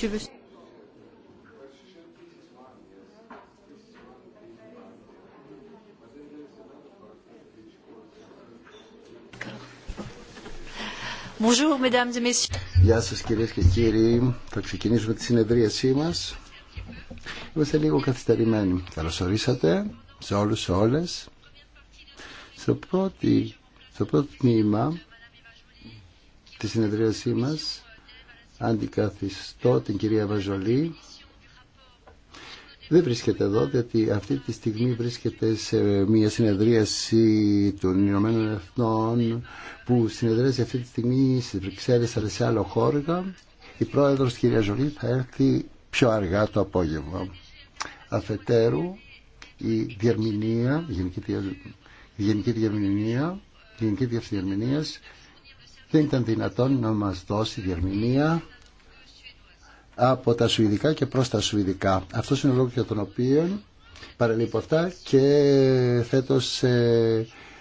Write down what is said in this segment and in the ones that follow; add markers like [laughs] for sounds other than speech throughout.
Tu Γεια σας κυρίες και κύριοι. Θα ξεκινήσουμε τη συνεδρίασή μας. Είμαστε λίγο καθυστερημένοι. Καλωσορίσατε ορίσατε σε όλους, σε όλες. Στο, στο πρώτο τμήμα τη συνεδρίασή μας αντικαθιστώ την κυρία Βαζολή. Δεν βρίσκεται εδώ, διότι αυτή τη στιγμή βρίσκεται σε μια συνεδρίαση των Ηνωμένων Εθνών που συνεδρίζει αυτή τη στιγμή στι Βρυξέλλες αλλά σε άλλο χώρο. Η πρόεδρος κυρία Ζολή θα έρθει πιο αργά το απόγευμα. Αφετέρου, η διερμηνία, η γενική, η γενική διερμηνία, η γενική διαρμηνία δεν ήταν δυνατόν να μας δώσει διερμηνία από τα Σουηδικά και προς τα Σουηδικά. Αυτό είναι ο λόγος για τον οποίο παραλείπω αυτά και θέτω σε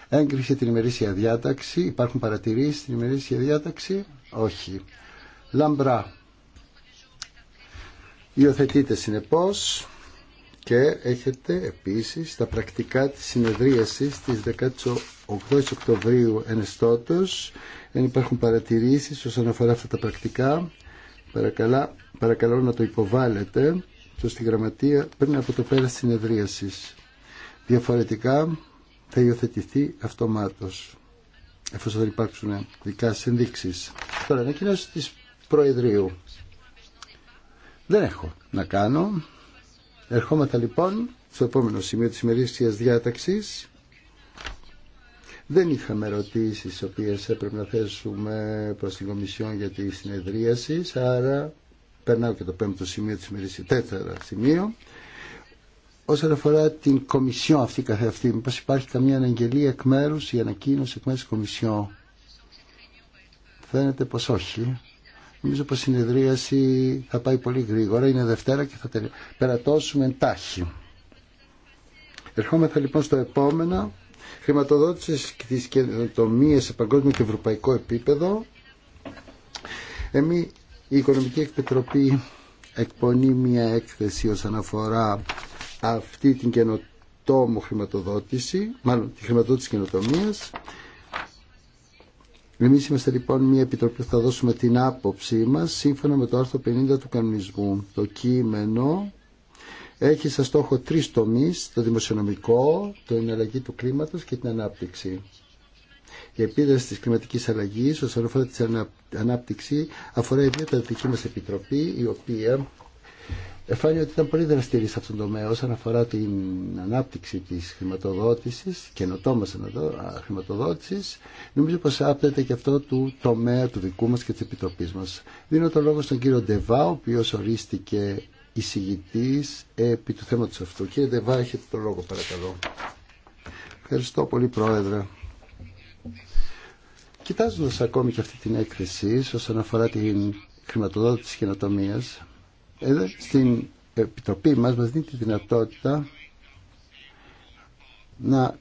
έγκριση την ημερήσια διάταξη. Υπάρχουν παρατηρήσεις στην ημερήσια διάταξη. Όχι. Λαμπρά. Υιοθετείτε συνεπώς και έχετε επίσης τα πρακτικά της συνεδρίασης της 18 Οκτωβρίου ενεστώτος. Εν υπάρχουν παρατηρήσεις όσον αφορά αυτά τα πρακτικά. Παρακαλώ, παρακαλώ να το υποβάλλετε στο στη γραμματεία πριν από το πέρας της συνεδρίασης. Διαφορετικά θα υιοθετηθεί αυτομάτως εφόσον δεν υπάρξουν δικά συνδείξεις. Τώρα, ανακοινώσεις της Προεδρίου. Δεν έχω να κάνω. Ερχόμαστε λοιπόν στο επόμενο σημείο της ημερήσιας διάταξης. Δεν είχαμε ερωτήσει τις οποίες έπρεπε να θέσουμε προς την Κομισιόν για τη συνεδρίαση, άρα περνάω και το πέμπτο σημείο της ημερήσιας, τέταρτο σημείο. Όσον αφορά την Κομισιόν αυτή καθεαυτή, μήπως υπάρχει καμία αναγγελία εκ μέρους ή ανακοίνωση εκ μέρους της Κομισιόν. Φαίνεται πως όχι. Νομίζω πως η συνεδρίαση θα πάει πολύ γρήγορα. Είναι Δευτέρα και θα τελει... περατώσουμε εντάχει. Ερχόμεθα λοιπόν στο επόμενο. Χρηματοδότηση της καινοτομίας σε παγκόσμιο και ευρωπαϊκό επίπεδο. Εμείς η Οικονομική Επιτροπή εκπονεί μια έκθεση όσον αφορά αυτή την καινοτόμο χρηματοδότηση, μάλλον τη χρηματοδότηση καινοτομίας. Εμεί είμαστε λοιπόν μια επιτροπή που θα δώσουμε την άποψή μα σύμφωνα με το άρθρο 50 του κανονισμού. Το κείμενο έχει σαν στόχο τρει τομεί, το δημοσιονομικό, το εναλλαγή του κλίματος και την ανάπτυξη. Η επίδραση τη κλιματική αλλαγή. όσον αφορά την ανάπτυξη αφορά ιδιαίτερα δική μα επιτροπή η οποία Εφάνει ότι ήταν πολύ δραστηρή σε αυτόν τον τομέα όσον αφορά την ανάπτυξη της χρηματοδότησης, καινοτόμα χρηματοδότηση, Νομίζω πω άπτεται και αυτό του τομέα του δικού μα και της Επιτροπή μας. Δίνω το λόγο στον κύριο Ντεβά, ο οποίο ορίστηκε εισηγητή επί του θέματος αυτού. Κύριε Ντεβά, έχετε το λόγο παρακαλώ. Ευχαριστώ πολύ Πρόεδρε. Κοιτάζοντα ακόμη και αυτή την έκθεση όσον αφορά την χρηματοδότηση καινοτομία. Εδώ στην Επιτροπή μας μας δίνει τη δυνατότητα να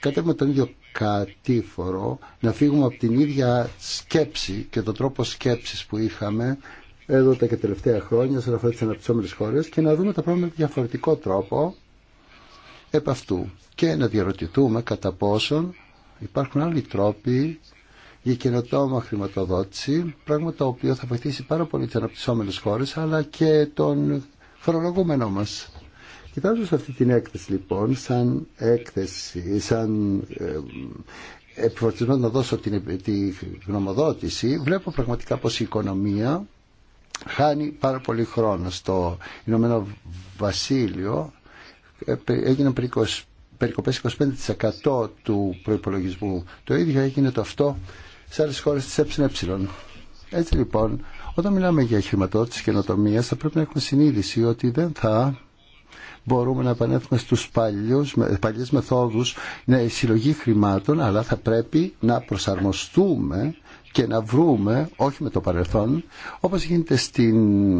κατέβουμε τον ίδιο κατήφορο, να φύγουμε από την ίδια σκέψη και τον τρόπο σκέψης που είχαμε εδώ τα και τελευταία χρόνια σε αφορά τις αναπτυσσόμενες χώρες και να δούμε τα πράγματα με διαφορετικό τρόπο επ' αυτού και να διαρωτηθούμε κατά πόσον υπάρχουν άλλοι τρόποι για καινοτόμα χρηματοδότηση, πράγμα το οποίο θα βοηθήσει πάρα πολύ τι αναπτυσσόμενε χώρε αλλά και τον φορολογούμενο μα. Κοιτάζω σε αυτή την έκθεση λοιπόν, σαν έκθεση, σαν ε, επιφορτισμό να δώσω την, τη γνωμοδότηση, βλέπω πραγματικά πως η οικονομία χάνει πάρα πολύ χρόνο στο Ηνωμένο Βασίλειο ε, έγιναν περικοπές 25% του προϋπολογισμού το ίδιο έγινε το αυτό σε άλλε χώρε της ΕΕ. Έτσι λοιπόν, όταν μιλάμε για χρηματοδότηση καινοτομία, θα πρέπει να έχουμε συνείδηση ότι δεν θα μπορούμε να επανέλθουμε στους παλιέ παλιές μεθόδους ναι, συλλογή χρημάτων αλλά θα πρέπει να προσαρμοστούμε και να βρούμε, όχι με το παρελθόν, όπως γίνεται στην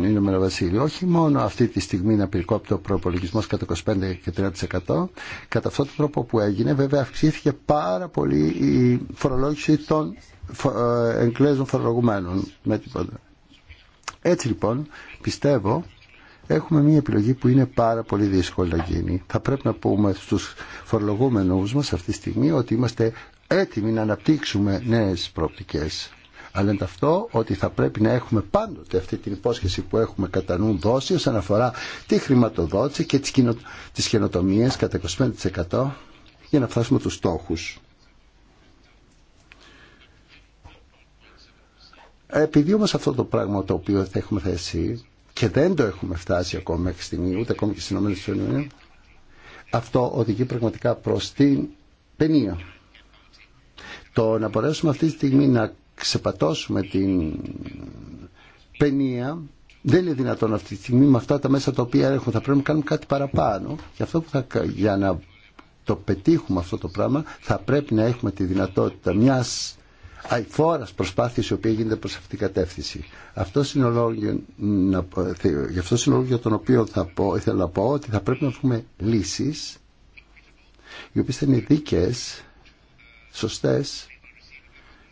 Ηνωμένο Βασίλειο, όχι μόνο αυτή τη στιγμή να πυρκόπτει ο προπολογισμός κατά 25 και 30%, κατά αυτόν τον τρόπο που έγινε βέβαια αυξήθηκε πάρα πολύ η φορολόγηση των ε, εγκλέζων φορολογουμένων. Έτσι λοιπόν πιστεύω έχουμε μια επιλογή που είναι πάρα πολύ δύσκολη να γίνει. Θα πρέπει να πούμε στους φορολογούμενους μας αυτή τη στιγμή ότι είμαστε έτοιμοι να αναπτύξουμε νέες προοπτικές. Αλλά είναι αυτό ότι θα πρέπει να έχουμε πάντοτε αυτή την υπόσχεση που έχουμε κατά νου δώσει όσον αφορά τη χρηματοδότηση και τις, κοινο... τις καινοτομίες κατά 25% για να φτάσουμε τους στόχους. Επειδή όμως αυτό το πράγμα το οποίο θα έχουμε θέσει και δεν το έχουμε φτάσει ακόμα μέχρι στιγμή, ούτε ακόμα και στις ΗΠΑ, αυτό οδηγεί πραγματικά προς την παινία. Το να μπορέσουμε αυτή τη στιγμή να ξεπατώσουμε την παινία δεν είναι δυνατόν αυτή τη στιγμή με αυτά τα μέσα τα οποία έχουμε. Θα πρέπει να κάνουμε κάτι παραπάνω. Και αυτό που θα, για να το πετύχουμε αυτό το πράγμα θα πρέπει να έχουμε τη δυνατότητα μιας αηφόρας προσπάθειας η οποία γίνεται προς αυτή την κατεύθυνση. Αυτό είναι ο γι' αυτό είναι ο για τον οποίο θα πω, ήθελα να πω ότι θα πρέπει να βρούμε λύσεις οι οποίες θα είναι δίκαιες σωστές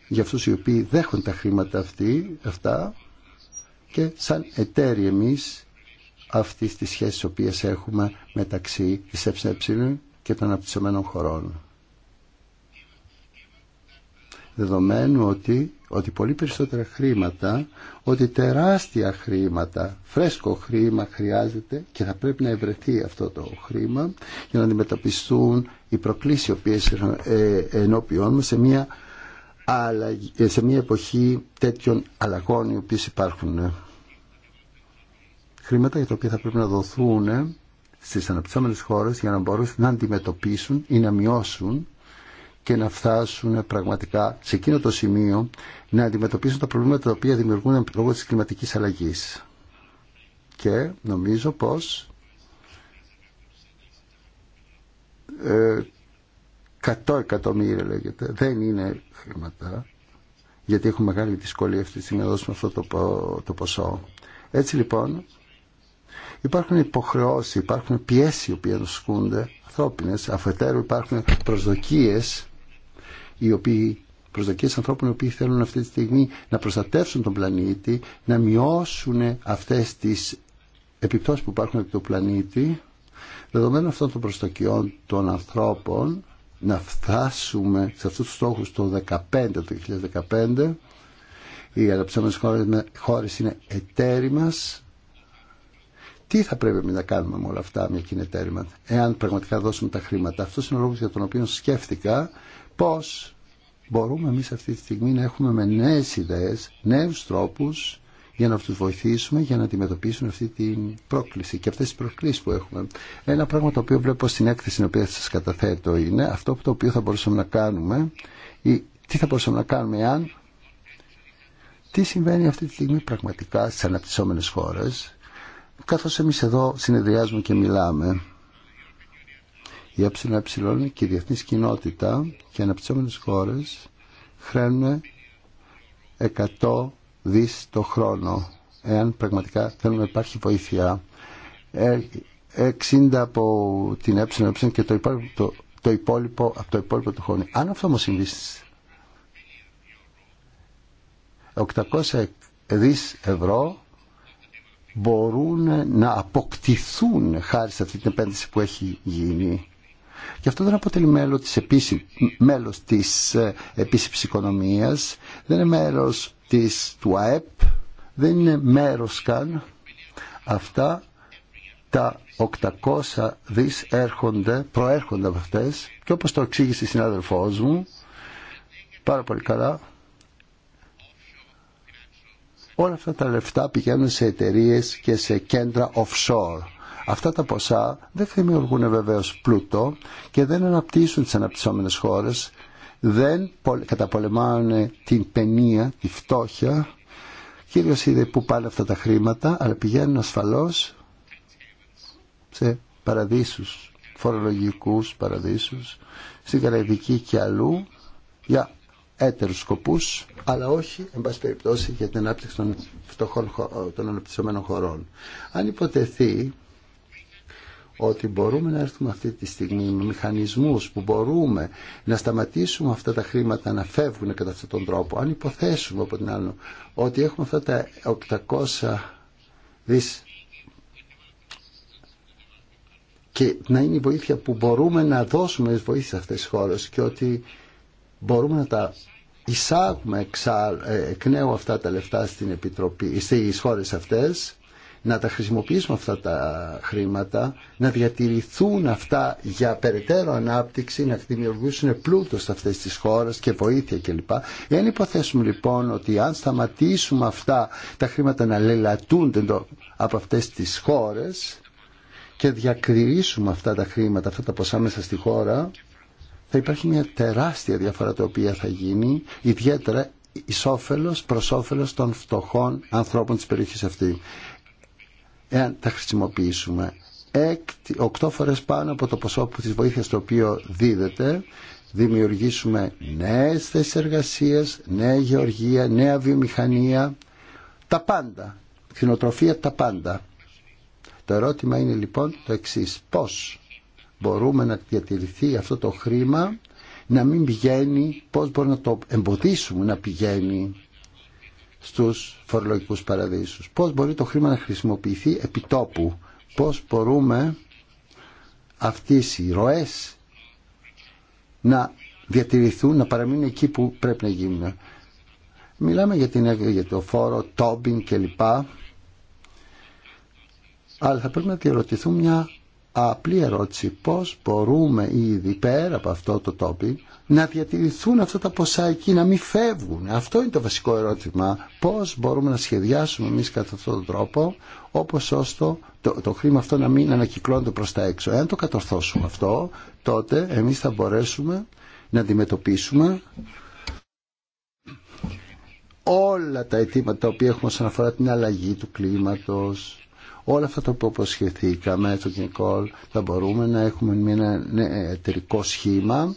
για αυτούς οι οποίοι δέχονται τα χρήματα αυτή, αυτά και σαν εταίροι εμείς αυτή τη σχέση που έχουμε μεταξύ της ΕΕ και των αναπτυσσομένων χωρών. Δεδομένου ότι, ότι πολύ περισσότερα χρήματα, ότι τεράστια χρήματα, φρέσκο χρήμα χρειάζεται και θα πρέπει να ευρεθεί αυτό το χρήμα για να αντιμετωπιστούν οι προκλήσεις οι οποίες ε, σε μια, αλλαγή, ε, σε μια εποχή τέτοιων αλλαγών οι οποίες υπάρχουν. Χρήματα για τα οποία θα πρέπει να δοθούν ε, στις αναπτυσσόμενες χώρες για να μπορούν να αντιμετωπίσουν ή να μειώσουν και να φτάσουν πραγματικά σε εκείνο το σημείο να αντιμετωπίσουν τα προβλήματα τα οποία δημιουργούν λόγω της κλιματικής αλλαγής. Και νομίζω πως 100 ε, εκατομμύρια λέγεται. Δεν είναι χρήματα, γιατί έχουμε μεγάλη δυσκολία αυτή τη στιγμή να δώσουμε αυτό το, το ποσό. Έτσι λοιπόν, υπάρχουν υποχρεώσει, υπάρχουν πιέσει οι οποίε ασκούνται, Ανθρώπινε αφετέρου υπάρχουν προσδοκίε, οι οποίοι, προσδοκίες ανθρώπων οι οποίοι θέλουν αυτή τη στιγμή να προστατεύσουν τον πλανήτη, να μειώσουν αυτές τις επιπτώσεις που υπάρχουν από τον πλανήτη, Δεδομένου αυτών των προστοκιών των ανθρώπων να φτάσουμε σε αυτούς τους στόχους το 2015, το 2015 οι αγαπησόμενες χώρες είναι εταίροι μας τι θα πρέπει να κάνουμε με όλα αυτά, μια κοινή τέρημα; εάν πραγματικά δώσουμε τα χρήματα. Αυτό είναι ο λόγο για τον οποίο σκέφτηκα πώ μπορούμε εμεί αυτή τη στιγμή να έχουμε με νέε ιδέε, νέου τρόπου για να τους βοηθήσουμε για να αντιμετωπίσουν αυτή την πρόκληση και αυτές τις προκλήσεις που έχουμε. Ένα πράγμα το οποίο βλέπω στην έκθεση την οποία σας καταθέτω είναι αυτό το οποίο θα μπορούσαμε να κάνουμε ή τι θα μπορούσαμε να κάνουμε εάν τι συμβαίνει αυτή τη στιγμή πραγματικά στις αναπτυσσόμενες χώρες καθώς εμείς εδώ συνεδριάζουμε και μιλάμε η ΕΕ και η διεθνής κοινότητα και οι αναπτυσσόμενες χώρες χρένουν 100 δις το χρόνο εάν πραγματικά θέλουμε να υπάρχει βοήθεια 60 ε, από την έψη και το υπόλοιπο, το, υπόλοιπο από το υπόλοιπο του χρόνου. Αν αυτό όμως συμβεί 800 δις ευρώ μπορούν να αποκτηθούν χάρη σε αυτή την επένδυση που έχει γίνει. Και αυτό δεν αποτελεί μέλος της, επίση, μέλος της ε, οικονομίας, δεν είναι μέλος της, του ΑΕΠ δεν είναι μέρος καν. Αυτά τα 800 δις έρχονται, προέρχονται από αυτές και όπως το εξήγησε η συνάδελφός μου πάρα πολύ καλά όλα αυτά τα λεφτά πηγαίνουν σε εταιρείε και σε κέντρα offshore. Αυτά τα ποσά δεν δημιουργούν βεβαίω πλούτο και δεν αναπτύσσουν τι αναπτυσσόμενε χώρε δεν καταπολεμάνε την παινία, τη φτώχεια. κύριος είδε που πάνε αυτά τα χρήματα, αλλά πηγαίνουν ασφαλώ. σε παραδείσου, φορολογικούς παραδείσου, στην Καραϊβική και αλλού, για έτερους σκοπούς, αλλά όχι, εν πάση περιπτώσει, για την ανάπτυξη των, φτωχών, των αναπτυσσομένων χωρών. Αν υποτεθεί ότι μπορούμε να έρθουμε αυτή τη στιγμή με μηχανισμούς που μπορούμε να σταματήσουμε αυτά τα χρήματα να φεύγουν κατά αυτόν τον τρόπο. Αν υποθέσουμε από την άλλη ότι έχουμε αυτά τα 800 δις και να είναι η βοήθεια που μπορούμε να δώσουμε στις βοήθειες σε αυτές τις χώρες και ότι μπορούμε να τα εισάγουμε ε, εκ νέου αυτά τα λεφτά στην Επιτροπή, στις χώρες αυτές να τα χρησιμοποιήσουμε αυτά τα χρήματα, να διατηρηθούν αυτά για περαιτέρω ανάπτυξη, να δημιουργήσουν πλούτο σε αυτές τις χώρες και βοήθεια κλπ. Εάν υποθέσουμε λοιπόν ότι αν σταματήσουμε αυτά τα χρήματα να λελατούνται από αυτές τις χώρες και διακριρήσουμε αυτά τα χρήματα, αυτά τα ποσά μέσα στη χώρα, θα υπάρχει μια τεράστια διαφορά τα οποία θα γίνει, ιδιαίτερα εις όφελος, προς όφελος των φτωχών ανθρώπων της περιοχής αυτή εάν τα χρησιμοποιήσουμε οκτώ φορές πάνω από το ποσό που της βοήθειας το οποίο δίδεται δημιουργήσουμε νέες θέσεις εργασίας, νέα γεωργία, νέα βιομηχανία, τα πάντα, κτηνοτροφία τα πάντα. Το ερώτημα είναι λοιπόν το εξής, πώς μπορούμε να διατηρηθεί αυτό το χρήμα να μην πηγαίνει, πώς μπορούμε να το εμποδίσουμε να πηγαίνει στους φορολογικούς παραδείσους. Πώς μπορεί το χρήμα να χρησιμοποιηθεί επιτόπου. Πώς μπορούμε αυτές οι ροές να διατηρηθούν, να παραμείνουν εκεί που πρέπει να γίνουν. Μιλάμε για, την, για το φόρο, τόμπιν κλπ. Αλλά θα πρέπει να διαρωτηθούμε μια απλή ερώτηση πώς μπορούμε ήδη πέρα από αυτό το τόπι να διατηρηθούν αυτά τα ποσά εκεί, να μην φεύγουν. Αυτό είναι το βασικό ερώτημα. Πώς μπορούμε να σχεδιάσουμε εμείς κατά αυτόν τον τρόπο όπως ώστε το, το χρήμα αυτό να μην ανακυκλώνεται προς τα έξω. Εάν το κατορθώσουμε αυτό, τότε εμείς θα μπορέσουμε να αντιμετωπίσουμε όλα τα αιτήματα τα οποία έχουμε όσον αφορά την αλλαγή του κλίματος, όλα αυτά τα που αποσχεθήκαμε στο Κινικόλ θα μπορούμε να έχουμε ένα εταιρικό σχήμα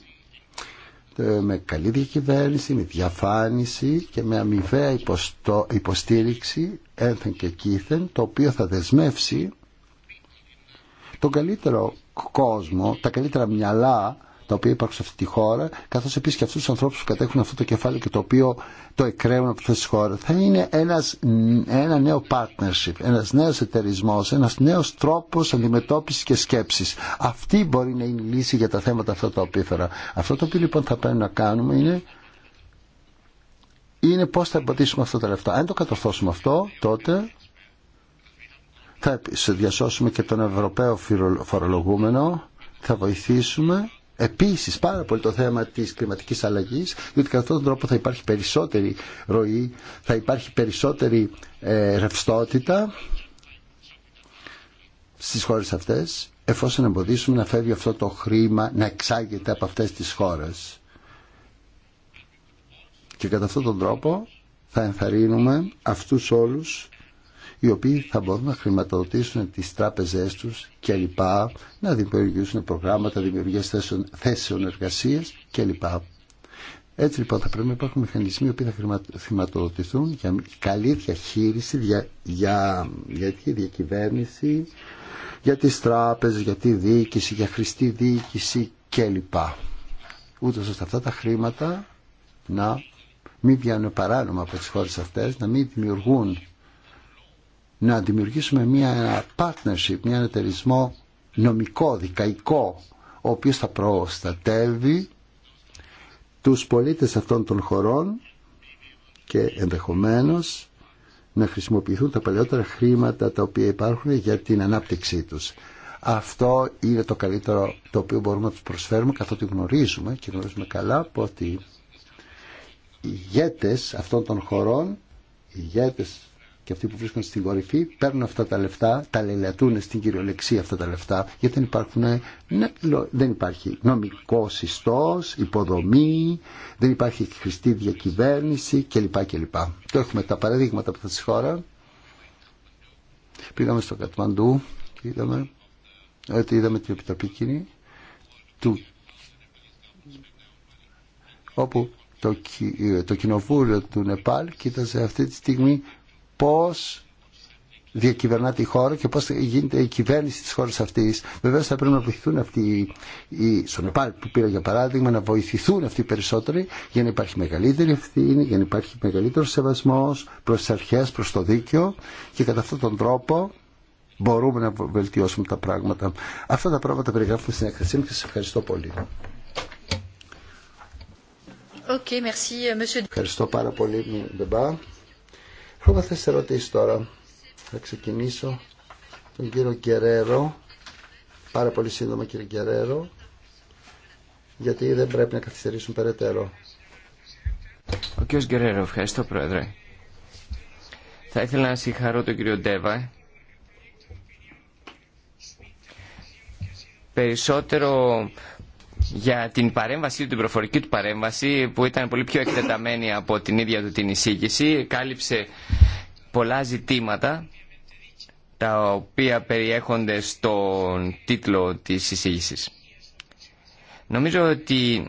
ε, με καλή διακυβέρνηση, με διαφάνιση και με αμοιβαία υποστήριξη ένθεν και κήθεν το οποίο θα δεσμεύσει τον καλύτερο κόσμο, τα καλύτερα μυαλά τα οποία υπάρχουν σε αυτή τη χώρα, καθώ επίση και αυτού του ανθρώπου που κατέχουν αυτό το κεφάλαιο και το οποίο το εκραίουν από αυτέ τι χώρε. Θα είναι ένας, ένα νέο partnership, ένα νέο εταιρισμό, ένα νέο τρόπο αντιμετώπιση και σκέψη. Αυτή μπορεί να είναι η λύση για τα θέματα αυτά τα οποία Αυτό το οποίο λοιπόν θα πρέπει να κάνουμε είναι είναι πώς θα εμποδίσουμε αυτά τα λεφτά. Αν το κατορθώσουμε αυτό, τότε θα διασώσουμε και τον Ευρωπαίο φορολογούμενο, θα βοηθήσουμε Επίση, πάρα πολύ το θέμα της κλιματικής αλλαγής διότι κατά αυτόν τον τρόπο θα υπάρχει περισσότερη ροή, θα υπάρχει περισσότερη ε, ρευστότητα στι χώρε αυτές εφόσον εμποδίσουμε να φεύγει αυτό το χρήμα να εξάγεται από αυτές τις χώρες. Και κατά αυτόν τον τρόπο θα ενθαρρύνουμε αυτούς όλους οι οποίοι θα μπορούν να χρηματοδοτήσουν τις τράπεζές τους κλπ, να δημιουργήσουν προγράμματα δημιουργίας θέσεων, θέσεων εργασίας κλπ. Έτσι λοιπόν θα πρέπει να υπάρχουν μηχανισμοί οι οποίοι θα χρηματοδοτηθούν για καλή διαχείριση, για, για, για τη διακυβέρνηση, για τις τράπεζες, για τη διοίκηση, για χρηστή διοίκηση κλπ. Ούτως ώστε αυτά τα χρήματα να μην βγαίνουν παράνομα από τις χώρες αυτές, να μην δημιουργούν να δημιουργήσουμε μια partnership, μια εταιρισμό νομικό, δικαϊκό, ο οποίος θα προστατεύει τους πολίτες αυτών των χωρών και ενδεχομένως να χρησιμοποιηθούν τα παλαιότερα χρήματα τα οποία υπάρχουν για την ανάπτυξή τους. Αυτό είναι το καλύτερο το οποίο μπορούμε να τους προσφέρουμε καθότι γνωρίζουμε και γνωρίζουμε καλά ότι οι ηγέτες αυτών των χωρών, οι ηγέτες και αυτοί που βρίσκονται στην κορυφή παίρνουν αυτά τα λεφτά, τα λελατούν στην κυριολεξία αυτά τα λεφτά γιατί δεν, υπάρχουν, ναι, δεν υπάρχει νομικό συστός, υποδομή, δεν υπάρχει χρηστή διακυβέρνηση κλπ. κλπ. Το έχουμε τα παραδείγματα από αυτή τη χώρα. Πήγαμε στο Κατμαντού και είδαμε ότι είδαμε την επιτροπή κοινή του, όπου το, το κοινοβούλιο του Νεπάλ κοίταζε αυτή τη στιγμή πώς διακυβερνά τη χώρα και πώς γίνεται η κυβέρνηση της χώρας αυτής. Βεβαίως θα πρέπει να βοηθηθούν αυτοί, οι, στο που πήρα για παράδειγμα, να βοηθηθούν αυτοί οι περισσότεροι για να υπάρχει μεγαλύτερη ευθύνη, για να υπάρχει μεγαλύτερο σεβασμός προς τις αρχές, προς το δίκαιο και κατά αυτόν τον τρόπο μπορούμε να βελτιώσουμε τα πράγματα. Αυτά τα πράγματα περιγράφουμε στην έκθεσή μου και σας ευχαριστώ πολύ. Okay, merci, monsieur... Ευχαριστώ πάρα πολύ, Ντεμπά θα σα ρωτήσω τώρα. Θα ξεκινήσω τον κύριο Γκερέρο. Πάρα πολύ σύντομα κύριε Γκερέρο. Γιατί δεν πρέπει να καθυστερήσουν περαιτέρω. Ο κύριος Γκερέρο, ευχαριστώ πρόεδρε. Θα ήθελα να συγχαρώ τον κύριο Ντέβα. Περισσότερο για την παρέμβαση, την προφορική του παρέμβαση που ήταν πολύ πιο εκτεταμένη από την ίδια του την εισήγηση. Κάλυψε πολλά ζητήματα τα οποία περιέχονται στον τίτλο της εισήγησης. Νομίζω ότι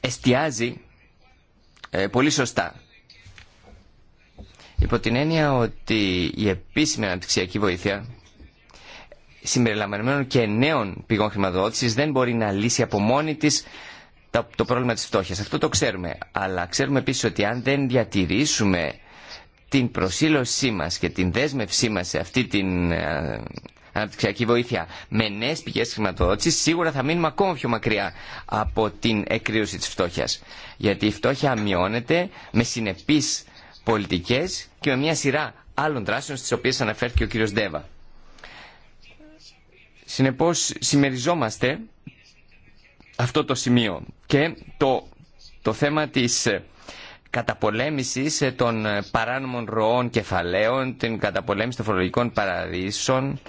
εστιάζει ε, πολύ σωστά. Υπό την έννοια ότι η επίσημη αναπτυξιακή βοήθεια συμπεριλαμβανομένων και νέων πηγών χρηματοδότηση, δεν μπορεί να λύσει από μόνη τη το πρόβλημα τη φτώχεια. Αυτό το ξέρουμε. Αλλά ξέρουμε επίση ότι αν δεν διατηρήσουμε την προσήλωσή μα και την δέσμευσή μα σε αυτή την ε, αναπτυξιακή βοήθεια με νέε πηγέ χρηματοδότηση, σίγουρα θα μείνουμε ακόμα πιο μακριά από την εκρήωση τη φτώχεια. Γιατί η φτώχεια μειώνεται με συνεπεί πολιτικέ και με μια σειρά άλλων δράσεων στι οποίε αναφέρθηκε ο κύριος Ντέβα. Συνεπώς συμμεριζόμαστε αυτό το σημείο και το, το θέμα της ε, καταπολέμησης ε, των ε, παράνομων ροών κεφαλαίων, την καταπολέμηση των φορολογικών παραδείσων,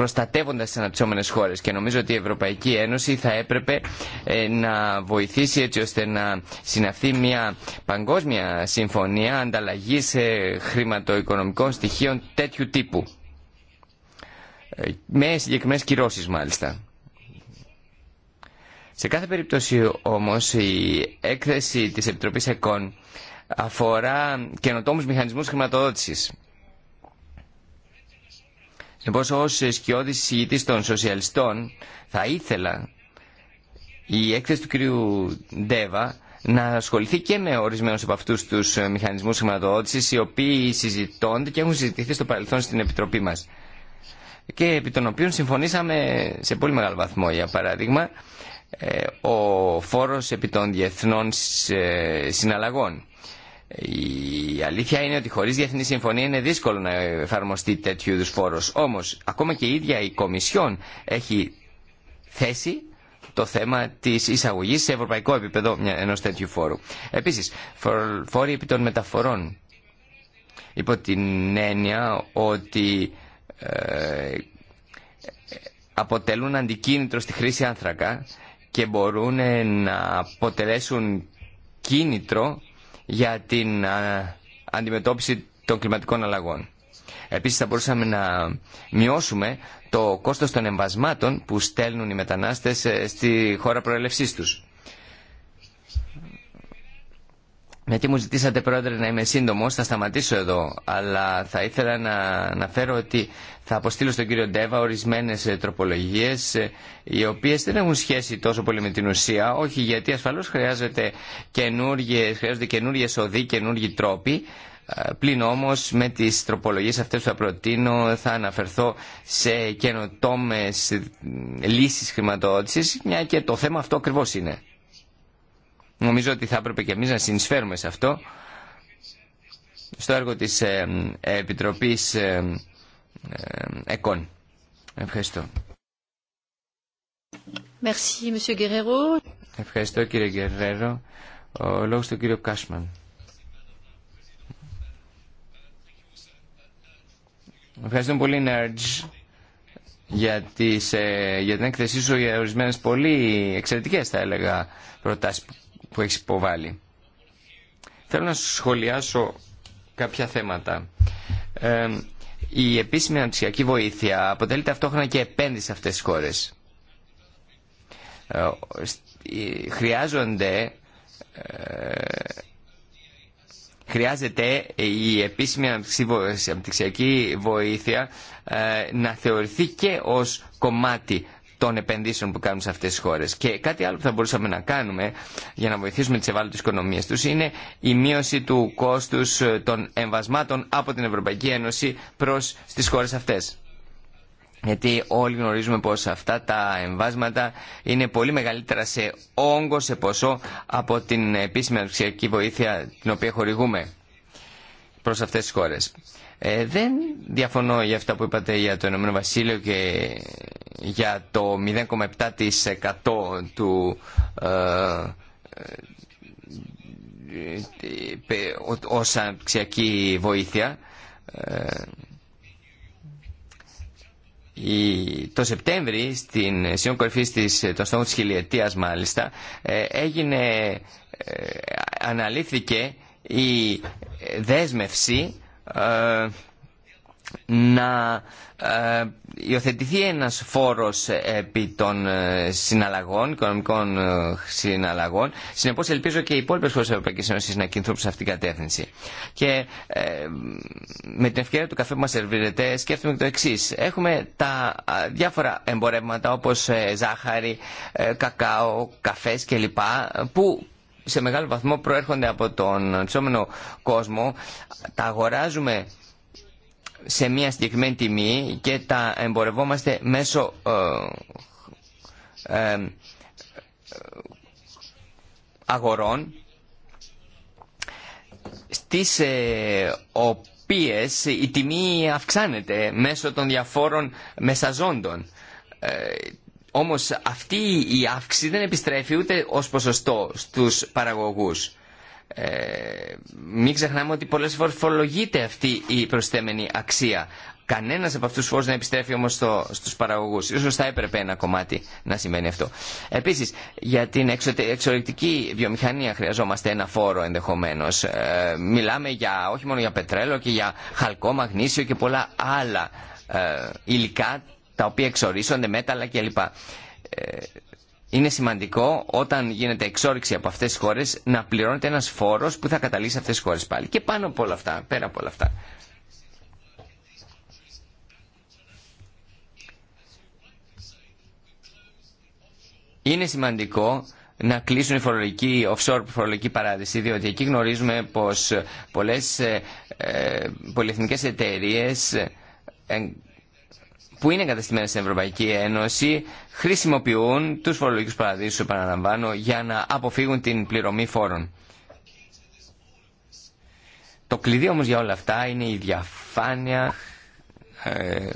προστατεύοντας τι αναπτυσσόμενε χώρες και νομίζω ότι η Ευρωπαϊκή Ένωση θα έπρεπε ε, να βοηθήσει έτσι ώστε να συναυθεί μια παγκόσμια συμφωνία ανταλλαγής ε, χρηματοοικονομικών στοιχείων τέτοιου τύπου ε, με συγκεκριμένε κυρώσεις μάλιστα. Σε κάθε περίπτωση όμως η έκθεση της Επιτροπής ΕΚΟΝ αφορά καινοτόμους μηχανισμούς χρηματοδότησης Λοιπόν, ω σκιώδη συγητή των σοσιαλιστών θα ήθελα η έκθεση του κ. Ντέβα να ασχοληθεί και με ορισμένου από αυτού του μηχανισμού χρηματοδότηση, οι οποίοι συζητώνται και έχουν συζητηθεί στο παρελθόν στην Επιτροπή μα. Και επί των οποίων συμφωνήσαμε σε πολύ μεγάλο βαθμό. Για παράδειγμα, ε, ο φόρο επί των διεθνών ε, συναλλαγών. Η αλήθεια είναι ότι χωρίς διεθνή συμφωνία είναι δύσκολο να εφαρμοστεί τέτοιου είδους φόρος. Όμως, ακόμα και η ίδια η Κομισιόν έχει θέσει το θέμα της εισαγωγής σε ευρωπαϊκό επίπεδο ενός τέτοιου φόρου. Επίσης, φόροι επί των μεταφορών. Υπό την έννοια ότι ε, αποτελούν αντικίνητρο στη χρήση άνθρακα και μπορούν να αποτελέσουν κίνητρο για την αντιμετώπιση των κλιματικών αλλαγών. Επίσης θα μπορούσαμε να μειώσουμε το κόστος των εμβασμάτων που στέλνουν οι μετανάστες ε, στη χώρα προελευσής τους. γιατί μου ζητήσατε πρόεδρε να είμαι σύντομο, θα σταματήσω εδώ. Αλλά θα ήθελα να αναφέρω ότι θα αποστείλω στον κύριο Ντέβα ορισμένε τροπολογίε, ε, οι οποίε δεν έχουν σχέση τόσο πολύ με την ουσία. Όχι, γιατί ασφαλώ χρειάζονται καινούργιε οδοί, καινούργιοι τρόποι. Ε, πλην όμω με τι τροπολογίε αυτέ που θα προτείνω θα αναφερθώ σε καινοτόμε ε, λύσει χρηματοδότηση, μια και το θέμα αυτό ακριβώ είναι. Νομίζω ότι θα έπρεπε και εμείς να συνεισφέρουμε σε αυτό. Στο έργο της ε, ε, Επιτροπής ε, ΕΚΟΝ. Ευχαριστώ. Ευχαριστώ κύριε Γκερέρο. Ο λόγος του κύριο Κάσμαν. Ευχαριστώ πολύ Νέρτζ για, για την έκθεσή σου για ορισμένες πολύ εξαιρετικές θα έλεγα προτάσεις που έχει υποβάλει. Θέλω να σχολιάσω κάποια θέματα. Ε, η επίσημη αναπτυξιακή βοήθεια αποτελεί ταυτόχρονα και επένδυση σε αυτές τις χώρες. Ε, χρειάζονται ε, χρειάζεται η επίσημη αναπτυξιακή βοήθεια ε, να θεωρηθεί και ως κομμάτι των επενδύσεων που κάνουν σε αυτέ τι χώρε. Και κάτι άλλο που θα μπορούσαμε να κάνουμε για να βοηθήσουμε τι ευάλωτε οικονομίε του είναι η μείωση του κόστου ε, των εμβασμάτων από την Ευρωπαϊκή Ένωση προ τι χώρε αυτέ. Γιατί όλοι γνωρίζουμε πως αυτά τα εμβάσματα είναι πολύ μεγαλύτερα σε όγκο, σε ποσό από την επίσημη αναπτυξιακή βοήθεια την οποία χορηγούμε προς αυτές τις χώρες. Ε, δεν διαφωνώ για αυτά που είπατε για το Ηνωμένο Βασίλειο και για το 0,7% του ε, ε, ε ως αξιακή βοήθεια. Το Σεπτέμβρη, στην Σύνοδο Κορυφής των Στόχων της Χιλιετίας μάλιστα, έγινε, αναλύθηκε η δέσμευση ε, να ε, υιοθετηθεί ένας φόρος επί των ε, συναλλαγών, οικονομικών συναλλαγών. Συνεπώς ελπίζω και οι υπόλοιπες χώρες της Ευρωπαϊκής Ένωσης να κινηθούν σε αυτήν την κατεύθυνση. Και με την ευκαιρία του καφέ που μας σερβίρεται σκέφτομαι το εξή. Έχουμε τα διάφορα εμπορεύματα όπως ζάχαρη, κακάο, καφές κλπ. που σε μεγάλο βαθμό προέρχονται από τον ανεξόμενο κόσμο. Τα αγοράζουμε σε μια συγκεκριμένη τιμή και τα εμπορευόμαστε μέσω ε, ε, αγορών στις ε, οποίες η τιμή αυξάνεται μέσω των διαφόρων μεσαζόντων. Όμως αυτή η αύξηση δεν επιστρέφει ούτε ως ποσοστό στους παραγωγούς. Ε, μην ξεχνάμε ότι πολλές φορέ φορολογείται αυτή η προσθέμενη αξία. Κανένας από αυτούς τους να δεν επιστρέφει όμως στο, στους παραγωγούς. Ίσως θα έπρεπε ένα κομμάτι να σημαίνει αυτό. Επίσης, για την εξωτερική βιομηχανία χρειαζόμαστε ένα φόρο ενδεχομένως. Ε, μιλάμε για, όχι μόνο για πετρέλαιο και για χαλκό, μαγνήσιο και πολλά άλλα ε, υλικά τα οποία εξορίσσονται, μέταλλα κλπ. Ε, είναι σημαντικό όταν γίνεται εξόριξη από αυτές τις χώρες να πληρώνεται ένας φόρος που θα καταλήξει σε αυτές τις χώρες πάλι. Και πάνω από όλα αυτά, πέρα από όλα αυτά. Είναι σημαντικό να κλείσουν οι φορολογικοί, offshore φορολογικοί παράδεισοι, διότι εκεί γνωρίζουμε πως πολλές ε, ε πολυεθνικές εταιρείες ε, που είναι κατεστημένε στην Ευρωπαϊκή Ένωση χρησιμοποιούν τους φορολογικούς παραδείσους, επαναλαμβάνω, για να αποφύγουν την πληρωμή φόρων. Το κλειδί όμως για όλα αυτά είναι η διαφάνεια ε,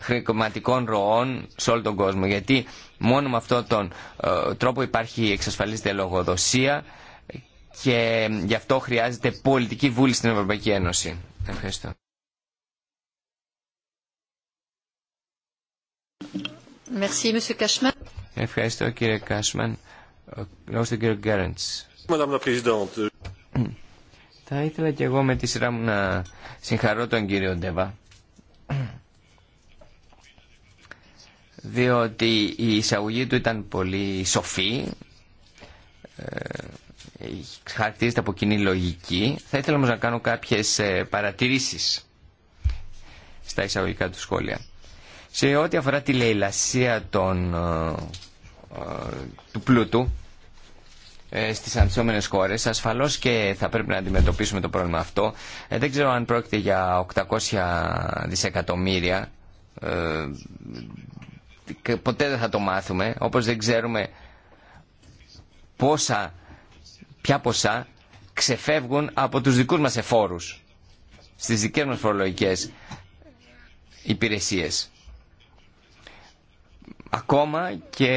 χρηματικών ροών σε όλο τον κόσμο. Γιατί μόνο με αυτόν τον ε, τρόπο υπάρχει εξασφαλίζεται λογοδοσία και γι' αυτό χρειάζεται πολιτική βούληση στην Ευρωπαϊκή Ένωση. Ευχαριστώ. Ευχαριστώ κύριε Κάσμαν. Λόγω στον κύριο Θα ήθελα και εγώ με τη σειρά μου να συγχαρώ τον κύριο Ντεβά. Διότι η εισαγωγή του ήταν πολύ σοφή, ε, χαρακτηρίζεται από κοινή λογική. Θα ήθελα όμως να κάνω κάποιες ε, παρατηρήσεις στα εισαγωγικά του σχόλια. Σε ό,τι αφορά τη λαιλασία των, ε, ε, του πλούτου ε, στις αντισόμενες χώρες, ασφαλώς και θα πρέπει να αντιμετωπίσουμε το πρόβλημα αυτό. Δεν ξέρω αν πρόκειται για 800 δισεκατομμύρια. Ποτέ δεν θα το μάθουμε, όπως δεν ξέρουμε πόσα, ποια ποσά ξεφεύγουν από τους δικούς μας εφόρους στις δικές μας φορολογικές υπηρεσίες. Ακόμα και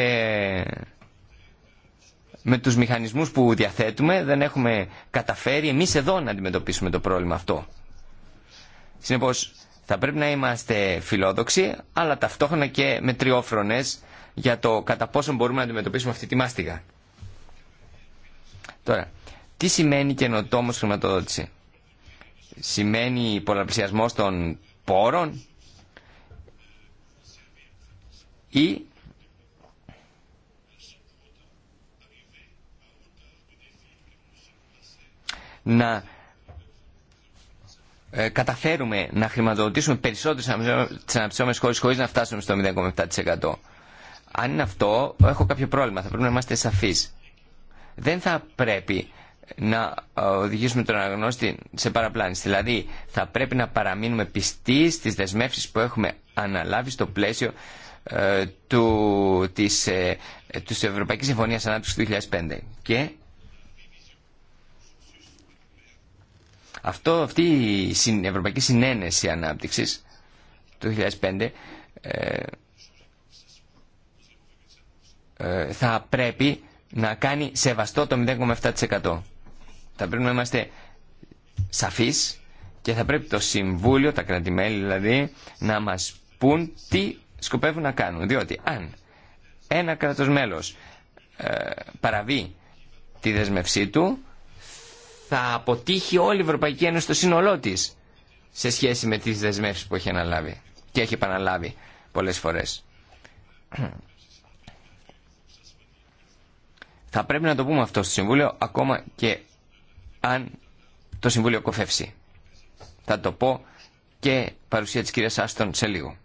με τους μηχανισμούς που διαθέτουμε δεν έχουμε καταφέρει εμείς εδώ να αντιμετωπίσουμε το πρόβλημα αυτό. Συνεπώς θα πρέπει να είμαστε φιλόδοξοι αλλά ταυτόχρονα και με τριόφρονες για το κατά πόσο μπορούμε να αντιμετωπίσουμε αυτή τη μάστιγα. Τώρα, τι σημαίνει καινοτόμος χρηματοδότηση. Σημαίνει πολλαπλησιασμό των πόρων ή να ε, καταφέρουμε να χρηματοδοτήσουμε περισσότερε τι αναπτυσσόμενες χώρες χωρίς να φτάσουμε στο 0,7%. Αν είναι αυτό, έχω κάποιο πρόβλημα. Θα πρέπει να είμαστε σαφείς. Δεν θα πρέπει να ε, οδηγήσουμε τον αναγνώστη σε παραπλάνηση. Δηλαδή, θα πρέπει να παραμείνουμε πιστοί στις δεσμεύσεις που έχουμε αναλάβει στο πλαίσιο ε, του, της, ε, ε Ευρωπαϊκής Συμφωνίας του 2005. Και Αυτό, αυτή η Ευρωπαϊκή Συνένεση Ανάπτυξης του 2005 ε, ε, θα πρέπει να κάνει σεβαστό το 0,7%. Θα πρέπει να είμαστε σαφείς και θα πρέπει το Συμβούλιο, τα κρατημέλη δηλαδή, να μας πούν τι σκοπεύουν να κάνουν. Διότι αν ένα κράτος μέλος ε, παραβεί τη δεσμευσή του, θα αποτύχει όλη η Ευρωπαϊκή Ένωση στο σύνολό τη σε σχέση με τις δεσμεύσεις που έχει αναλάβει και έχει επαναλάβει πολλές φορές. [clears throat] Θα πρέπει να το πούμε αυτό στο Συμβούλιο ακόμα και αν το Συμβούλιο κοφεύσει. Θα το πω και παρουσία της κυρίας Άστον σε λίγο.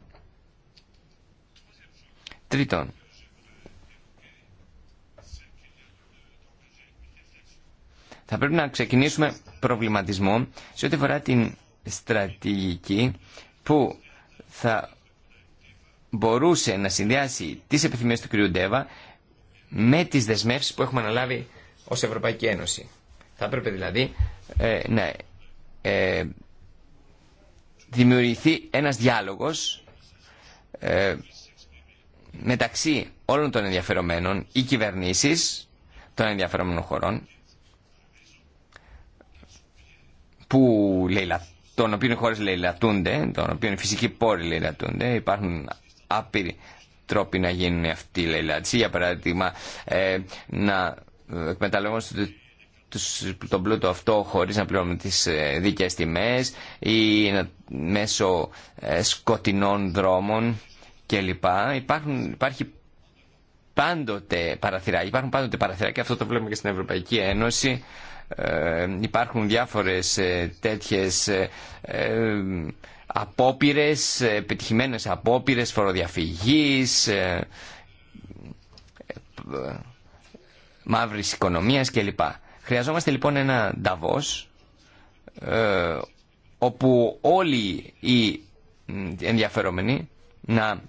Τρίτον, Θα πρέπει να ξεκινήσουμε προβληματισμό σε ό,τι αφορά την στρατηγική που θα μπορούσε να συνδυάσει τις επιθυμίες του κ. Ντέβα με τις δεσμεύσεις που έχουμε αναλάβει ως Ευρωπαϊκή Ένωση. Θα έπρεπε δηλαδή ε, να ε, δημιουργηθεί ένας διάλογος ε, μεταξύ όλων των ενδιαφερομένων, ή κυβερνήσεις των ενδιαφερομένων χωρών που των οποίων οι χώρες λαιλατούνται, των οποίων οι φυσικοί πόροι λαιλατούνται, υπάρχουν άπειροι τρόποι να γίνουν αυτοί οι λαιλατήση. Για παράδειγμα, ε, να εκμεταλλευόμαστε τον πλούτο αυτό χωρίς να πληρώνουμε τις ε, δίκαιες τιμές ή μέσω ε, σκοτεινών δρόμων κλπ. Υπάρχουν, υπάρχει πάντοτε παραθυράκια. Υπάρχουν πάντοτε παραθυράκια. Αυτό το βλέπουμε και στην Ευρωπαϊκή Ένωση. Ε, υπάρχουν διάφορες ε, τέτοιες ε, απόπειρες, επιτυχημένες απόπειρες φοροδιαφυγής, μαύρης οικονομίας κλπ. Χρειαζόμαστε λοιπόν ένα νταβός όπου όλοι οι ενδιαφερόμενοι να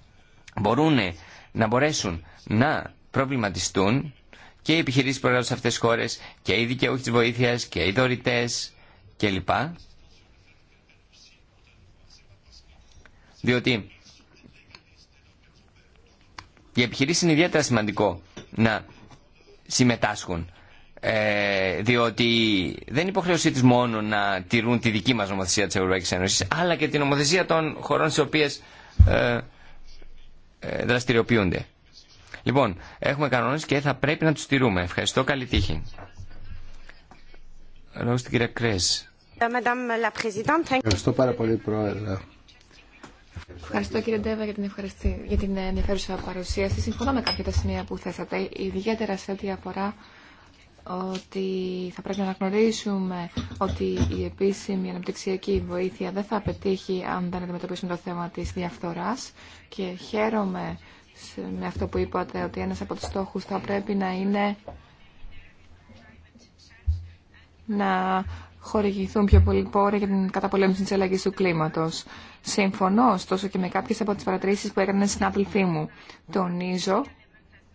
μπορούν να μπορέσουν να προβληματιστούν και οι επιχειρήσει που εργάζονται σε αυτές τις χώρες και οι δικαιούχοι τη βοήθειας και οι δωρητέ κλπ. Διότι οι επιχειρήσει είναι ιδιαίτερα σημαντικό να συμμετάσχουν ε, διότι δεν είναι υποχρέωσή μόνο να τηρούν τη δική μα νομοθεσία τη Ευρωπαϊκή Ένωση, αλλά και την νομοθεσία των χωρών στι οποίε ε, ε, δραστηριοποιούνται. Λοιπόν, έχουμε κανόνες και θα πρέπει να τους στηρούμε. Ευχαριστώ, καλή τύχη. Λόγω στην κυρία Κρέζ. Ε, Ευχαριστώ πάρα πολύ, Πρόεδρε. Ευχαριστώ κύριε Ντέβα για την, για την ενδιαφέρουσα παρουσίαση. Συμφωνώ με κάποια τα σημεία που θέσατε, ιδιαίτερα σε ό,τι αφορά ότι θα πρέπει να αναγνωρίσουμε ότι η επίσημη αναπτυξιακή βοήθεια δεν θα πετύχει αν δεν αντιμετωπίσουμε το θέμα της διαφθοράς και χαίρομαι με αυτό που είπατε, ότι ένας από τους στόχους θα πρέπει να είναι να χορηγηθούν πιο πολλοί πόροι για την καταπολέμηση της αλλαγή του κλίματος. Συμφωνώ, ωστόσο, και με κάποιες από τις παρατηρήσεις που έκανε συνάδελφοί μου. Τονίζω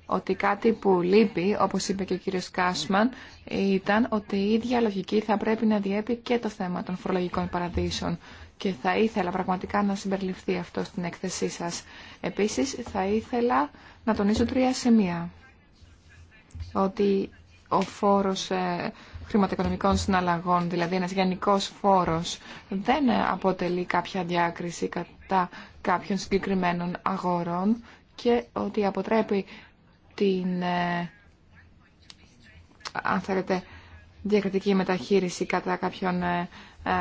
ότι κάτι που λείπει, όπως είπε και ο κύριος Κάσμαν, ήταν ότι η ίδια λογική θα πρέπει να διέπει και το θέμα των φορολογικών παραδείσων. Και θα ήθελα πραγματικά να συμπεριληφθεί αυτό στην έκθεσή σας. Επίσης, θα ήθελα να τονίσω τρία σημεία. Ότι ο φόρος ε, χρηματοοικονομικών συναλλαγών, δηλαδή ένας γενικός φόρος, δεν αποτελεί κάποια διάκριση κατά κάποιων συγκεκριμένων αγορών και ότι αποτρέπει την, ε, αν θέλετε, διακριτική μεταχείριση κατά κάποιων ε,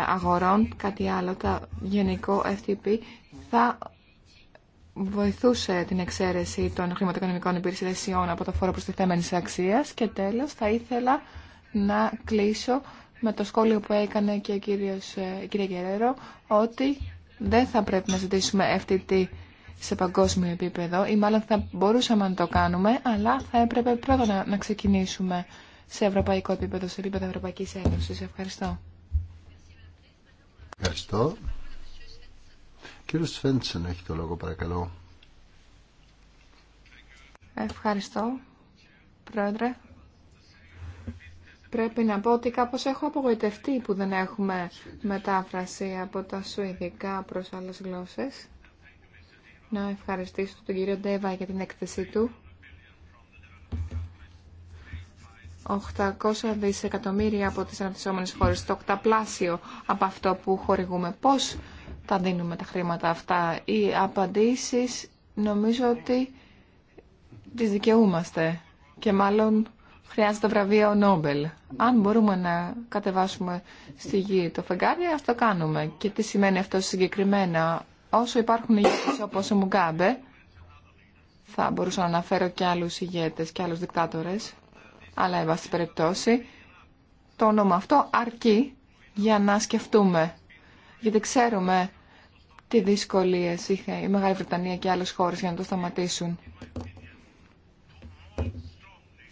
αγορών. Κάτι άλλο, τα γενικό FTP θα βοηθούσε την εξαίρεση των χρηματοοικονομικών υπηρεσιών από το φόρο προστιθέμενη αξία. και τέλο θα ήθελα να κλείσω με το σχόλιο που έκανε και ο κύριος, ε, η κυρία Γερέρο ότι δεν θα πρέπει να ζητήσουμε FTT σε παγκόσμιο επίπεδο ή μάλλον θα μπορούσαμε να το κάνουμε αλλά θα έπρεπε πρώτα να, να ξεκινήσουμε σε ευρωπαϊκό επίπεδο, σε επίπεδο Ευρωπαϊκής Ένωσης. Ευχαριστώ. Κύριος Σφέντσεν έχει το λόγο παρακαλώ. Ευχαριστώ, Πρόεδρε. Πρέπει να πω ότι κάπως έχω απογοητευτεί που δεν έχουμε μετάφραση από τα Σουηδικά προς άλλες γλώσσες. Να ευχαριστήσω τον κύριο Ντέβα για την έκθεσή του. 800 δισεκατομμύρια από τις αναπτυσσόμενες χώρες, το οκταπλάσιο από αυτό που χορηγούμε. Πώς τα δίνουμε τα χρήματα αυτά. Οι απαντήσεις νομίζω ότι τις δικαιούμαστε και μάλλον χρειάζεται βραβεία ο Νόμπελ. Αν μπορούμε να κατεβάσουμε στη γη το φεγγάρι, ας κάνουμε. Και τι σημαίνει αυτό συγκεκριμένα. Όσο υπάρχουν ηγέτες όπως ο Μουγκάμπε, θα μπορούσα να αναφέρω και άλλους ηγέτες και άλλους δικτάτορες, αλλά εν περιπτώσει, το όνομα αυτό αρκεί για να σκεφτούμε. Γιατί ξέρουμε τι δυσκολίες είχε η Μεγάλη Βρετανία και άλλες χώρες για να το σταματήσουν.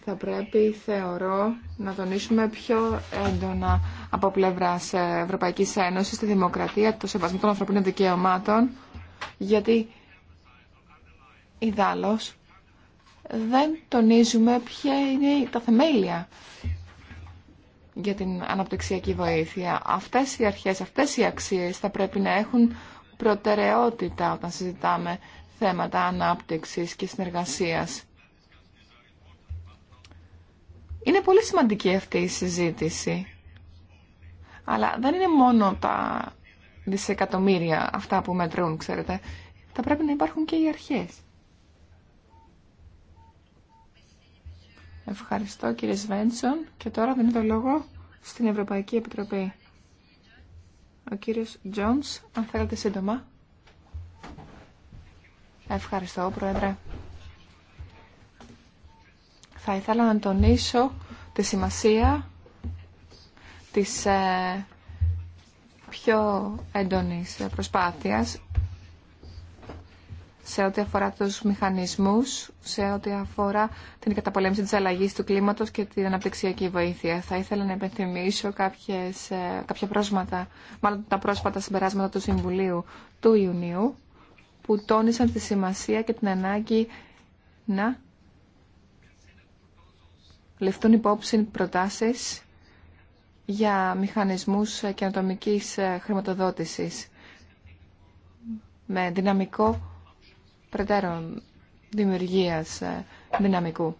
Θα πρέπει, θεωρώ, να τονίσουμε πιο έντονα από πλευρά Ευρωπαϊκή Ένωση τη δημοκρατία, το σεβασμό των ανθρωπίνων δικαιωμάτων, γιατί ιδάλω δεν τονίζουμε ποια είναι τα θεμέλια για την αναπτυξιακή βοήθεια. Αυτές οι αρχές, αυτές οι αξίες θα πρέπει να έχουν προτεραιότητα όταν συζητάμε θέματα ανάπτυξης και συνεργασίας. Είναι πολύ σημαντική αυτή η συζήτηση. Αλλά δεν είναι μόνο τα δισεκατομμύρια αυτά που μετρούν, ξέρετε. Θα πρέπει να υπάρχουν και οι αρχές. Ευχαριστώ κύριε Σβέντσον και τώρα δίνω το λόγο στην Ευρωπαϊκή Επιτροπή. Ο κύριος Τζόνς, αν θέλετε σύντομα. Ευχαριστώ, Πρόεδρε. Θα ήθελα να τονίσω τη σημασία της ε, πιο έντονης προσπάθειας σε ό,τι αφορά τους μηχανισμούς, σε ό,τι αφορά την καταπολέμηση της αλλαγής του κλίματος και την αναπτυξιακή βοήθεια. Θα ήθελα να επενθυμίσω ε, κάποια μάλλον τα πρόσφατα συμπεράσματα του Συμβουλίου του Ιουνίου, που τόνισαν τη σημασία και την ανάγκη να ληφθούν υπόψη προτάσεις για μηχανισμούς καινοτομικής ε, χρηματοδότησης με δυναμικό προτέρων δημιουργίας ε, δυναμικού.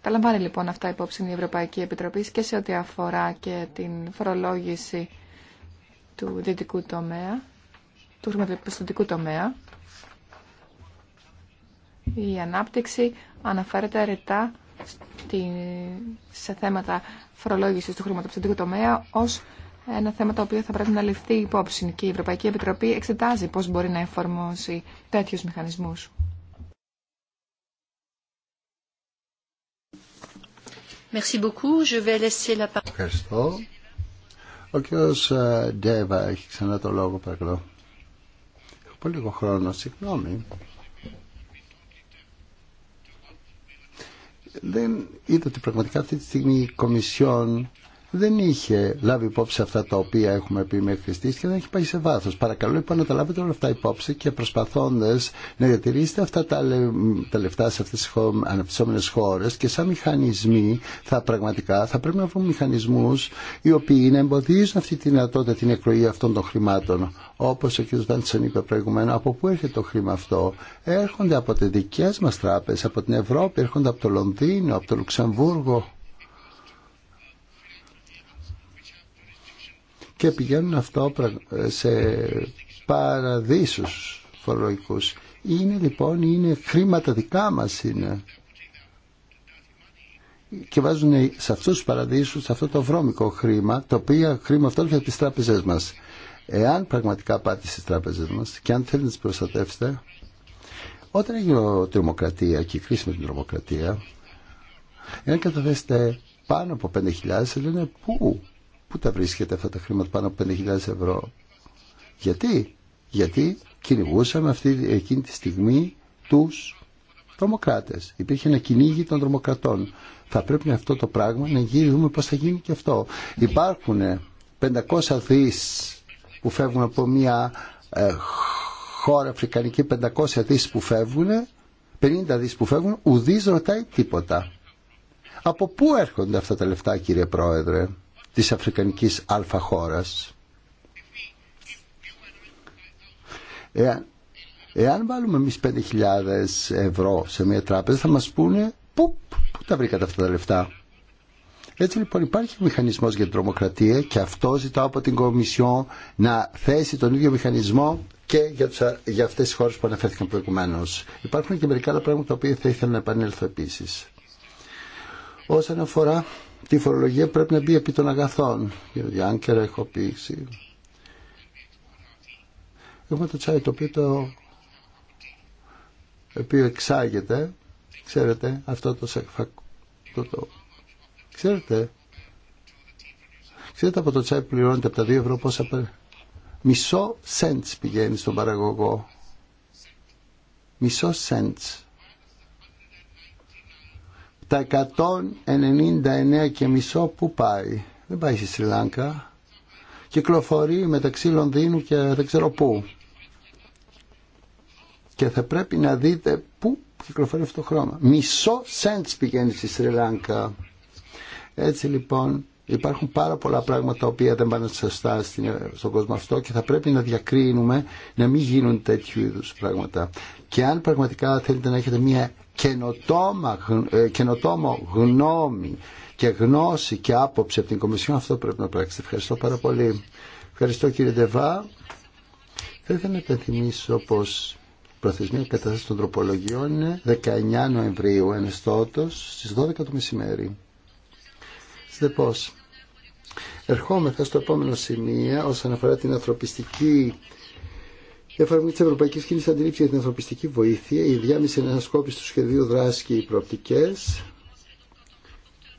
Τα λαμβάνει λοιπόν αυτά υπόψη η Ευρωπαϊκή Επιτροπή και σε ό,τι αφορά και την φορολόγηση του δυτικού τομέα, του χρηματοπιστωτικού τομέα. Η ανάπτυξη αναφέρεται ρητά σε θέματα φορολόγησης του χρηματοπιστωτικού τομέα ως ένα θέμα το οποίο θα πρέπει να ληφθεί υπόψη και η Ευρωπαϊκή Επιτροπή εξετάζει πώς μπορεί να εφαρμόσει τέτοιους μηχανισμούς. Ευχαριστώ. Ο κ. Ε, Ντέβα έχει ξανά το λόγο, παρακαλώ. Έχω πολύ λίγο χρόνο, συγγνώμη. Δεν είδα ότι πραγματικά αυτή τη στιγμή η Κομισιόν δεν είχε λάβει υπόψη αυτά τα οποία έχουμε πει μέχρι στις και δεν έχει πάει σε βάθος. Παρακαλώ λοιπόν να τα λάβετε όλα αυτά υπόψη και προσπαθώντας να διατηρήσετε αυτά τα, τα λεφτά σε αυτέ τι αναπτυσσόμενες χώρε και σαν μηχανισμοί θα πραγματικά θα πρέπει να βρούμε μηχανισμούς οι οποίοι να εμποδίζουν αυτή τη δυνατότητα την εκλογή αυτών των χρημάτων. Όπως ο κ. Βάντσον είπε προηγουμένως, από πού έρχεται το χρήμα αυτό. Έρχονται από τις δικέ μα τράπεζε, από την Ευρώπη, έρχονται από το Λονδίνο, από το Λουξεμβούργο και πηγαίνουν αυτό σε παραδείσους φορολογικούς. Είναι λοιπόν, είναι χρήματα δικά μας είναι. Και βάζουν σε αυτούς τους παραδείσους αυτό το βρώμικο χρήμα, το οποίο χρήμα αυτό έρχεται από τις τράπεζές μας. Εάν πραγματικά πάτε στις τράπεζες μας και αν θέλετε να τις προστατεύσετε, όταν έγινε τρομοκρατία και η κρίση με την τρομοκρατία, εάν καταθέσετε πάνω από 5.000, λένε πού Πού τα βρίσκεται αυτά τα χρήματα πάνω από 5.000 ευρώ. Γιατί, γιατί κυνηγούσαμε αυτή, εκείνη τη στιγμή τους τρομοκράτες. Υπήρχε ένα κυνήγι των τρομοκρατών. Θα πρέπει αυτό το πράγμα να γίνει, δούμε πώς θα γίνει και αυτό. Υπάρχουν 500 δις που φεύγουν από μια ε, χώρα αφρικανική, 500 δις που φεύγουν, 50 δις που φεύγουν, ουδής ρωτάει τίποτα. Από πού έρχονται αυτά τα λεφτά κύριε Πρόεδρε της Αφρικανικής Αλφα χώρας. Εάν, εάν βάλουμε εμεί 5.000 ευρώ σε μια τράπεζα θα μας πούνε πού, τα βρήκατε αυτά τα λεφτά. Έτσι λοιπόν υπάρχει μηχανισμός για την τρομοκρατία και αυτό ζητάω από την Κομισιόν να θέσει τον ίδιο μηχανισμό και για, τους, για αυτές τις χώρες που αναφέρθηκαν προηγουμένω. Υπάρχουν και μερικά άλλα πράγματα τα οποία θα ήθελα να επανέλθω επίσης. Όσον αφορά τη φορολογία πρέπει να μπει επί των αγαθών. Για και έχω πει. Έχουμε το τσάι το οποίο, το οποίο εξάγεται. Ξέρετε αυτό το, το, το... Ξέρετε Ξέρετε από το τσάι που πληρώνεται από τα 2 ευρώ πόσα πέρα Μισό σέντς πηγαίνει στον παραγωγό. Μισό σέντς τα 199 και μισό που πάει. Δεν πάει στη Σρι Λάγκα. Κυκλοφορεί μεταξύ Λονδίνου και δεν ξέρω πού. Και θα πρέπει να δείτε πού κυκλοφορεί αυτό το χρώμα. Μισό σέντς πηγαίνει στη Σρι Λάγκα. Έτσι λοιπόν υπάρχουν πάρα πολλά πράγματα τα οποία δεν πάνε σωστά στον κόσμο αυτό και θα πρέπει να διακρίνουμε να μην γίνουν τέτοιου είδου πράγματα. Και αν πραγματικά θέλετε να έχετε μια ε, καινοτόμο γνώμη και γνώση και άποψη από την Κομισιόν αυτό πρέπει να πράξει. Ευχαριστώ πάρα πολύ. Ευχαριστώ κύριε Ντεβά. Θα ήθελα να υπενθυμίσω πως προθεσμία κατάσταση των τροπολογιών είναι 19 Νοεμβρίου ενεστώτος στις 12 το μεσημέρι. Συνεπώς, ερχόμεθα στο επόμενο σημείο όσον αφορά την ανθρωπιστική η εφαρμογή τη Ευρωπαϊκή Κοινή Αντίληψη για την Ανθρωπιστική Βοήθεια, η διάμεση ενασκόπηση του σχεδίου δράση και οι προοπτικέ.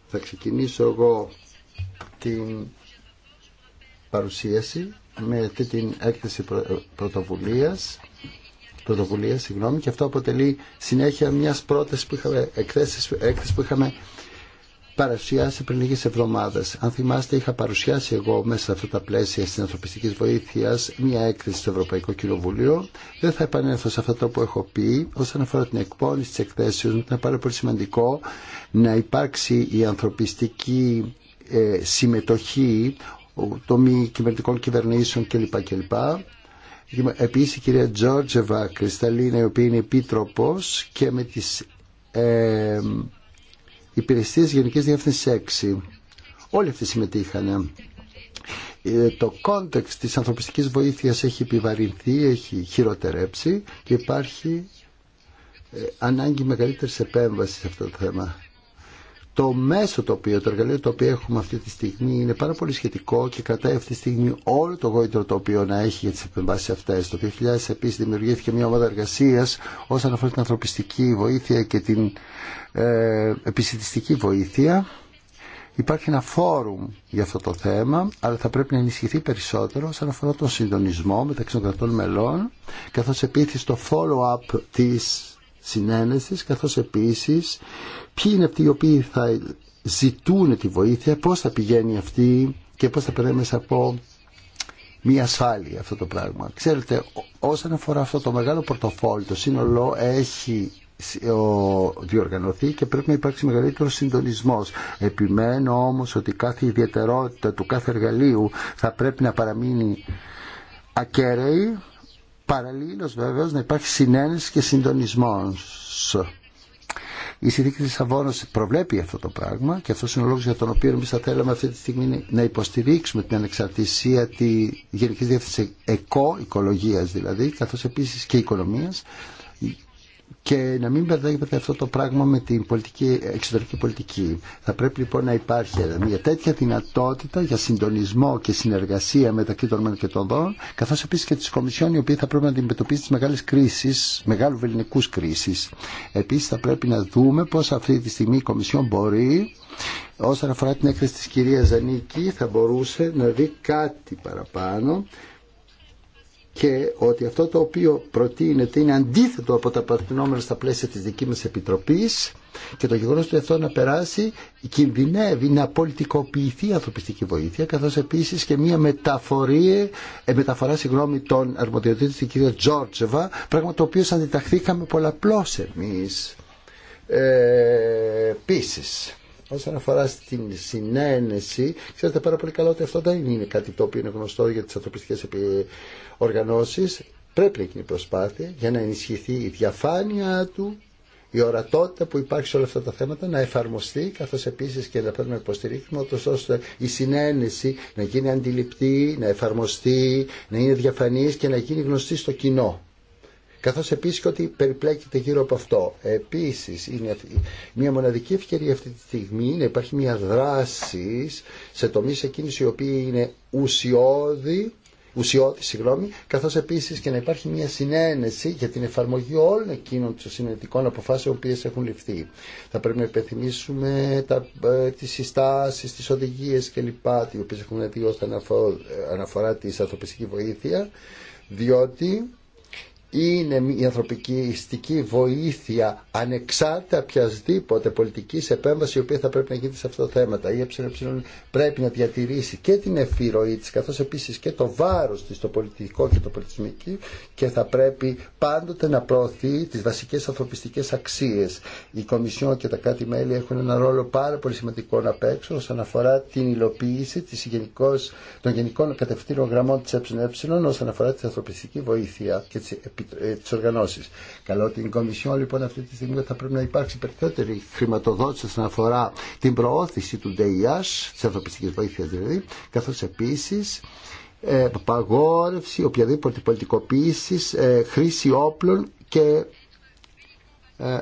Θα ξεκινήσω εγώ την παρουσίαση με αυτή την έκθεση πρωτοβουλίας, πρωτοβουλία, συγγνώμη, και αυτό αποτελεί συνέχεια μιας πρώτης που είχαμε, που είχαμε παρουσιάσει πριν λίγε εβδομάδε. Αν θυμάστε είχα παρουσιάσει εγώ μέσα σε αυτά τα πλαίσια τη ανθρωπιστική βοήθεια μια έκθεση στο Ευρωπαϊκό Κοινοβούλιο. Δεν θα επανέλθω σε αυτό που έχω πει. Όσον αφορά την εκπόνηση τη εκθέσεω. μου ήταν πάρα πολύ σημαντικό να υπάρξει η ανθρωπιστική ε, συμμετοχή τομή μη κυβερνητικών κυβερνήσεων κλπ. κλπ. η κυρία Τζόρτζεβα Κρυσταλίνα η οποία είναι επίτροπο και με τι. Ε, Υπηρεσίε Γενικής Διεύθυνσης 6. Όλοι αυτοί συμμετείχαν. Ε, το κόντεξ της ανθρωπιστικής βοήθειας έχει επιβαρυνθεί, έχει χειροτερέψει και υπάρχει ε, ανάγκη μεγαλύτερης επέμβασης σε αυτό το θέμα το μέσο το οποίο, το εργαλείο το οποίο έχουμε αυτή τη στιγμή είναι πάρα πολύ σχετικό και κρατάει αυτή τη στιγμή όλο το γόητρο το οποίο να έχει για τις επεμβάσεις αυτές. Το 2000 επίσης δημιουργήθηκε μια ομάδα εργασίας όσον αφορά την ανθρωπιστική βοήθεια και την ε, επιστημιστική βοήθεια. Υπάρχει ένα φόρουμ για αυτό το θέμα, αλλά θα πρέπει να ενισχυθεί περισσότερο όσον αφορά τον συντονισμό μεταξύ των κρατών μελών, καθώς επίσης το follow-up της συνένεσης καθώς επίσης ποιοι είναι αυτοί οι οποίοι θα ζητούν τη βοήθεια, πώς θα πηγαίνει αυτή και πώς θα περνάει μέσα από μια ασφάλεια αυτό το πράγμα. Ξέρετε, όσον αφορά αυτό το μεγάλο πορτοφόλι, το σύνολο έχει διοργανωθεί και πρέπει να υπάρξει μεγαλύτερο συντονισμός. Επιμένω όμως ότι κάθε ιδιαιτερότητα του κάθε εργαλείου θα πρέπει να παραμείνει ακέραιη Παραλλήλως βεβαίως να υπάρχει συνένεση και συντονισμός. Η συνθήκη της Λισαβόνα προβλέπει αυτό το πράγμα και αυτός είναι ο λόγος για τον οποίο εμείς θα θέλαμε αυτή τη στιγμή να υποστηρίξουμε την ανεξαρτησία τη γενικης Διεύθυνση ΕΚΟ, εκο-οικολογίας δηλαδή, καθώς επίσης και οικονομίας και να μην μπερδεύεται αυτό το πράγμα με την πολιτική, εξωτερική πολιτική. Θα πρέπει λοιπόν να υπάρχει μια τέτοια δυνατότητα για συντονισμό και συνεργασία μεταξύ των ΜΕΝ και των ΔΟΝ, καθώ επίση και τη Κομισιόν, η οποία θα πρέπει να αντιμετωπίσει τι μεγάλε κρίσει, μεγάλου ελληνικού κρίσει. Επίση θα πρέπει να δούμε πώ αυτή τη στιγμή η Κομισιόν μπορεί, όσον αφορά την έκθεση τη κυρία Ζανίκη, θα μπορούσε να δει κάτι παραπάνω και ότι αυτό το οποίο προτείνεται είναι αντίθετο από τα προτινόμενα στα πλαίσια της δική μας Επιτροπής και το γεγονός ότι αυτό να περάσει κινδυνεύει να πολιτικοποιηθεί η ανθρωπιστική βοήθεια καθώς επίσης και μια μεταφορή, ε, μεταφορά συγγνώμη, των αρμοδιοτήτων της κυρία Τζόρτζεβα πράγμα το οποίο αντιταχθήκαμε πολλαπλώς εμείς. Ε, επίσης, Όσον αφορά στην συνένεση, ξέρετε πάρα πολύ καλά ότι αυτό δεν είναι κάτι το οποίο είναι γνωστό για τις ανθρωπιστικές οργανώσεις. Πρέπει να γίνει προσπάθεια για να ενισχυθεί η διαφάνεια του, η ορατότητα που υπάρχει σε όλα αυτά τα θέματα να εφαρμοστεί, καθώς επίσης και να πρέπει να υποστηρίξουμε, ώστε η συνένεση να γίνει αντιληπτή, να εφαρμοστεί, να είναι διαφανής και να γίνει γνωστή στο κοινό καθώς επίσης και ότι περιπλέκεται γύρω από αυτό. Επίσης, είναι μια μοναδική ευκαιρία αυτή τη στιγμή να υπάρχει μια δράση σε τομείς εκείνης οι οποίοι είναι ουσιώδη, ουσιώδη συγγνώμη, καθώς επίσης και να υπάρχει μια συνένεση για την εφαρμογή όλων εκείνων των συνετικών αποφάσεων που έχουν ληφθεί. Θα πρέπει να υπενθυμίσουμε τα, ε, τις συστάσεις, τις οδηγίες κλπ. οι οποίες έχουν δει ε, αναφορά τη ανθρωπιστική βοήθεια, διότι είναι η ανθρωπική βοήθεια ανεξάρτητα οποιασδήποτε πολιτικής επέμβαση η οποία θα πρέπει να γίνει σε αυτά τα θέματα. Η ΕΕ πρέπει να διατηρήσει και την εφήρωή της καθώς επίσης και το βάρος της στο πολιτικό και το πολιτισμικό και θα πρέπει πάντοτε να προωθεί τις βασικές ανθρωπιστικές αξίες. Η Κομισιόν και τα κάτι μέλη έχουν ένα ρόλο πάρα πολύ σημαντικό να παίξουν όσον αφορά την υλοποίηση της των γενικών κατευθύνων γραμμών της ΕΕ όσον αφορά την ανθρωπιστική βοήθεια ε, τις οργανώσεις. Καλό την Κομισιόν λοιπόν αυτή τη στιγμή θα πρέπει να υπάρξει περισσότερη χρηματοδότηση όσον αφορά την προώθηση του ΔΕΙΑΣ, τη ανθρωπιστική βοήθεια, δηλαδή, καθώς επίσης ε, παγόρευση οποιαδήποτε πολιτικοποίηση, ε, χρήση όπλων και ε,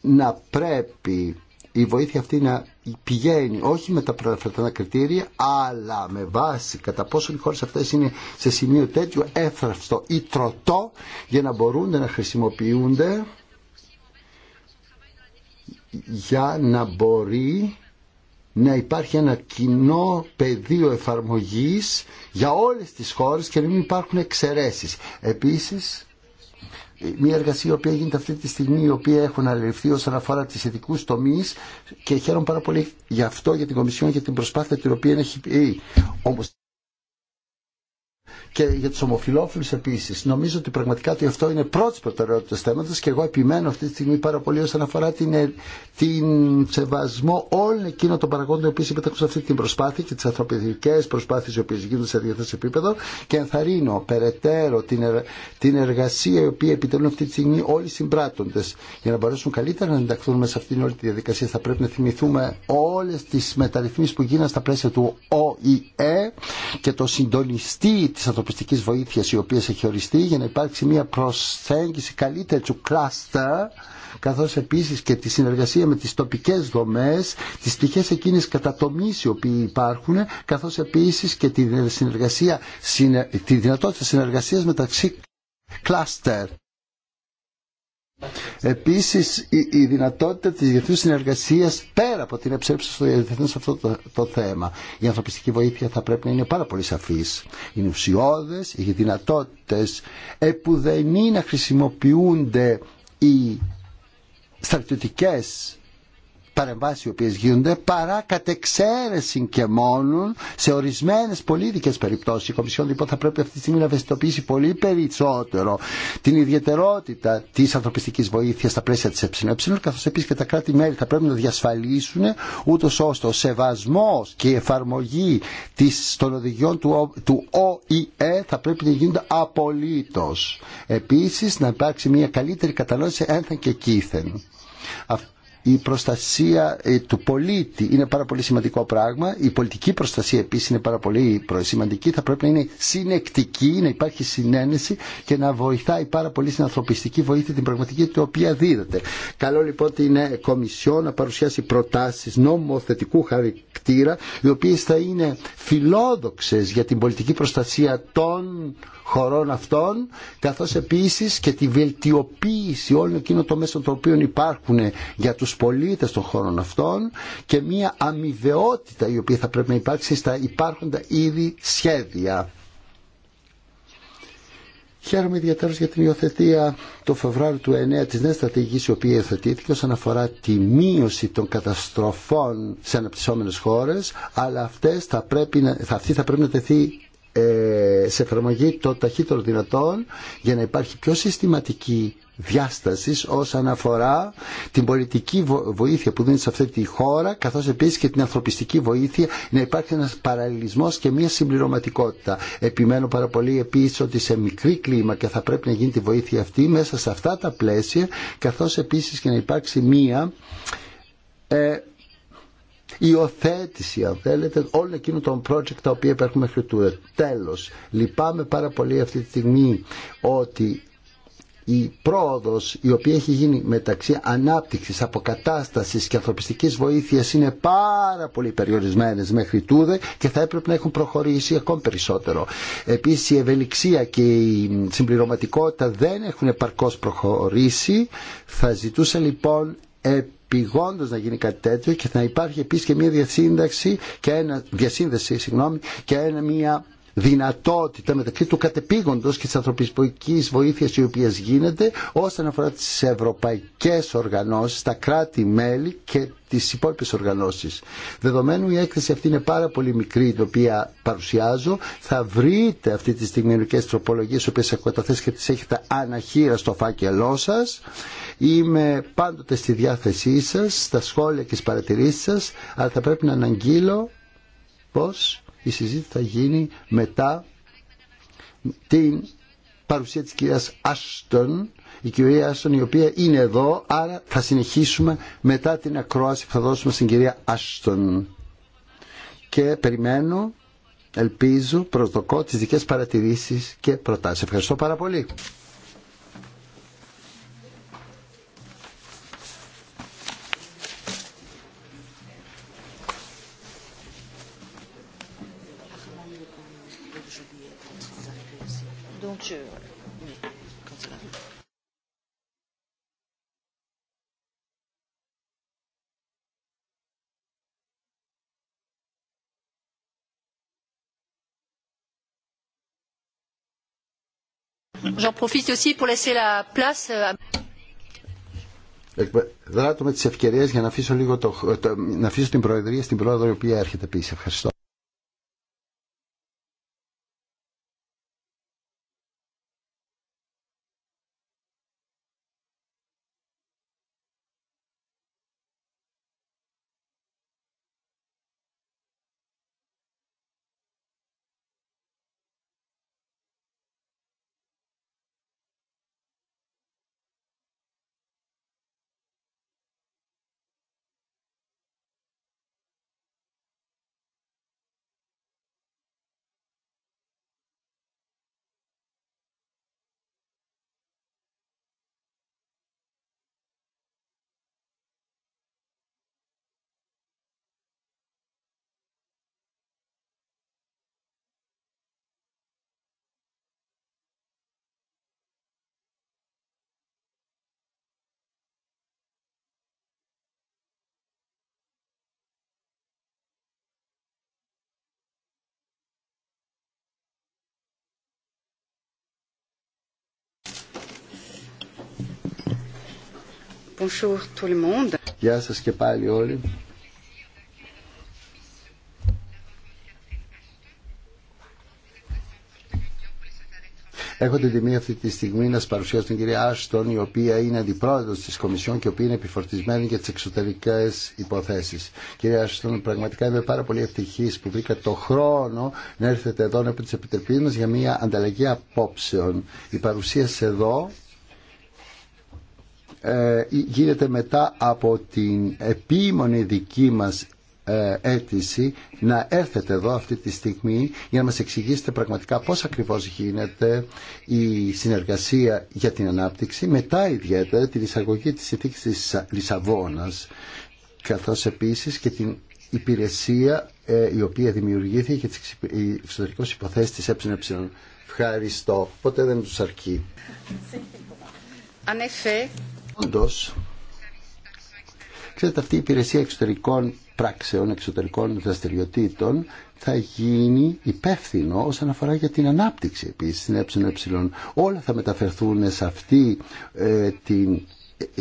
να πρέπει η βοήθεια αυτή να πηγαίνει όχι με τα προεφερθένα κριτήρια αλλά με βάση κατά πόσο οι χώρες αυτές είναι σε σημείο τέτοιο έφραυστο ή τροτό για να μπορούν να χρησιμοποιούνται για να μπορεί να υπάρχει ένα κοινό πεδίο εφαρμογής για όλες τις χώρες και να μην υπάρχουν εξαιρέσεις. Επίσης μια εργασία η οποία γίνεται αυτή τη στιγμή, η οποία έχουν αλληλευθεί όσον αφορά τις ειδικού τομεί και χαίρομαι πάρα πολύ γι' αυτό, για την Κομισιόν, για την προσπάθεια την οποία έχει πει και για του ομοφυλόφιλου επίση. Νομίζω ότι πραγματικά ότι αυτό είναι πρώτη προτεραιότητα θέματος και εγώ επιμένω αυτή τη στιγμή πάρα πολύ όσον αφορά την, την σεβασμό όλων εκείνων των παραγόντων οι οποίοι συμμετέχουν σε αυτή την προσπάθεια και τι ανθρωπιδικέ προσπάθειε οι οποίε γίνονται σε διεθνέ επίπεδο και ενθαρρύνω περαιτέρω την, την εργασία η οποία επιτελούν αυτή τη στιγμή όλοι οι συμπράττοντε για να μπορέσουν καλύτερα να ενταχθούν μέσα σε αυτήν όλη τη διαδικασία θα πρέπει να θυμηθούμε όλε τι μεταρρυθμίσει που γίνανε στα πλαίσια του ΟΗΕ και το συντονιστή τη ανθρωπιστική βοήθειας η οποία έχει οριστεί για να υπάρξει μια προσέγγιση καλύτερη του κλάστερ καθώ επίση και τη συνεργασία με τι τοπικέ δομέ, τι πτυχές εκείνε κατατομή οι οποίοι υπάρχουν καθώ επίση και τη, συνεργασία, τη δυνατότητα συνεργασία μεταξύ κλάστερ Επίσης η, η δυνατότητα της διεθνούς συνεργασίας πέρα από την εψέψη στο σε αυτό το, θέμα. Η ανθρωπιστική βοήθεια θα πρέπει να είναι πάρα πολύ σαφής. Είναι ουσιώδες, οι δυνατότητες είναι να χρησιμοποιούνται οι στρατιωτικές παρεμβάσεις οι οποίες γίνονται παρά κατ' εξαίρεση και μόνον σε ορισμένες πολίτικες περιπτώσεις. Η Κομισιόν λοιπόν θα πρέπει αυτή τη στιγμή να ευαισθητοποιήσει πολύ περισσότερο την ιδιαιτερότητα της ανθρωπιστικής βοήθειας στα πλαίσια της ΕΕ καθώς επίσης και τα κράτη-μέλη θα πρέπει να διασφαλίσουν ούτως ώστε ο σεβασμός και η εφαρμογή της, των οδηγιών του, του ΟΗΕ θα πρέπει να γίνονται απολύτως. Επίσης να υπάρξει μια καλύτερη κατανόηση ένθεν και κήθεν η προστασία ε, του πολίτη είναι πάρα πολύ σημαντικό πράγμα. Η πολιτική προστασία επίσης είναι πάρα πολύ σημαντική. Θα πρέπει να είναι συνεκτική, να υπάρχει συνένεση και να βοηθάει πάρα πολύ στην ανθρωπιστική βοήθεια την πραγματική την οποία δίδεται. Καλό λοιπόν την Κομισιό να παρουσιάσει προτάσεις νομοθετικού χαρακτήρα οι οποίες θα είναι φιλόδοξες για την πολιτική προστασία των χωρών αυτών καθώς επίσης και τη βελτιοποίηση όλων εκείνων των μέσων των οποίων υπάρχουν για τους πολίτες των χωρών αυτών και μια αμοιβαιότητα η οποία θα πρέπει να υπάρξει στα υπάρχοντα ήδη σχέδια. Χαίρομαι ιδιαίτερα για την υιοθετία το Φεβράριο του 9 της νέας στρατηγικής η οποία υιοθετήθηκε όσον αφορά τη μείωση των καταστροφών σε αναπτυσσόμενες χώρες αλλά αυτές θα πρέπει αυτή θα πρέπει να τεθεί ε, σε εφαρμογή το ταχύτερο δυνατόν για να υπάρχει πιο συστηματική διάσταση όσον αφορά την πολιτική βοήθεια που δίνει σε αυτή τη χώρα καθώς επίσης και την ανθρωπιστική βοήθεια να υπάρχει ένας παραλληλισμός και μια συμπληρωματικότητα. Επιμένω πάρα πολύ επίσης ότι σε μικρή κλίμακα θα πρέπει να γίνει τη βοήθεια αυτή μέσα σε αυτά τα πλαίσια καθώς επίσης και να υπάρξει μια ε, οθέτηση, αν θέλετε όλων εκείνων των project τα οποία υπάρχουν μέχρι τούτε. Τέλος, λυπάμαι πάρα πολύ αυτή τη στιγμή ότι η πρόοδος η οποία έχει γίνει μεταξύ ανάπτυξης, αποκατάστασης και ανθρωπιστικής βοήθειας είναι πάρα πολύ περιορισμένες μέχρι τούδε και θα έπρεπε να έχουν προχωρήσει ακόμη περισσότερο. Επίσης η ευελιξία και η συμπληρωματικότητα δεν έχουν επαρκώς προχωρήσει. Θα ζητούσα λοιπόν να γίνει κάτι τέτοιο και να υπάρχει επίσης και μια διασύνδεση και ένα, διασύνδεση συγγνώμη, και ένα, μια δυνατότητα μεταξύ του κατεπήγοντος και της ανθρωπιστικής βοήθειας η οποία γίνεται όσον αφορά τις ευρωπαϊκές οργανώσεις, τα κράτη-μέλη και τις υπόλοιπες οργανώσεις. Δεδομένου η έκθεση αυτή είναι πάρα πολύ μικρή την οποία παρουσιάζω θα βρείτε αυτή τη στιγμή τροπολογίε, τροπολογίες οποίε έχω καταθέσει και τι έχετε αναχείρα στο φάκελό σας Είμαι πάντοτε στη διάθεσή σας, στα σχόλια και στις παρατηρήσεις σας, αλλά θα πρέπει να αναγγείλω πως η συζήτηση θα γίνει μετά την παρουσία της κυρίας Άστον, η κυρία Άστον η οποία είναι εδώ, άρα θα συνεχίσουμε μετά την ακρόαση που θα δώσουμε στην κυρία Άστον. Και περιμένω, ελπίζω, προσδοκώ τις δικές παρατηρήσεις και προτάσεις. Ευχαριστώ πάρα πολύ. J'en profite aussi pour laisser euh, με τις ευκαιρίες για να αφήσω, λίγο το, να αφήσω την Προεδρία στην Πρόεδρο η οποία έρχεται πίσω. Ευχαριστώ. Bonjour tout Γεια σας και πάλι όλοι. Έχω την τιμή αυτή τη στιγμή να σα παρουσιάσω την κυρία Άστον, η οποία είναι αντιπρόεδρο τη Κομισιόν και η οποία είναι επιφορτισμένη για τι εξωτερικέ υποθέσει. Κυρία Άστον, πραγματικά είμαι πάρα πολύ ευτυχή που βρήκα το χρόνο να έρθετε εδώ από τι επιτροπή μα για μια ανταλλαγή απόψεων. Η παρουσία εδώ ε, γίνεται μετά από την επίμονη δική μας ε, αίτηση να έρθετε εδώ αυτή τη στιγμή για να μας εξηγήσετε πραγματικά πώς ακριβώς γίνεται η συνεργασία για την ανάπτυξη μετά ιδιαίτερα την εισαγωγή της συνθήκης της Λισαβόνας καθώς επίσης και την υπηρεσία ε, η οποία δημιουργήθηκε για τις εξωτερικές υποθέσεις της ΕΕ. Ευχαριστώ. Ποτέ δεν τους αρκεί. En Όντως, ξέρετε αυτή η υπηρεσία εξωτερικών πράξεων, εξωτερικών δραστηριοτήτων θα γίνει υπεύθυνο όσον αφορά για την ανάπτυξη επίσης στην ΕΕ. Όλα θα μεταφερθούν σε αυτή ε, την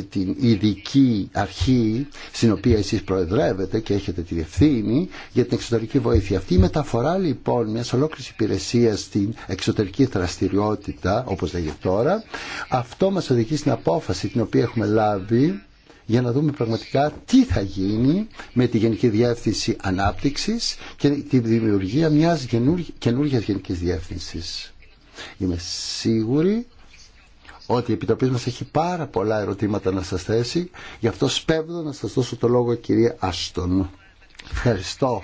την ειδική αρχή στην οποία εσείς προεδρεύετε και έχετε τη ευθύνη για την εξωτερική βοήθεια. Αυτή η μεταφορά λοιπόν μια ολόκληρης υπηρεσία στην εξωτερική δραστηριότητα όπως λέγεται τώρα αυτό μας οδηγεί στην απόφαση την οποία έχουμε λάβει για να δούμε πραγματικά τι θα γίνει με τη Γενική Διεύθυνση Ανάπτυξης και τη δημιουργία μιας καινούργιας Γενικής Διεύθυνσης. Είμαι σίγουρη ότι η Επιτροπή μας έχει πάρα πολλά ερωτήματα να σας θέσει. Γι' αυτό σπέβδω να σας δώσω το λόγο κυρία Άστον. Ευχαριστώ.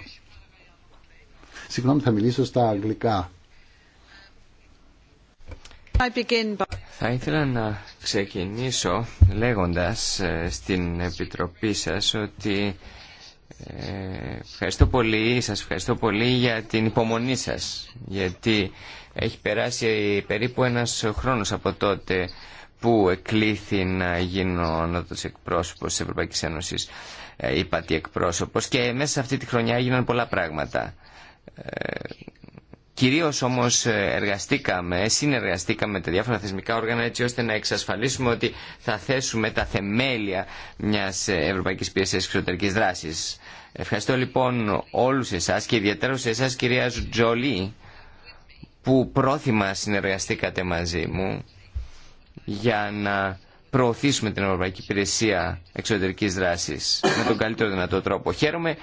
Συγγνώμη θα μιλήσω στα αγγλικά. Θα ήθελα να ξεκινήσω λέγοντας ε, στην Επιτροπή σας ότι ε, ευχαριστώ πολύ, σας ευχαριστώ πολύ για την υπομονή σας γιατί έχει περάσει περίπου ένας χρόνος από τότε που εκλήθη να γίνω νότος εκπρόσωπος της Ευρωπαϊκής Ένωσης ή ε, πατή εκπρόσωπος και μέσα σε αυτή τη χρονιά έγιναν πολλά πράγματα. Ε, κυρίως όμως ε, εργαστήκαμε, συνεργαστήκαμε με τα διάφορα θεσμικά όργανα έτσι ώστε να εξασφαλίσουμε ότι θα θέσουμε τα θεμέλια μιας Ευρωπαϊκής Πίεσης Εξωτερικής Δράσης. Ευχαριστώ λοιπόν όλους εσάς και ιδιαίτερα σε εσάς κυρία Ζουτζολή, που πρόθυμα συνεργαστήκατε μαζί μου για να προωθήσουμε την Ευρωπαϊκή Υπηρεσία Εξωτερικής Δράσης με τον καλύτερο δυνατό τρόπο. Χαίρομαι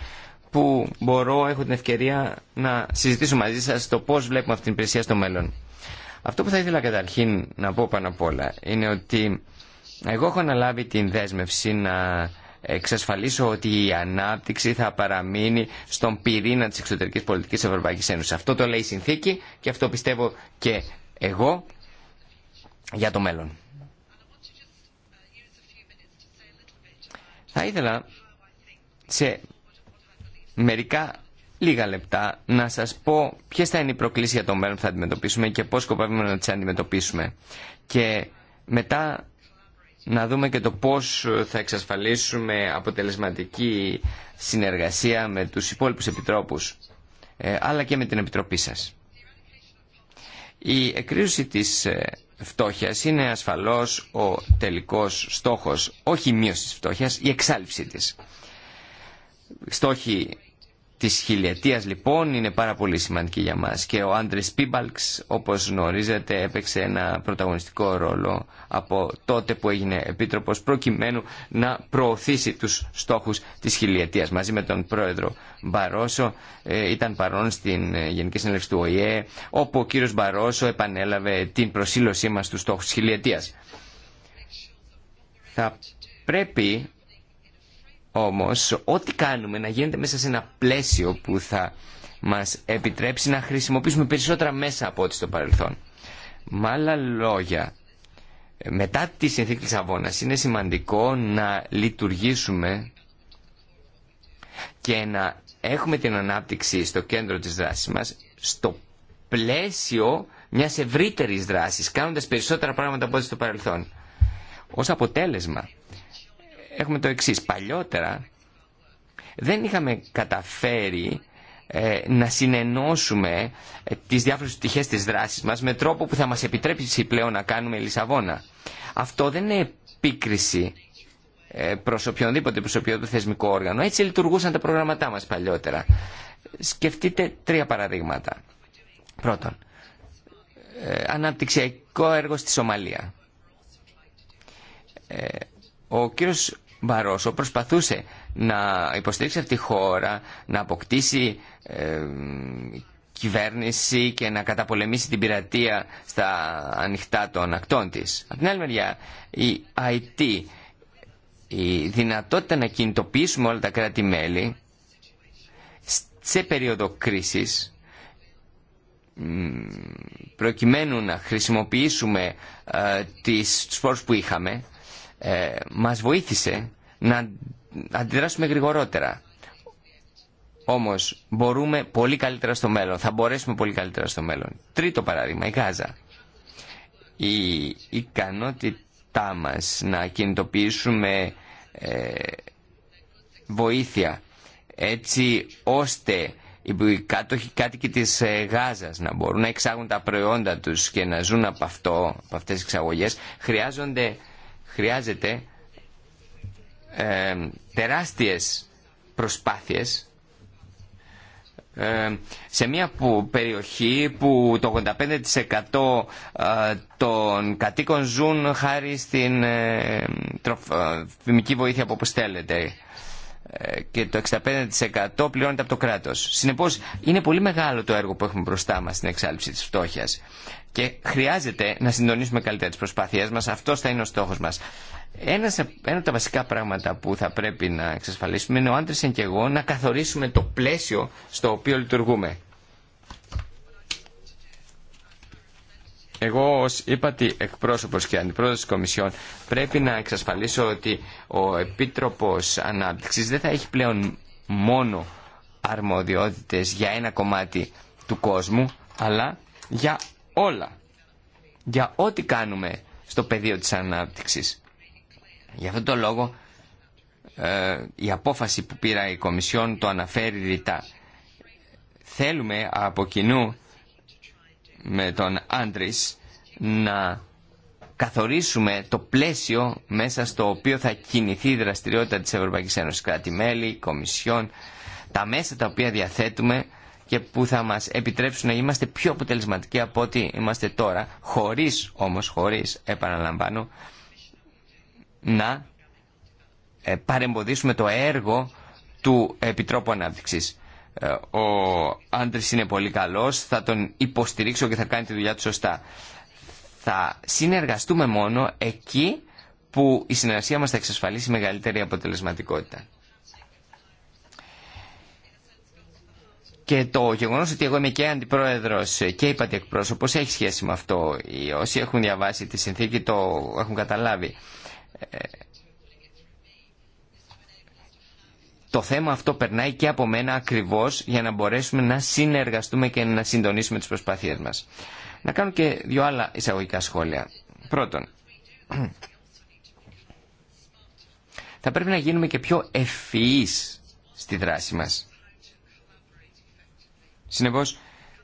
που μπορώ, έχω την ευκαιρία να συζητήσω μαζί σας το πώς βλέπουμε αυτή την υπηρεσία στο μέλλον. Αυτό που θα ήθελα καταρχήν να πω πάνω απ' όλα είναι ότι εγώ έχω αναλάβει την δέσμευση να εξασφαλίσω ότι η ανάπτυξη θα παραμείνει στον πυρήνα της εξωτερικής πολιτικής Ευρωπαϊκής Ένωσης. Αυτό το λέει η συνθήκη και αυτό πιστεύω και εγώ για το μέλλον. Θα ήθελα σε μερικά λίγα λεπτά να σας πω ποιες θα είναι οι προκλήσεις για το μέλλον που θα αντιμετωπίσουμε και πώς σκοπεύουμε να τις αντιμετωπίσουμε. Και μετά να δούμε και το πώς θα εξασφαλίσουμε αποτελεσματική συνεργασία με τους υπόλοιπους επιτρόπους, ε, αλλά και με την Επιτροπή σας. Η εκρίζωση της ε, φτώχειας είναι ασφαλώς ο τελικός στόχος, όχι η μείωση της φτώχειας, η εξάλληψή της. Στόχοι Τη χιλιετίας λοιπόν είναι πάρα πολύ σημαντική για μας και ο Άντρε Πίμπαλξ όπως γνωρίζετε έπαιξε ένα πρωταγωνιστικό ρόλο από τότε που έγινε επίτροπος προκειμένου να προωθήσει τους στόχους της χιλιετίας μαζί με τον πρόεδρο Μπαρόσο ε, ήταν παρόν στην ε, Γενική Συνέλευση του ΟΗΕ όπου ο κύριος Μπαρόσο επανέλαβε την προσήλωσή μα στους στόχου τη χιλιετία. Θα πρέπει όμως ό,τι κάνουμε να γίνεται μέσα σε ένα πλαίσιο που θα μας επιτρέψει να χρησιμοποιήσουμε περισσότερα μέσα από ό,τι στο παρελθόν. Με άλλα λόγια, μετά τη συνθήκη αβώνας είναι σημαντικό να λειτουργήσουμε και να έχουμε την ανάπτυξη στο κέντρο της δράσης μας, στο πλαίσιο μιας ευρύτερης δράσης, κάνοντας περισσότερα πράγματα από ό,τι στο παρελθόν. Ως αποτέλεσμα, έχουμε το εξής. Παλιότερα δεν είχαμε καταφέρει ε, να συνενώσουμε ε, τις διάφορες πτυχές της δράσης μας με τρόπο που θα μας επιτρέψει πλέον να κάνουμε Λισαβόνα. Αυτό δεν είναι επίκριση ε, προς οποιονδήποτε, προς οποιοδήποτε θεσμικό όργανο. Έτσι λειτουργούσαν τα προγραμματά μας παλιότερα. Σκεφτείτε τρία παραδείγματα. Πρώτον, αναπτυξιακό έργο στη Σομαλία. Ο κύριος Μπαρόσο προσπαθούσε να υποστηρίξει αυτή τη χώρα, να αποκτήσει ε, κυβέρνηση και να καταπολεμήσει την πειρατεία στα ανοιχτά των ακτών της. Από την άλλη μεριά, η IT, η δυνατότητα να κινητοποιήσουμε όλα τα κράτη-μέλη σε περίοδο κρίσης, προκειμένου να χρησιμοποιήσουμε ε, τις, τους που είχαμε, ε, μας βοήθησε να αντιδράσουμε γρηγορότερα. Όμως μπορούμε πολύ καλύτερα στο μέλλον, θα μπορέσουμε πολύ καλύτερα στο μέλλον. Τρίτο παράδειγμα, η Γάζα. Η ικανότητά μας να κινητοποιήσουμε ε, βοήθεια έτσι ώστε οι κάτοχοι, κάτοικοι της ε, Γάζας να μπορούν να εξάγουν τα προϊόντα τους και να ζουν από, αυτό, από αυτές τις εξαγωγές χρειάζονται χρειάζεται ε, τεράστιες προσπάθειες ε, σε μια περιοχή που το 85% ε, των κατοίκων ζουν χάρη στην ε, ε βοήθεια που αποστέλλεται και το 65% πληρώνεται από το κράτος. Συνεπώς είναι πολύ μεγάλο το έργο που έχουμε μπροστά μας στην εξάλληψη της φτώχειας και χρειάζεται να συντονίσουμε καλύτερα τις προσπάθειές μας. Αυτός θα είναι ο στόχος μας. ένα από τα βασικά πράγματα που θα πρέπει να εξασφαλίσουμε είναι ο Άντρισεν και εγώ να καθορίσουμε το πλαίσιο στο οποίο λειτουργούμε. Εγώ ως είπατη εκπρόσωπος και αντιπρόεδρος της Κομισιόν πρέπει να εξασφαλίσω ότι ο Επίτροπος Ανάπτυξης δεν θα έχει πλέον μόνο αρμοδιότητες για ένα κομμάτι του κόσμου αλλά για όλα. Για ό,τι κάνουμε στο πεδίο της ανάπτυξης. Γι' αυτόν τον λόγο ε, η απόφαση που πήρα η Κομισιόν το αναφέρει ρητά. Θέλουμε από κοινού με τον Άντρης να καθορίσουμε το πλαίσιο μέσα στο οποίο θα κινηθεί η δραστηριότητα της Ευρωπαϊκής Ένωσης. Κράτη-μέλη, Κομισιόν, τα μέσα τα οποία διαθέτουμε και που θα μας επιτρέψουν να είμαστε πιο αποτελεσματικοί από ό,τι είμαστε τώρα, χωρίς όμως, χωρίς, επαναλαμβάνω, να ε, παρεμποδίσουμε το έργο του Επιτρόπου Ανάπτυξης. Ε, ο Άντρης είναι πολύ καλός, θα τον υποστηρίξω και θα κάνει τη δουλειά του σωστά. Θα συνεργαστούμε μόνο εκεί που η συνεργασία μας θα εξασφαλίσει μεγαλύτερη αποτελεσματικότητα. Και το γεγονός ότι εγώ είμαι και αντιπρόεδρος και είπατε εκπρόσωπος έχει σχέση με αυτό. Οι όσοι έχουν διαβάσει τη συνθήκη το έχουν καταλάβει. Ε, το θέμα αυτό περνάει και από μένα ακριβώς για να μπορέσουμε να συνεργαστούμε και να συντονίσουμε τις προσπάθειές μας. Να κάνω και δύο άλλα εισαγωγικά σχόλια. Πρώτον, [clears throat] θα πρέπει να γίνουμε και πιο ευφυείς στη δράση μας. Συνεπώ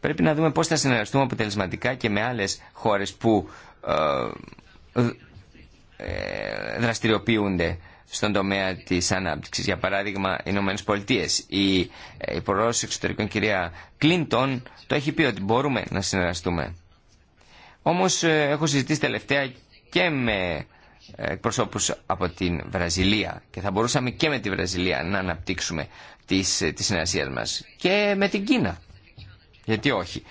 πρέπει να δούμε πώς θα συνεργαστούμε αποτελεσματικά και με άλλες χώρες που ε, ε, δραστηριοποιούνται στον τομέα της ανάπτυξης. Για παράδειγμα, οι Ηνωμένες Πολιτείες. Η ε, Υπουργός Εξωτερικών κυρία Κλίντον το έχει πει ότι μπορούμε να συνεργαστούμε. Όμως έχω συζητήσει τελευταία και με εκπροσώπους από την Βραζιλία και θα μπορούσαμε και με τη Βραζιλία να αναπτύξουμε τις, τη συνεργασία μας και με την Κίνα. Γιατί όχι.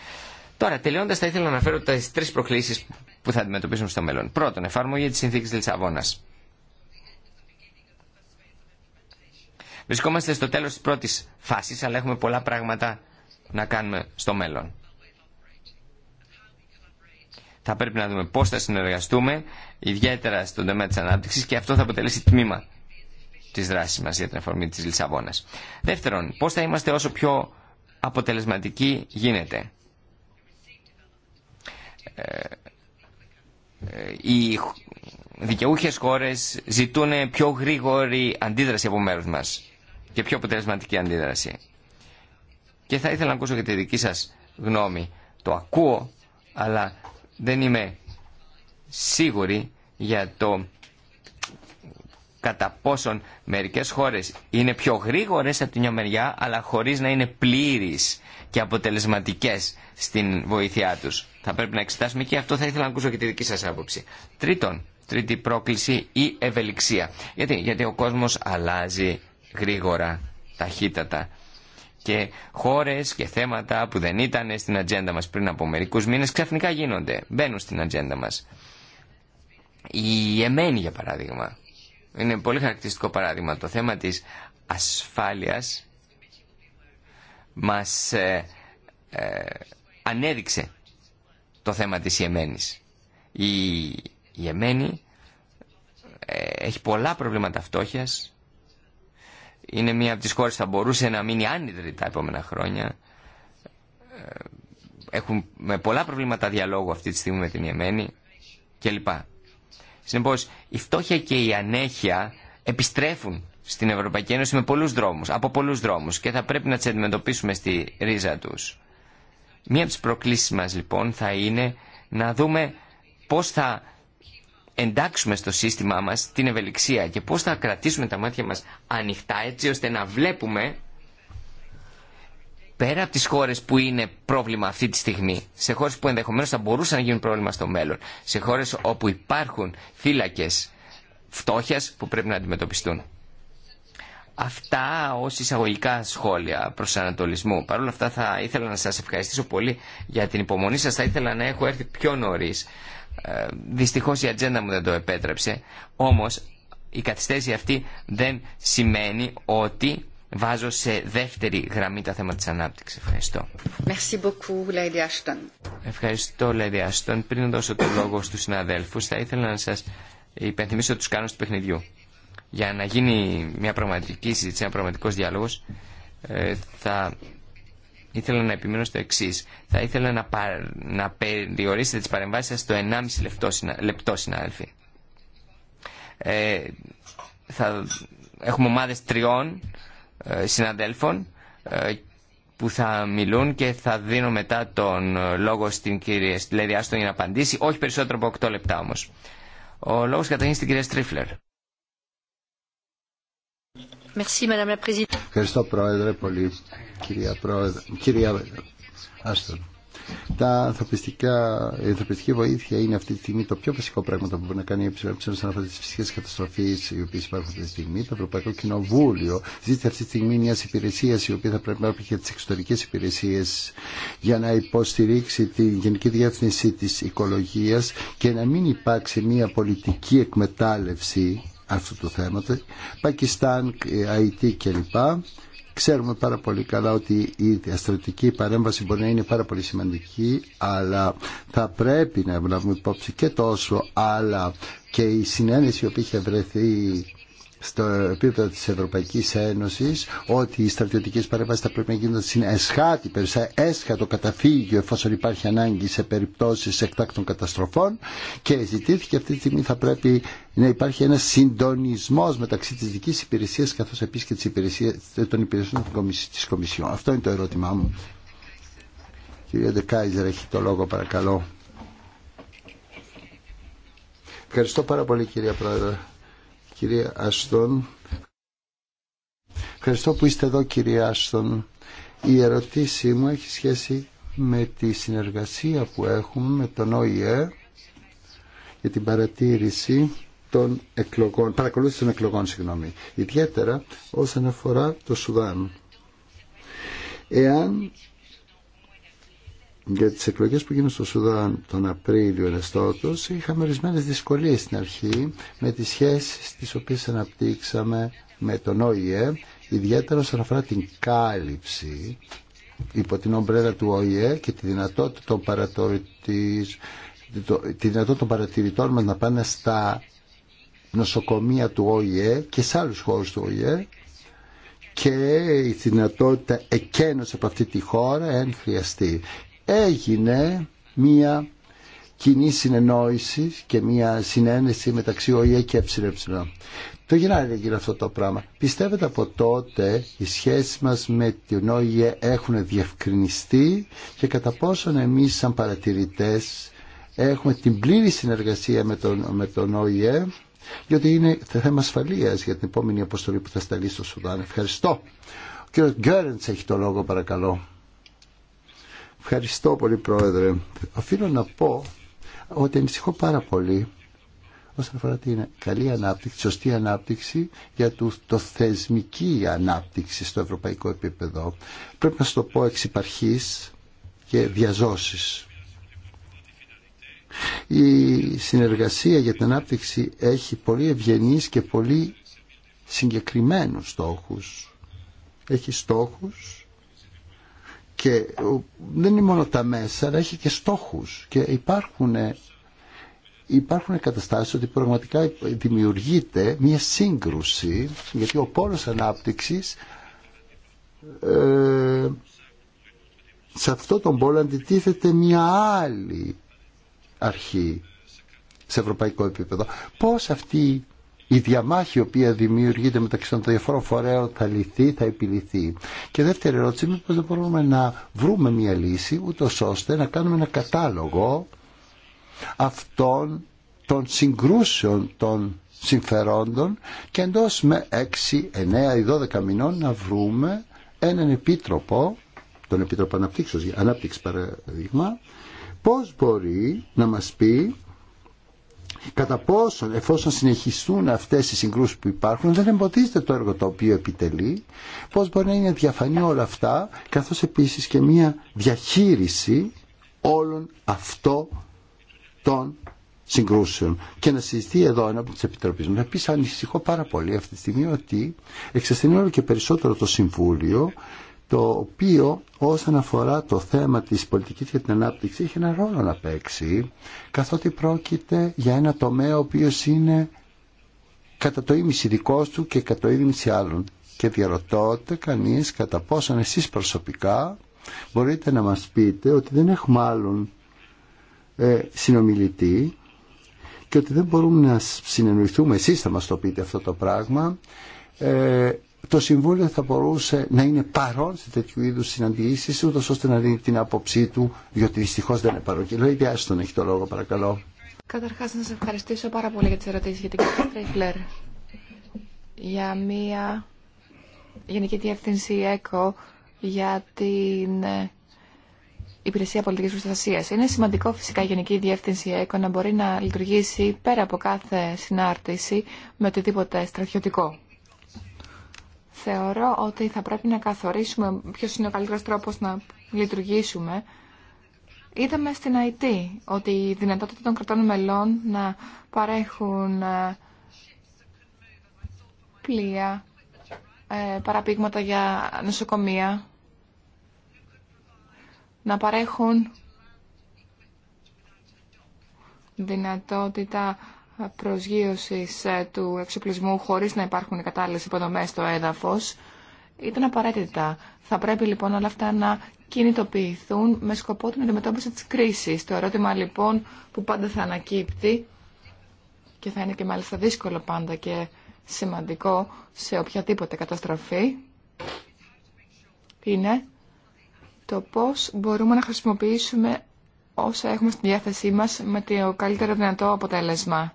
Τώρα, τελειώντα, θα ήθελα να αναφέρω τι τρει προκλήσει που θα αντιμετωπίσουμε στο μέλλον. Πρώτον, εφαρμογή τη συνθήκη Λισαβόνα. Βρισκόμαστε στο τέλο τη πρώτη φάση, αλλά έχουμε πολλά πράγματα να κάνουμε στο μέλλον. Θα πρέπει να δούμε πώ θα συνεργαστούμε, ιδιαίτερα στον τομέα τη ανάπτυξη και αυτό θα αποτελέσει τμήμα τη δράση μα για την εφαρμογή τη Λισαβόνα. Δεύτερον, πώ θα είμαστε όσο πιο αποτελεσματική γίνεται. Ε, ε, οι δικαιούχες χώρες ζητούν πιο γρήγορη αντίδραση από μέρους μας και πιο αποτελεσματική αντίδραση. Και θα ήθελα να ακούσω και τη δική σας γνώμη. Το ακούω, αλλά δεν είμαι σίγουρη για το κατά πόσον μερικές χώρες είναι πιο γρήγορες από την μια μεριά αλλά χωρίς να είναι πλήρεις και αποτελεσματικές στην βοήθειά τους. Θα πρέπει να εξετάσουμε και αυτό θα ήθελα να ακούσω και τη δική σας άποψη. Τρίτον, τρίτη πρόκληση η ευελιξία. Γιατί, Γιατί ο κόσμος αλλάζει γρήγορα, ταχύτατα και χώρες και θέματα που δεν ήταν στην ατζέντα μας πριν από μερικούς μήνες ξαφνικά γίνονται, μπαίνουν στην ατζέντα μας. Η Εμένη για παράδειγμα είναι πολύ χαρακτηριστικό παράδειγμα. Το θέμα της ασφάλειας μας ε, ε, ανέδειξε το θέμα της Ιεμένης. Η, Ιεμένη ε, έχει πολλά προβλήματα φτώχειας. Είναι μία από τις χώρες που θα μπορούσε να μείνει άνυδρη τα επόμενα χρόνια. Έχουν με πολλά προβλήματα διαλόγου αυτή τη στιγμή με την Ιεμένη κλπ. Συνεπώς, η φτώχεια και η ανέχεια επιστρέφουν στην Ευρωπαϊκή Ένωση με πολλούς δρόμους, από πολλούς δρόμους και θα πρέπει να τις αντιμετωπίσουμε στη ρίζα τους. Μία από τις προκλήσεις μας λοιπόν θα είναι να δούμε πώς θα εντάξουμε στο σύστημά μας την ευελιξία και πώς θα κρατήσουμε τα μάτια μας ανοιχτά έτσι ώστε να βλέπουμε πέρα από τι χώρε που είναι πρόβλημα αυτή τη στιγμή, σε χώρε που ενδεχομένως θα μπορούσαν να γίνουν πρόβλημα στο μέλλον, σε χώρε όπου υπάρχουν θύλακες φτώχειας που πρέπει να αντιμετωπιστούν. Αυτά ω εισαγωγικά σχόλια προς Ανατολισμό. Παρ' όλα αυτά θα ήθελα να σας ευχαριστήσω πολύ για την υπομονή σα. Θα ήθελα να έχω έρθει πιο νωρί. Ε, δυστυχώς η ατζέντα μου δεν το επέτρεψε. Όμω, η καθυστέρηση αυτή δεν σημαίνει ότι βάζω σε δεύτερη γραμμή τα θέματα της ανάπτυξης. Ευχαριστώ. Merci beaucoup, Lady Ashton. Ευχαριστώ, Lady Ashton. Πριν δώσω το λόγο στους συναδέλφους, θα ήθελα να σας υπενθυμίσω τους κάνους του παιχνιδιού. Για να γίνει μια πραγματική συζήτηση, ένα πραγματικός διάλογος, ε, θα ήθελα να επιμείνω στο εξή. Θα ήθελα να, πα... να περιορίσετε τις παρεμβάσεις σας στο 1,5 λεπτό, λεπτό συνάδελφοι. Ε, θα... Έχουμε ομάδες τριών ε, συναδέλφων ε, που θα μιλούν και θα δίνω μετά τον ε, λόγο στην κυρία Στυλέδη Άστον για να απαντήσει, όχι περισσότερο από 8 λεπτά όμως. Ο λόγος καταγίνει στην κυρία Στρίφλερ. Ευχαριστώ Πρόεδρε πολύ, κυρία, Πρόεδρε, κυρία Άστον. Τα ανθρωπιστικά, η ανθρωπιστική βοήθεια είναι αυτή τη στιγμή το πιο βασικό πράγμα που μπορεί να κάνει η ΕΕ σαν αυτέ τι φυσικέ καταστροφέ οι οποίε υπάρχουν αυτή τη στιγμή. Το Ευρωπαϊκό Κοινοβούλιο ζήτησε αυτή τη στιγμή μια υπηρεσία η οποία θα πρέπει να για τι εξωτερικέ υπηρεσίε για να υποστηρίξει τη Γενική Διεύθυνση τη Οικολογία και να μην υπάρξει μια πολιτική εκμετάλλευση αυτού του θέματος, Πακιστάν, ε, Αϊτή κλπ. Ξέρουμε πάρα πολύ καλά ότι η διαστρωτική παρέμβαση μπορεί να είναι πάρα πολύ σημαντική, αλλά θα πρέπει να λάβουμε υπόψη και τόσο, αλλά και η συνένεση που είχε βρεθεί στο επίπεδο της Ευρωπαϊκής Ένωσης ότι οι στρατιωτικές παρεμβάσεις θα πρέπει να γίνονται στην εσχάτη, περισσότερο έσχατο καταφύγιο εφόσον υπάρχει ανάγκη σε περιπτώσεις εκτάκτων καταστροφών και ζητήθηκε αυτή τη στιγμή θα πρέπει να υπάρχει ένας συντονισμός μεταξύ της δικής υπηρεσίας καθώς επίσης και της υπηρεσίας, των υπηρεσιών της Κομισιόν. Αυτό είναι το ερώτημά μου. Κυρία Ντεκάιζερ έχει το λόγο παρακαλώ. Ευχαριστώ πάρα πολύ κυρία Πρόεδρε κυρία Άστον. Ευχαριστώ που είστε εδώ κυρία Άστον. Η ερωτήση μου έχει σχέση με τη συνεργασία που έχουμε με τον ΟΗΕ για την παρατήρηση των εκλογών, παρακολούθηση των εκλογών, συγγνώμη, ιδιαίτερα όσον αφορά το Σουδάν. Εάν για τις εκλογές που γίνονται στο Σουδάν τον Απρίλιο ενεστώτος είχαμε ορισμένες δυσκολίες στην αρχή με τις σχέσεις τις οποίες αναπτύξαμε με τον ΟΗΕ ιδιαίτερα όσον αφορά την κάλυψη υπό την ομπρέλα του ΟΗΕ και τη δυνατότητα των τη δυνατότητα των παρατηρητών μας να πάνε στα νοσοκομεία του ΟΗΕ και σε άλλους χώρους του ΟΗΕ και η δυνατότητα εκένωση από αυτή τη χώρα εν χρειαστεί έγινε μία κοινή συνεννόηση και μία συνένεση μεταξύ ΟΗΕ και ΕΕ. Το να γίνει αυτό το πράγμα. Πιστεύετε από τότε οι σχέσεις μας με την ΟΗΕ έχουν διευκρινιστεί και κατά πόσον εμείς σαν παρατηρητές έχουμε την πλήρη συνεργασία με τον, με τον ΟΗΕ γιατί είναι θέμα ασφαλεία για την επόμενη αποστολή που θα σταλεί στο Σουδάν. Ευχαριστώ. Ο κ. Γκέρεντς έχει το λόγο παρακαλώ. Ευχαριστώ πολύ Πρόεδρε. Οφείλω να πω ότι ανησυχώ πάρα πολύ όσον αφορά την καλή ανάπτυξη, σωστή ανάπτυξη για το, το θεσμική ανάπτυξη στο ευρωπαϊκό επίπεδο. Πρέπει να σου το πω εξ και διαζώσεις. Η συνεργασία για την ανάπτυξη έχει πολύ ευγενείς και πολύ συγκεκριμένους στόχους. Έχει στόχους και δεν είναι μόνο τα μέσα, αλλά έχει και στόχους και υπάρχουν, ε, υπάρχουν καταστάσεις ότι πραγματικά δημιουργείται μια σύγκρουση γιατί ο πόλος ανάπτυξης ε, σε αυτό τον πόλο αντιτίθεται μια άλλη αρχή σε ευρωπαϊκό επίπεδο. Πώς αυτή η διαμάχη η οποία δημιουργείται μεταξύ των διαφόρων φορέων θα λυθεί, θα επιληθεί. Και δεύτερη ερώτηση, μήπως δεν μπορούμε να βρούμε μια λύση ούτω ώστε να κάνουμε ένα κατάλογο αυτών των συγκρούσεων των συμφερόντων και εντό με 6, 9 ή 12 μηνών να βρούμε έναν επίτροπο, τον Επίτροπο Αναπτύξεως, Ανάπτυξη παραδείγμα, πώς μπορεί να μας πει Κατά πόσο, εφόσον συνεχιστούν αυτές οι συγκρούσεις που υπάρχουν, δεν εμποδίζεται το έργο το οποίο επιτελεί, πώς μπορεί να είναι διαφανή όλα αυτά, καθώς επίσης και μια διαχείριση όλων αυτών των συγκρούσεων. Και να συζητεί εδώ ένα από τι επιτροπές μου. Επίση, ανησυχώ πάρα πολύ αυτή τη στιγμή ότι εξασθενεί όλο και περισσότερο το Συμβούλιο το οποίο όσον αφορά το θέμα της πολιτικής και την ανάπτυξη έχει ένα ρόλο να παίξει καθότι πρόκειται για ένα τομέα ο οποίος είναι κατά το ίμιση δικό του και κατά το ίμιση άλλων και διαρωτώτε κανείς κατά πόσον εσείς προσωπικά μπορείτε να μας πείτε ότι δεν έχουμε άλλον ε, συνομιλητή και ότι δεν μπορούμε να συνεννοηθούμε εσείς θα μας το πείτε αυτό το πράγμα ε, το Συμβούλιο θα μπορούσε να είναι παρόν σε τέτοιου είδου συναντήσει, ούτω ώστε να δίνει την άποψή του, διότι δυστυχώ δεν είναι παρόν. Και λέει, Άστον έχει το λόγο, παρακαλώ. Καταρχά, να σα ευχαριστήσω πάρα πολύ για τι ερωτήσει για την κυρία Τρέιφλερ. Για μία γενική διεύθυνση ΕΚΟ για την ε, Υπηρεσία Πολιτική Προστασία. Είναι σημαντικό φυσικά η Γενική Διεύθυνση ΕΚΟ να μπορεί να λειτουργήσει πέρα από κάθε συνάρτηση με οτιδήποτε στρατιωτικό θεωρώ ότι θα πρέπει να καθορίσουμε ποιος είναι ο καλύτερος τρόπος να λειτουργήσουμε. Είδαμε στην ΑΕΤ ότι η δυνατότητα των κρατών μελών να παρέχουν ε, πλοία, ε, παραπήγματα για νοσοκομεία, να παρέχουν δυνατότητα προσγείωσης ε, του εξοπλισμού χωρίς να υπάρχουν κατάλληλες υποδομές στο έδαφος ήταν απαραίτητα. Θα πρέπει λοιπόν όλα αυτά να κινητοποιηθούν με σκοπό την αντιμετώπιση της κρίσης. Το ερώτημα λοιπόν που πάντα θα ανακύπτει και θα είναι και μάλιστα δύσκολο πάντα και σημαντικό σε οποιαδήποτε καταστροφή είναι το πώς μπορούμε να χρησιμοποιήσουμε όσα έχουμε στη διάθεσή μας με το καλύτερο δυνατό αποτέλεσμα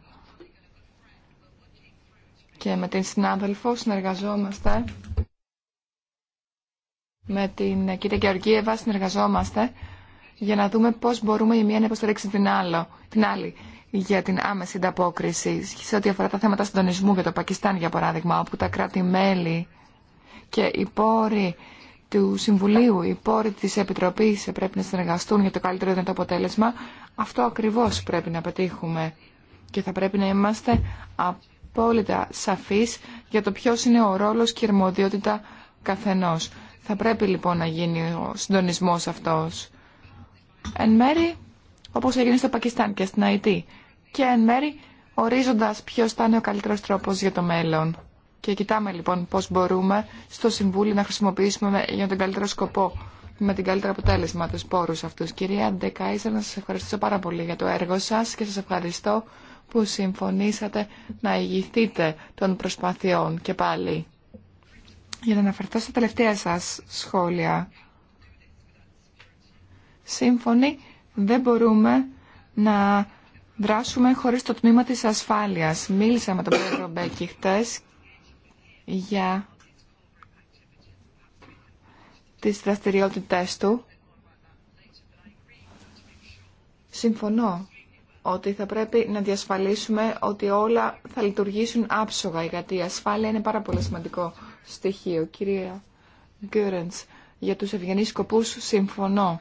και με την συνάδελφο συνεργαζόμαστε με την κυρία Γεωργίευα συνεργαζόμαστε για να δούμε πώς μπορούμε η μία να υποστηρίξει την, άλλη για την άμεση ανταπόκριση σε ό,τι αφορά τα θέματα συντονισμού για το Πακιστάν, για παράδειγμα, όπου τα κράτη-μέλη και οι πόροι του Συμβουλίου, οι πόροι της Επιτροπής πρέπει να συνεργαστούν για το καλύτερο δυνατό αποτέλεσμα. Αυτό ακριβώς πρέπει να πετύχουμε και θα πρέπει να είμαστε απόλυτα σαφής για το ποιος είναι ο ρόλος και η αρμοδιότητα καθενός. Θα πρέπει λοιπόν να γίνει ο συντονισμός αυτός. Εν μέρη, όπως έγινε στο Πακιστάν και στην ΑΕΤ. Και εν μέρη, ορίζοντας ποιος θα είναι ο καλύτερος τρόπος για το μέλλον. Και κοιτάμε λοιπόν πώς μπορούμε στο Συμβούλιο να χρησιμοποιήσουμε για τον καλύτερο σκοπό με την καλύτερη αποτέλεσμα τους πόρους αυτούς. Κυρία Ντεκάιζερ, να σας ευχαριστήσω πάρα πολύ για το έργο σας και σας ευχαριστώ που συμφωνήσατε να ηγηθείτε των προσπαθειών και πάλι. Για να αναφερθώ στα τελευταία σας σχόλια. Σύμφωνοι, δεν μπορούμε να δράσουμε χωρίς το τμήμα της ασφάλειας. Μίλησα με τον πρόεδρο Μπέκη χτες για τις δραστηριότητές του. Συμφωνώ ότι θα πρέπει να διασφαλίσουμε ότι όλα θα λειτουργήσουν άψογα, γιατί η ασφάλεια είναι πάρα πολύ σημαντικό στοιχείο. Κυρία Γκέρεντς, για τους ευγενείς σκοπούς συμφωνώ.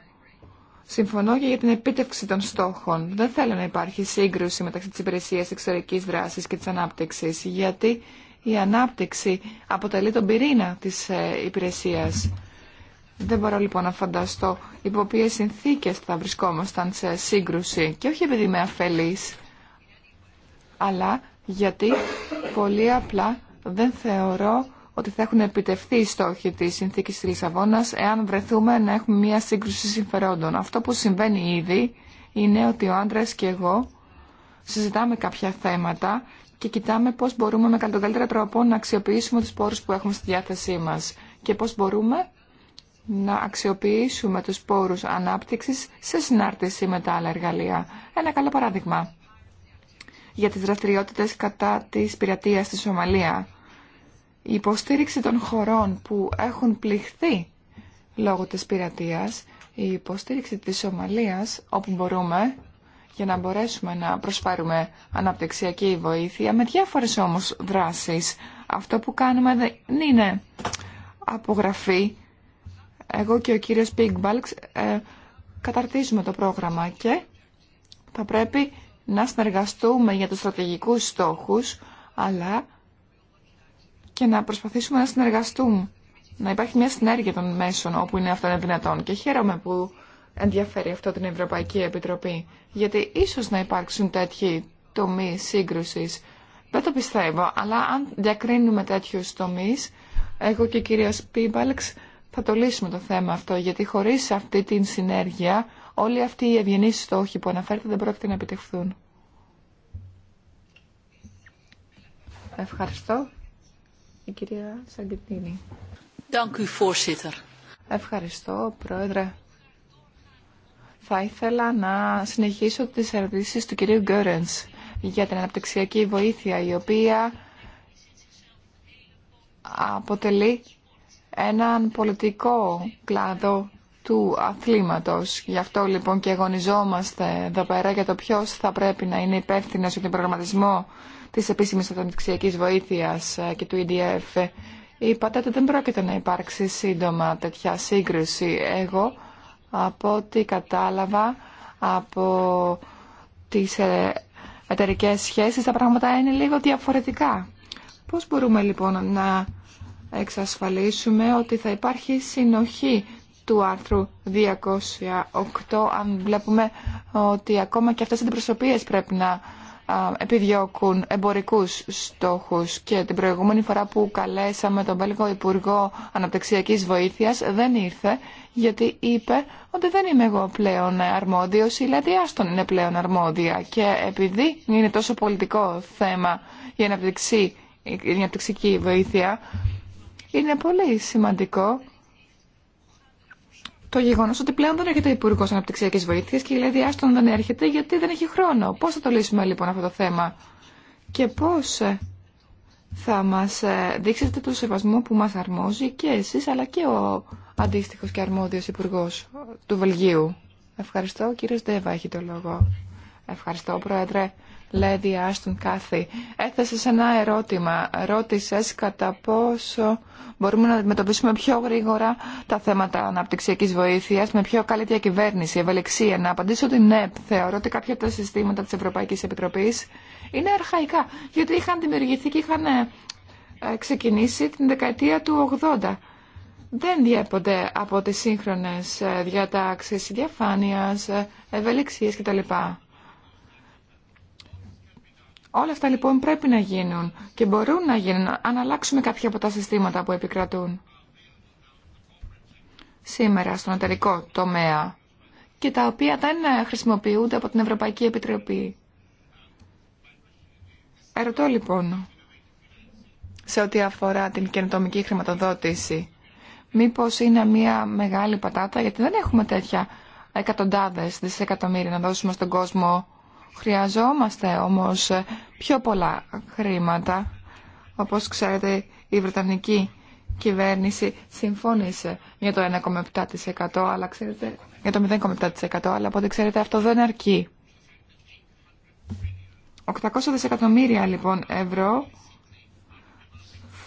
Συμφωνώ και για την επίτευξη των στόχων. Δεν θέλω να υπάρχει σύγκρουση μεταξύ της υπηρεσίας εξωτερικής δράσης και της ανάπτυξης, γιατί η ανάπτυξη αποτελεί τον πυρήνα της ε, υπηρεσίας. Δεν μπορώ λοιπόν να φανταστώ υπό ποιε συνθήκε θα βρισκόμασταν σε σύγκρουση και όχι επειδή είμαι αφέλη. αλλά γιατί πολύ απλά δεν θεωρώ ότι θα έχουν επιτευχθεί οι στόχοι τη συνθήκη τη Λισαβόνα εάν βρεθούμε να έχουμε μια σύγκρουση συμφερόντων. Αυτό που συμβαίνει ήδη είναι ότι ο άντρα και εγώ συζητάμε κάποια θέματα και κοιτάμε πώ μπορούμε με τον καλύτερο τρόπο να αξιοποιήσουμε του πόρου που έχουμε στη διάθεσή μα και πώ μπορούμε να αξιοποιήσουμε τους πόρους ανάπτυξης σε συνάρτηση με τα άλλα εργαλεία. Ένα καλό παράδειγμα για τις δραστηριότητες κατά της πειρατείας στη Σομαλία. Η υποστήριξη των χωρών που έχουν πληχθεί λόγω της πειρατείας, η υποστήριξη της Σομαλίας όπου μπορούμε για να μπορέσουμε να προσφέρουμε αναπτυξιακή βοήθεια με διάφορες όμως δράσεις. Αυτό που κάνουμε δεν είναι απογραφή εγώ και ο κύριος Πίγκμπαλξ ε, καταρτίζουμε το πρόγραμμα και θα πρέπει να συνεργαστούμε για τους στρατηγικούς στόχους, αλλά και να προσπαθήσουμε να συνεργαστούμε. Να υπάρχει μια συνέργεια των μέσων όπου είναι αυτό δυνατόν. Και χαίρομαι που ενδιαφέρει αυτό την Ευρωπαϊκή Επιτροπή. Γιατί ίσως να υπάρξουν τέτοιοι τομεί σύγκρουσης. Δεν το πιστεύω, αλλά αν διακρίνουμε τέτοιους τομείς, εγώ και ο κύριος Πίμπαλξ θα το λύσουμε το θέμα αυτό, γιατί χωρίς αυτή την συνέργεια όλοι αυτοί οι ευγενείς στόχοι που αναφέρετε δεν πρόκειται να επιτευχθούν. Ευχαριστώ. Η κυρία voorzitter. Ευχαριστώ, Πρόεδρε. Θα ήθελα να συνεχίσω τις ερωτήσεις του κυρίου Γκέρενς για την αναπτυξιακή βοήθεια, η οποία αποτελεί έναν πολιτικό κλάδο του αθλήματος. Γι' αυτό λοιπόν και αγωνιζόμαστε εδώ πέρα για το ποιος θα πρέπει να είναι υπεύθυνο για τον προγραμματισμό της επίσημης αθλητικής βοήθειας ε, και του EDF. Είπατε ότι δεν πρόκειται να υπάρξει σύντομα τέτοια σύγκριση. Εγώ από ό,τι κατάλαβα από τις ε, εταιρικές σχέσεις τα πράγματα είναι λίγο διαφορετικά. Πώς μπορούμε λοιπόν να εξασφαλίσουμε ότι θα υπάρχει συνοχή του άρθρου 208 αν βλέπουμε ότι ακόμα και αυτές οι αντιπροσωπείες πρέπει να επιδιώκουν εμπορικούς στόχους και την προηγούμενη φορά που καλέσαμε τον Βέλγο Υπουργό Αναπτυξιακής Βοήθειας δεν ήρθε γιατί είπε ότι δεν είμαι εγώ πλέον αρμόδιος η Λέτη Άστον είναι πλέον αρμόδια και επειδή είναι τόσο πολιτικό θέμα η αναπτυξή η αναπτυξική βοήθεια είναι πολύ σημαντικό το γεγονό ότι πλέον δεν έρχεται Υπουργό Αναπτυξιακή Βοήθεια και η Λέδη Άστον δεν έρχεται γιατί δεν έχει χρόνο. Πώ θα το λύσουμε λοιπόν αυτό το θέμα και πώ ε, θα μα ε, δείξετε το σεβασμό που μα αρμόζει και εσεί αλλά και ο αντίστοιχο και αρμόδιο Υπουργό του Βελγίου. Ευχαριστώ. κύριε κύριο έχει το λόγο. Ευχαριστώ, Πρόεδρε. Lady Ashton Κάθη. Έθεσε ένα ερώτημα. Ρώτησε κατά πόσο μπορούμε να αντιμετωπίσουμε πιο γρήγορα τα θέματα αναπτυξιακή βοήθεια με πιο καλή διακυβέρνηση, ευελιξία. Να απαντήσω ότι ναι, θεωρώ ότι κάποια από τα συστήματα τη Ευρωπαϊκή Επιτροπή είναι αρχαϊκά, γιατί είχαν δημιουργηθεί και είχαν ε, ξεκινήσει την δεκαετία του 80 δεν διέπονται από τις σύγχρονες ε, διατάξεις διαφάνειας, ε, ευελιξίας κτλ. Όλα αυτά λοιπόν πρέπει να γίνουν και μπορούν να γίνουν αν αλλάξουμε κάποια από τα συστήματα που επικρατούν. Σήμερα στον εταιρικό τομέα και τα οποία δεν χρησιμοποιούνται από την Ευρωπαϊκή Επιτροπή. Ερωτώ λοιπόν σε ό,τι αφορά την καινοτομική χρηματοδότηση. Μήπως είναι μια μεγάλη πατάτα, γιατί δεν έχουμε τέτοια εκατοντάδες δισεκατομμύρια να δώσουμε στον κόσμο Χρειαζόμαστε όμως πιο πολλά χρήματα. Όπως ξέρετε η Βρετανική κυβέρνηση συμφώνησε για το αλλά ξέρετε, για το 0,7% αλλά από ό,τι ξέρετε αυτό δεν αρκεί. 800 δισεκατομμύρια λοιπόν ευρώ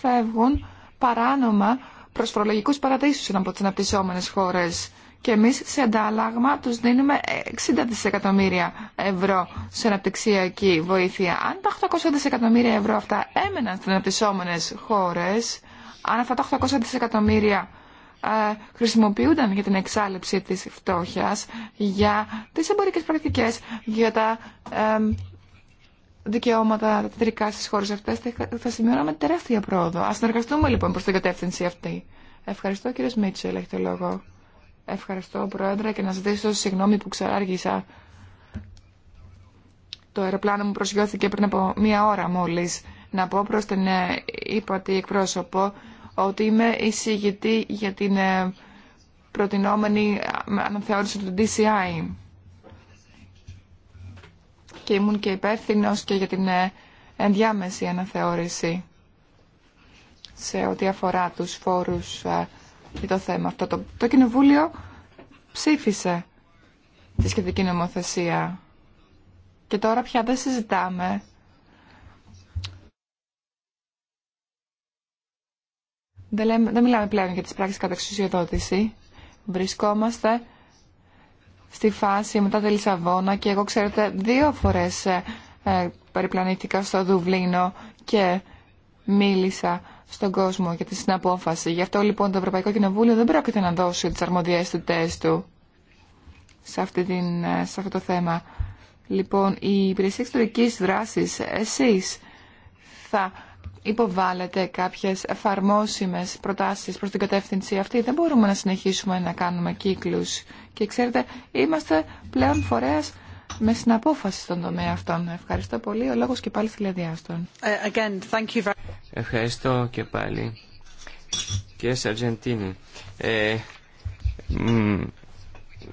φεύγουν παράνομα προς φορολογικούς παραδείσους από τις αναπτυσσόμενες χώρες και εμείς σε αντάλλαγμα τους δίνουμε 60 δισεκατομμύρια ευρώ σε αναπτυξιακή βοήθεια. Αν τα 800 δισεκατομμύρια ευρώ αυτά έμεναν στις αναπτυσσόμενες χώρες, αν αυτά τα 800 δισεκατομμύρια ε, χρησιμοποιούνταν για την εξάλληψη της φτώχειας, για τις εμπορικές πρακτικές, για τα ε, δικαιώματα τα τετρικά στις χώρες αυτές, θα σημειώναμε τεράστια πρόοδο. Ας συνεργαστούμε λοιπόν προς την κατεύθυνση αυτή. Ευχαριστώ κύριε Μίτσελ, έχετε λόγο. Ευχαριστώ, Πρόεδρε, και να ζητήσω συγγνώμη που ξαράργησα. Το αεροπλάνο μου προσγειώθηκε πριν από μία ώρα μόλις. Να πω προς την ε, ύπατη εκπρόσωπο ότι είμαι εισηγητή για την ε, προτινόμενη ε, αναθεώρηση του DCI. Και ήμουν και υπεύθυνο και για την ενδιάμεση αναθεώρηση σε ό,τι αφορά τους φόρους για το θέμα αυτό. Το, το Κοινοβούλιο ψήφισε τη σχετική νομοθεσία και τώρα πια δεν συζητάμε Δεν, λέμε, δεν μιλάμε πλέον για τις πράξεις κατά εξουσιοδότηση. Βρισκόμαστε στη φάση μετά τη Λισαβόνα και εγώ ξέρετε δύο φορές ε, ε, περιπλανήθηκα στο Δουβλίνο και μίλησα στον κόσμο για την συναπόφαση. Γι' αυτό λοιπόν το Ευρωπαϊκό Κοινοβούλιο δεν πρόκειται να δώσει τις αρμοδιέ του σε, την, ε, σε αυτό το θέμα. Λοιπόν, η υπηρεσία εξωτερική δράση εσείς θα υποβάλλετε κάποιες εφαρμόσιμες προτάσεις προς την κατεύθυνση αυτή. Δεν μπορούμε να συνεχίσουμε να κάνουμε κύκλους. Και ξέρετε, είμαστε πλέον φορέας με συναπόφαση στον τομέα αυτών. Ευχαριστώ πολύ. Ο λόγος και πάλι στη ε, Ευχαριστώ και πάλι. Κύριε Σαρτζεντίνη, ε,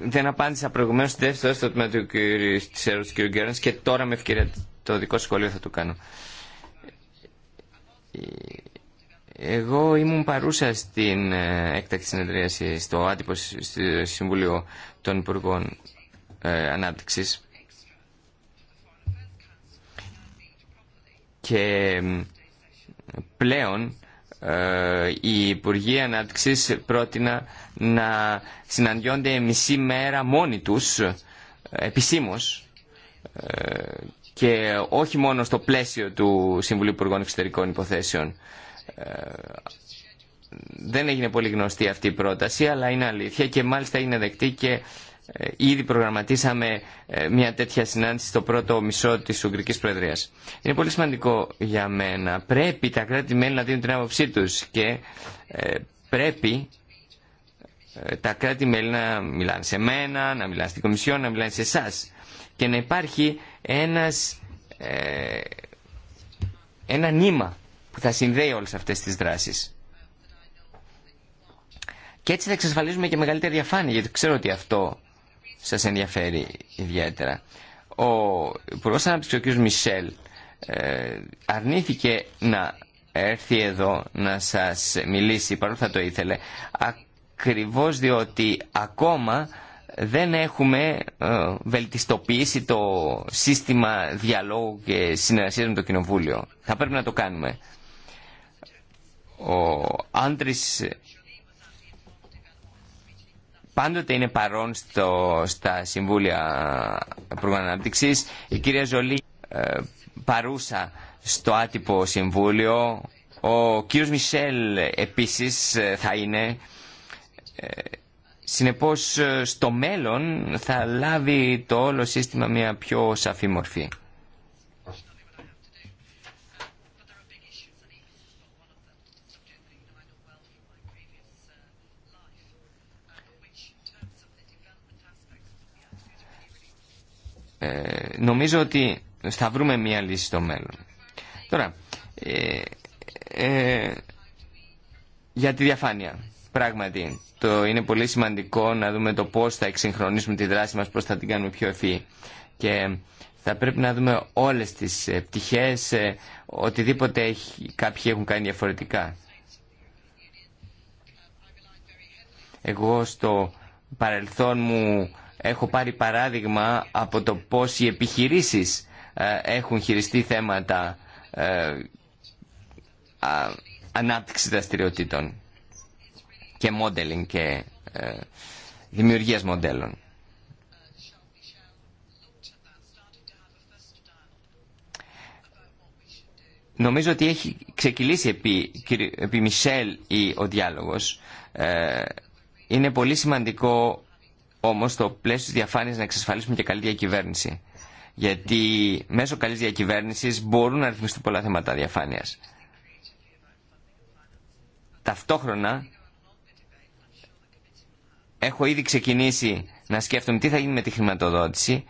δεν απάντησα προηγουμένως στη δεύτερη στο τμήμα του κύριου, κύριου του και τώρα με ευκαιρία το δικό σχολείο θα το κάνω. Εγώ ήμουν παρούσα στην ε, έκτακτη συνεδρίαση στο άτυπο στο Συμβουλίο των Υπουργών ε, ανάπτυξης και πλέον η ε, οι Υπουργοί Ανάπτυξης πρότεινα να συναντιόνται μισή μέρα μόνοι τους ε, επισήμως και όχι μόνο στο πλαίσιο του Συμβουλίου Υπουργών Εξωτερικών Υποθέσεων. δεν έγινε πολύ γνωστή αυτή η πρόταση, αλλά είναι αλήθεια και μάλιστα είναι δεκτή και ε, ήδη προγραμματίσαμε ε, μια τέτοια συνάντηση στο πρώτο μισό της Ουγγρικής Προεδρίας. Είναι πολύ σημαντικό για μένα. Πρέπει τα κράτη-μέλη να δίνουν την άποψή τους και ε, πρέπει τα κράτη-μέλη να μιλάνε σε μένα, να μιλάνε στην Κομισιόν, να μιλάνε σε εσά. Και να υπάρχει ένας, ένα νήμα που θα συνδέει όλες αυτές τις δράσεις. Και έτσι θα εξασφαλίζουμε και μεγαλύτερη διαφάνεια, γιατί ξέρω ότι αυτό σας ενδιαφέρει ιδιαίτερα. Ο Υπουργό Ανάπτυξη, ο κ. Μισελ, ε, αρνήθηκε να έρθει εδώ να σας μιλήσει, παρόλο θα το ήθελε, ακριβώς διότι ακόμα δεν έχουμε ε, βελτιστοποιήσει το σύστημα διαλόγου και συνεργασίας με το Κοινοβούλιο. Θα πρέπει να το κάνουμε. Ο Άντρης πάντοτε είναι παρόν στα Συμβούλια Υπουργών ανάπτυξη. Η κυρία Ζολή ε, παρούσα στο άτυπο Συμβούλιο. Ο κύριος Μισελ επίσης ε, θα είναι. Ε, συνεπώς στο μέλλον θα λάβει το όλο σύστημα μια πιο σαφή μορφή. Ε, νομίζω ότι θα βρούμε μία λύση στο μέλλον. Τώρα, ε, ε, για τη διαφάνεια. Πράγματι, το είναι πολύ σημαντικό να δούμε το πώς θα εξυγχρονίσουμε τη δράση μας, πώς θα την κάνουμε πιο ευφύ. Και θα πρέπει να δούμε όλες τις πτυχές, οτιδήποτε έχει, κάποιοι έχουν κάνει διαφορετικά. Εγώ στο παρελθόν μου Έχω πάρει παράδειγμα από το πώς οι επιχειρήσεις ε, έχουν χειριστεί θέματα ε, ανάπτυξη δραστηριοτήτων και modeling και ε, δημιουργίας μοντέλων. Νομίζω ότι έχει ξεκυλήσει επί, Μισελ ή ο διάλογος. είναι πολύ σημαντικό όμως στο πλαίσιο της διαφάνειας να εξασφαλίσουμε και καλή διακυβέρνηση. Γιατί μέσω καλής διακυβέρνησης μπορούν να ρυθμιστούν πολλά θέματα διαφάνειας. Ταυτόχρονα έχω ήδη ξεκινήσει να σκέφτομαι τι θα γίνει με τη χρηματοδότηση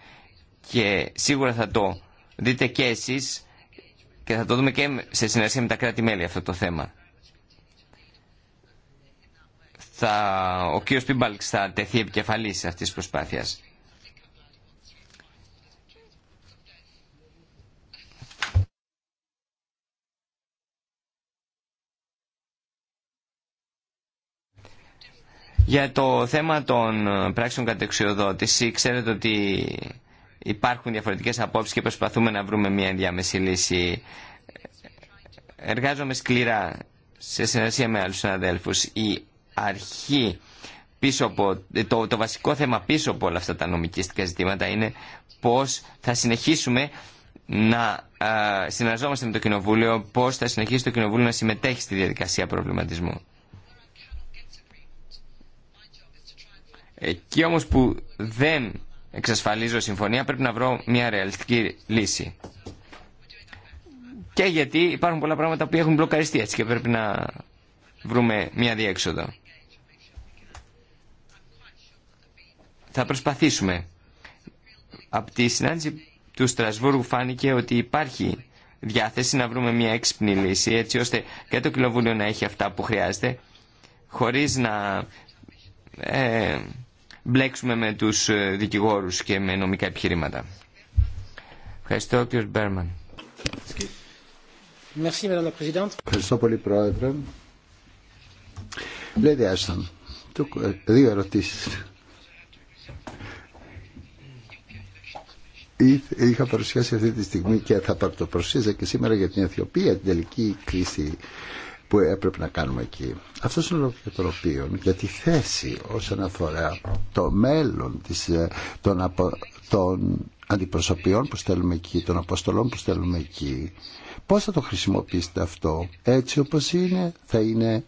και σίγουρα θα το δείτε και εσείς και θα το δούμε και σε συνεργασία με τα κράτη-μέλη αυτό το θέμα θα, ο κ. Πίμπαλξ θα τεθεί επικεφαλής αυτής της προσπάθειας. Για το θέμα των πράξεων κατεξιοδότηση, ξέρετε ότι υπάρχουν διαφορετικές απόψεις και προσπαθούμε να βρούμε μια ενδιάμεση λύση. Εργάζομαι σκληρά σε συνεργασία με άλλους συναδέλφους αρχή πίσω από, το, βασικό θέμα πίσω από όλα αυτά τα νομικιστικά ζητήματα είναι πώς θα συνεχίσουμε να α, συνεργαζόμαστε με το Κοινοβούλιο, πώς θα συνεχίσει το Κοινοβούλιο να συμμετέχει στη διαδικασία προβληματισμού. Εκεί όμως που δεν εξασφαλίζω συμφωνία πρέπει να βρω μια ρεαλιστική λύση. Και γιατί υπάρχουν πολλά πράγματα που έχουν μπλοκαριστεί έτσι και πρέπει να βρούμε μια διέξοδο. Θα προσπαθήσουμε. Από τη συνάντηση του Στρασβούργου φάνηκε ότι υπάρχει διάθεση να βρούμε μια έξυπνη λύση έτσι ώστε και το Κοινοβούλιο να έχει αυτά που χρειάζεται χωρίς να ε, μπλέξουμε με τους ε, δικηγόρους και με νομικά επιχειρήματα. Ευχαριστώ κ. Μπέρμαν. Ευχαριστώ πολύ Πρόεδρε. Λέτε Άστον, ε, δύο ερωτήσεις. είχα παρουσιάσει αυτή τη στιγμή και θα το προσθέσω και σήμερα για την Αιθιοπία, την τελική κρίση που έπρεπε να κάνουμε εκεί. Αυτό είναι ο λόγο για τον οποίο για τη θέση όσον αφορά το μέλλον της, ε, των, απο, των αντιπροσωπιών που στέλνουμε εκεί, των αποστολών που στέλνουμε εκεί, πώς θα το χρησιμοποιήσετε αυτό έτσι όπω είναι, θα είναι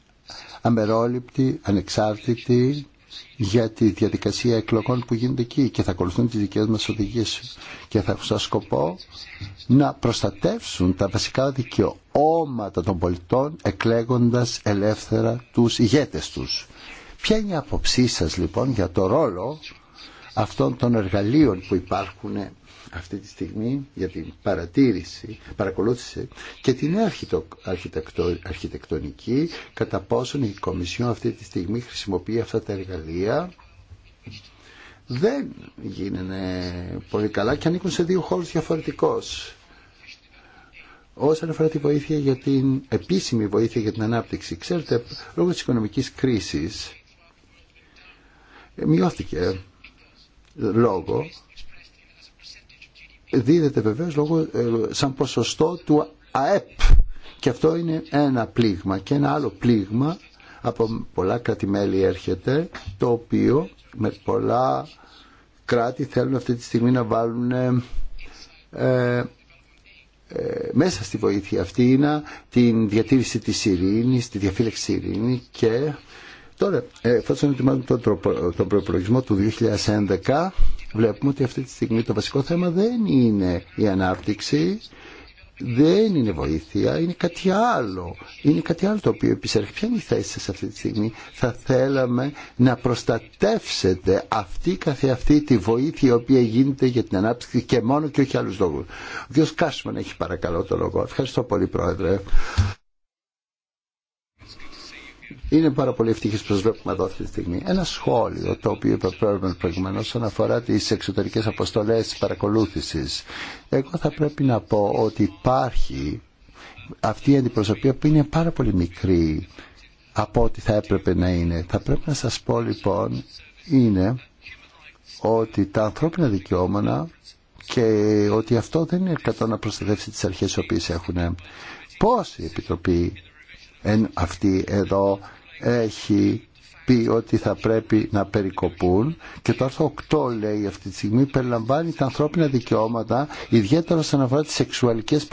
αμερόληπτη, ανεξάρτητη, για τη διαδικασία εκλογών που γίνεται εκεί και θα ακολουθούν τις δικές μας οδηγίες και θα έχουν σαν σκοπό να προστατεύσουν τα βασικά δικαιώματα των πολιτών εκλέγοντας ελεύθερα τους ηγέτες τους. Ποια είναι η άποψή σας λοιπόν για το ρόλο αυτών των εργαλείων που υπάρχουν αυτή τη στιγμή για την παρατήρηση, παρακολούθησε και την αρχιτεκτονική κατά πόσον η Κομισιόν αυτή τη στιγμή χρησιμοποιεί αυτά τα εργαλεία δεν γίνανε πολύ καλά και ανήκουν σε δύο χώρους διαφορετικώς. Όσον αφορά τη βοήθεια για την επίσημη βοήθεια για την ανάπτυξη, ξέρετε, λόγω της οικονομικής κρίσης μειώθηκε λόγω δίδεται βεβαίως λόγω, ε, σαν ποσοστό του ΑΕΠ και αυτό είναι ένα πλήγμα και ένα άλλο πλήγμα από κρατημέλη έρχεται το οποίο με πολλά κράτη θέλουν αυτή τη στιγμή να βάλουν ε, ε, μέσα στη βοήθεια αυτή είναι την διατήρηση της ειρήνης, τη διαφύλαξη ειρήνης και τώρα εφόσον ετοιμάζουμε τον, τον προπολογισμό του 2011 βλέπουμε ότι αυτή τη στιγμή το βασικό θέμα δεν είναι η ανάπτυξη, δεν είναι βοήθεια, είναι κάτι άλλο. Είναι κάτι άλλο το οποίο επισέρχεται. Ποια είναι η θέση σας αυτή τη στιγμή. Θα θέλαμε να προστατεύσετε αυτή καθε αυτή τη βοήθεια η οποία γίνεται για την ανάπτυξη και μόνο και όχι άλλους λόγους. Ο κ. Κάσμαν έχει παρακαλώ το λόγο. Ευχαριστώ πολύ Πρόεδρε είναι πάρα πολύ ευτυχής που σας βλέπουμε εδώ αυτή τη στιγμή. Ένα σχόλιο το οποίο είπα προηγουμένως όσον αφορά τις εξωτερικές αποστολές της παρακολούθησης. Εγώ θα πρέπει να πω ότι υπάρχει αυτή η αντιπροσωπεία που είναι πάρα πολύ μικρή από ό,τι θα έπρεπε να είναι. Θα πρέπει να σας πω λοιπόν είναι ότι τα ανθρώπινα δικαιώματα και ότι αυτό δεν είναι κατά να προστατεύσει τις αρχές οι οποίες έχουν. Πώς η Επιτροπή εν αυτή εδώ έχει πει ότι θα πρέπει να περικοπούν και το άρθρο 8 λέει αυτή τη στιγμή περιλαμβάνει τα ανθρώπινα δικαιώματα ιδιαίτερα να αφορά τις σεξουαλικές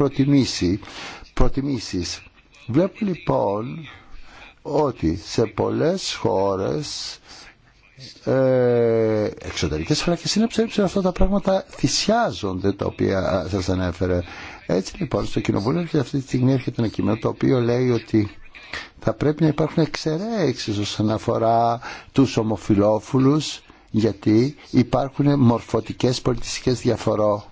προτιμήσεις. Βλέπω λοιπόν ότι σε πολλές χώρες ε, εξωτερικές αλλά και συνέψε αυτά τα πράγματα θυσιάζονται τα οποία σας ανέφερε. Έτσι λοιπόν στο κοινοβούλιο αυτή τη στιγμή έρχεται ένα κείμενο το οποίο λέει ότι θα πρέπει να υπάρχουν εξαιρέξεις όσον αφορά τους ομοφιλόφουλους γιατί υπάρχουν μορφωτικές πολιτιστικές διαφορό.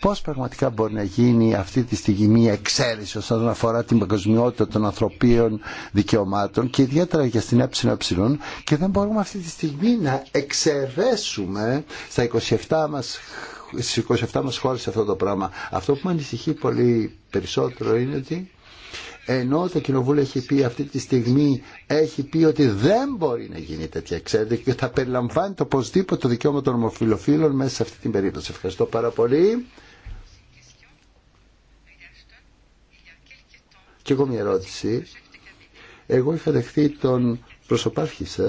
Πώς πραγματικά μπορεί να γίνει αυτή τη στιγμή μια εξαίρεση όσον αφορά την παγκοσμιότητα των ανθρωπίων δικαιωμάτων και ιδιαίτερα για στην ΕΕ και δεν μπορούμε αυτή τη στιγμή να εξαιρέσουμε στα 27 μας στις 27 μας χώρες αυτό το πράγμα. Αυτό που με ανησυχεί πολύ περισσότερο είναι ότι ενώ το Κοινοβούλιο έχει πει αυτή τη στιγμή έχει πει ότι δεν μπορεί να γίνει τέτοια εξαίρεση και θα περιλαμβάνει το οπωσδήποτε το δικαίωμα των ομοφιλοφίλων μέσα σε αυτή την περίπτωση. Ευχαριστώ πάρα πολύ. Και εγώ μια ερώτηση. Εγώ είχα δεχθεί τον προσωπάρχη σα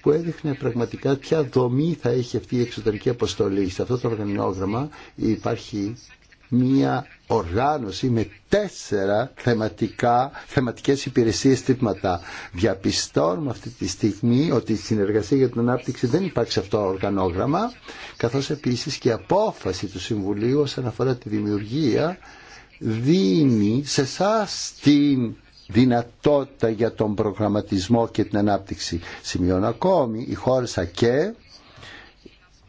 που έδειχνε πραγματικά ποια δομή θα έχει αυτή η εξωτερική αποστολή. Σε αυτό το οργανόγραμμα υπάρχει μία οργάνωση με τέσσερα θεματικά, θεματικές υπηρεσίες τύπματα. Διαπιστώνουμε αυτή τη στιγμή ότι η συνεργασία για την ανάπτυξη δεν υπάρχει σε αυτό το οργανόγραμμα, καθώς επίσης και η απόφαση του Συμβουλίου όσον αφορά τη δημιουργία δίνει σε εσά την δυνατότητα για τον προγραμματισμό και την ανάπτυξη. Σημειώνω ακόμη, οι χώρες ΑΚΕ,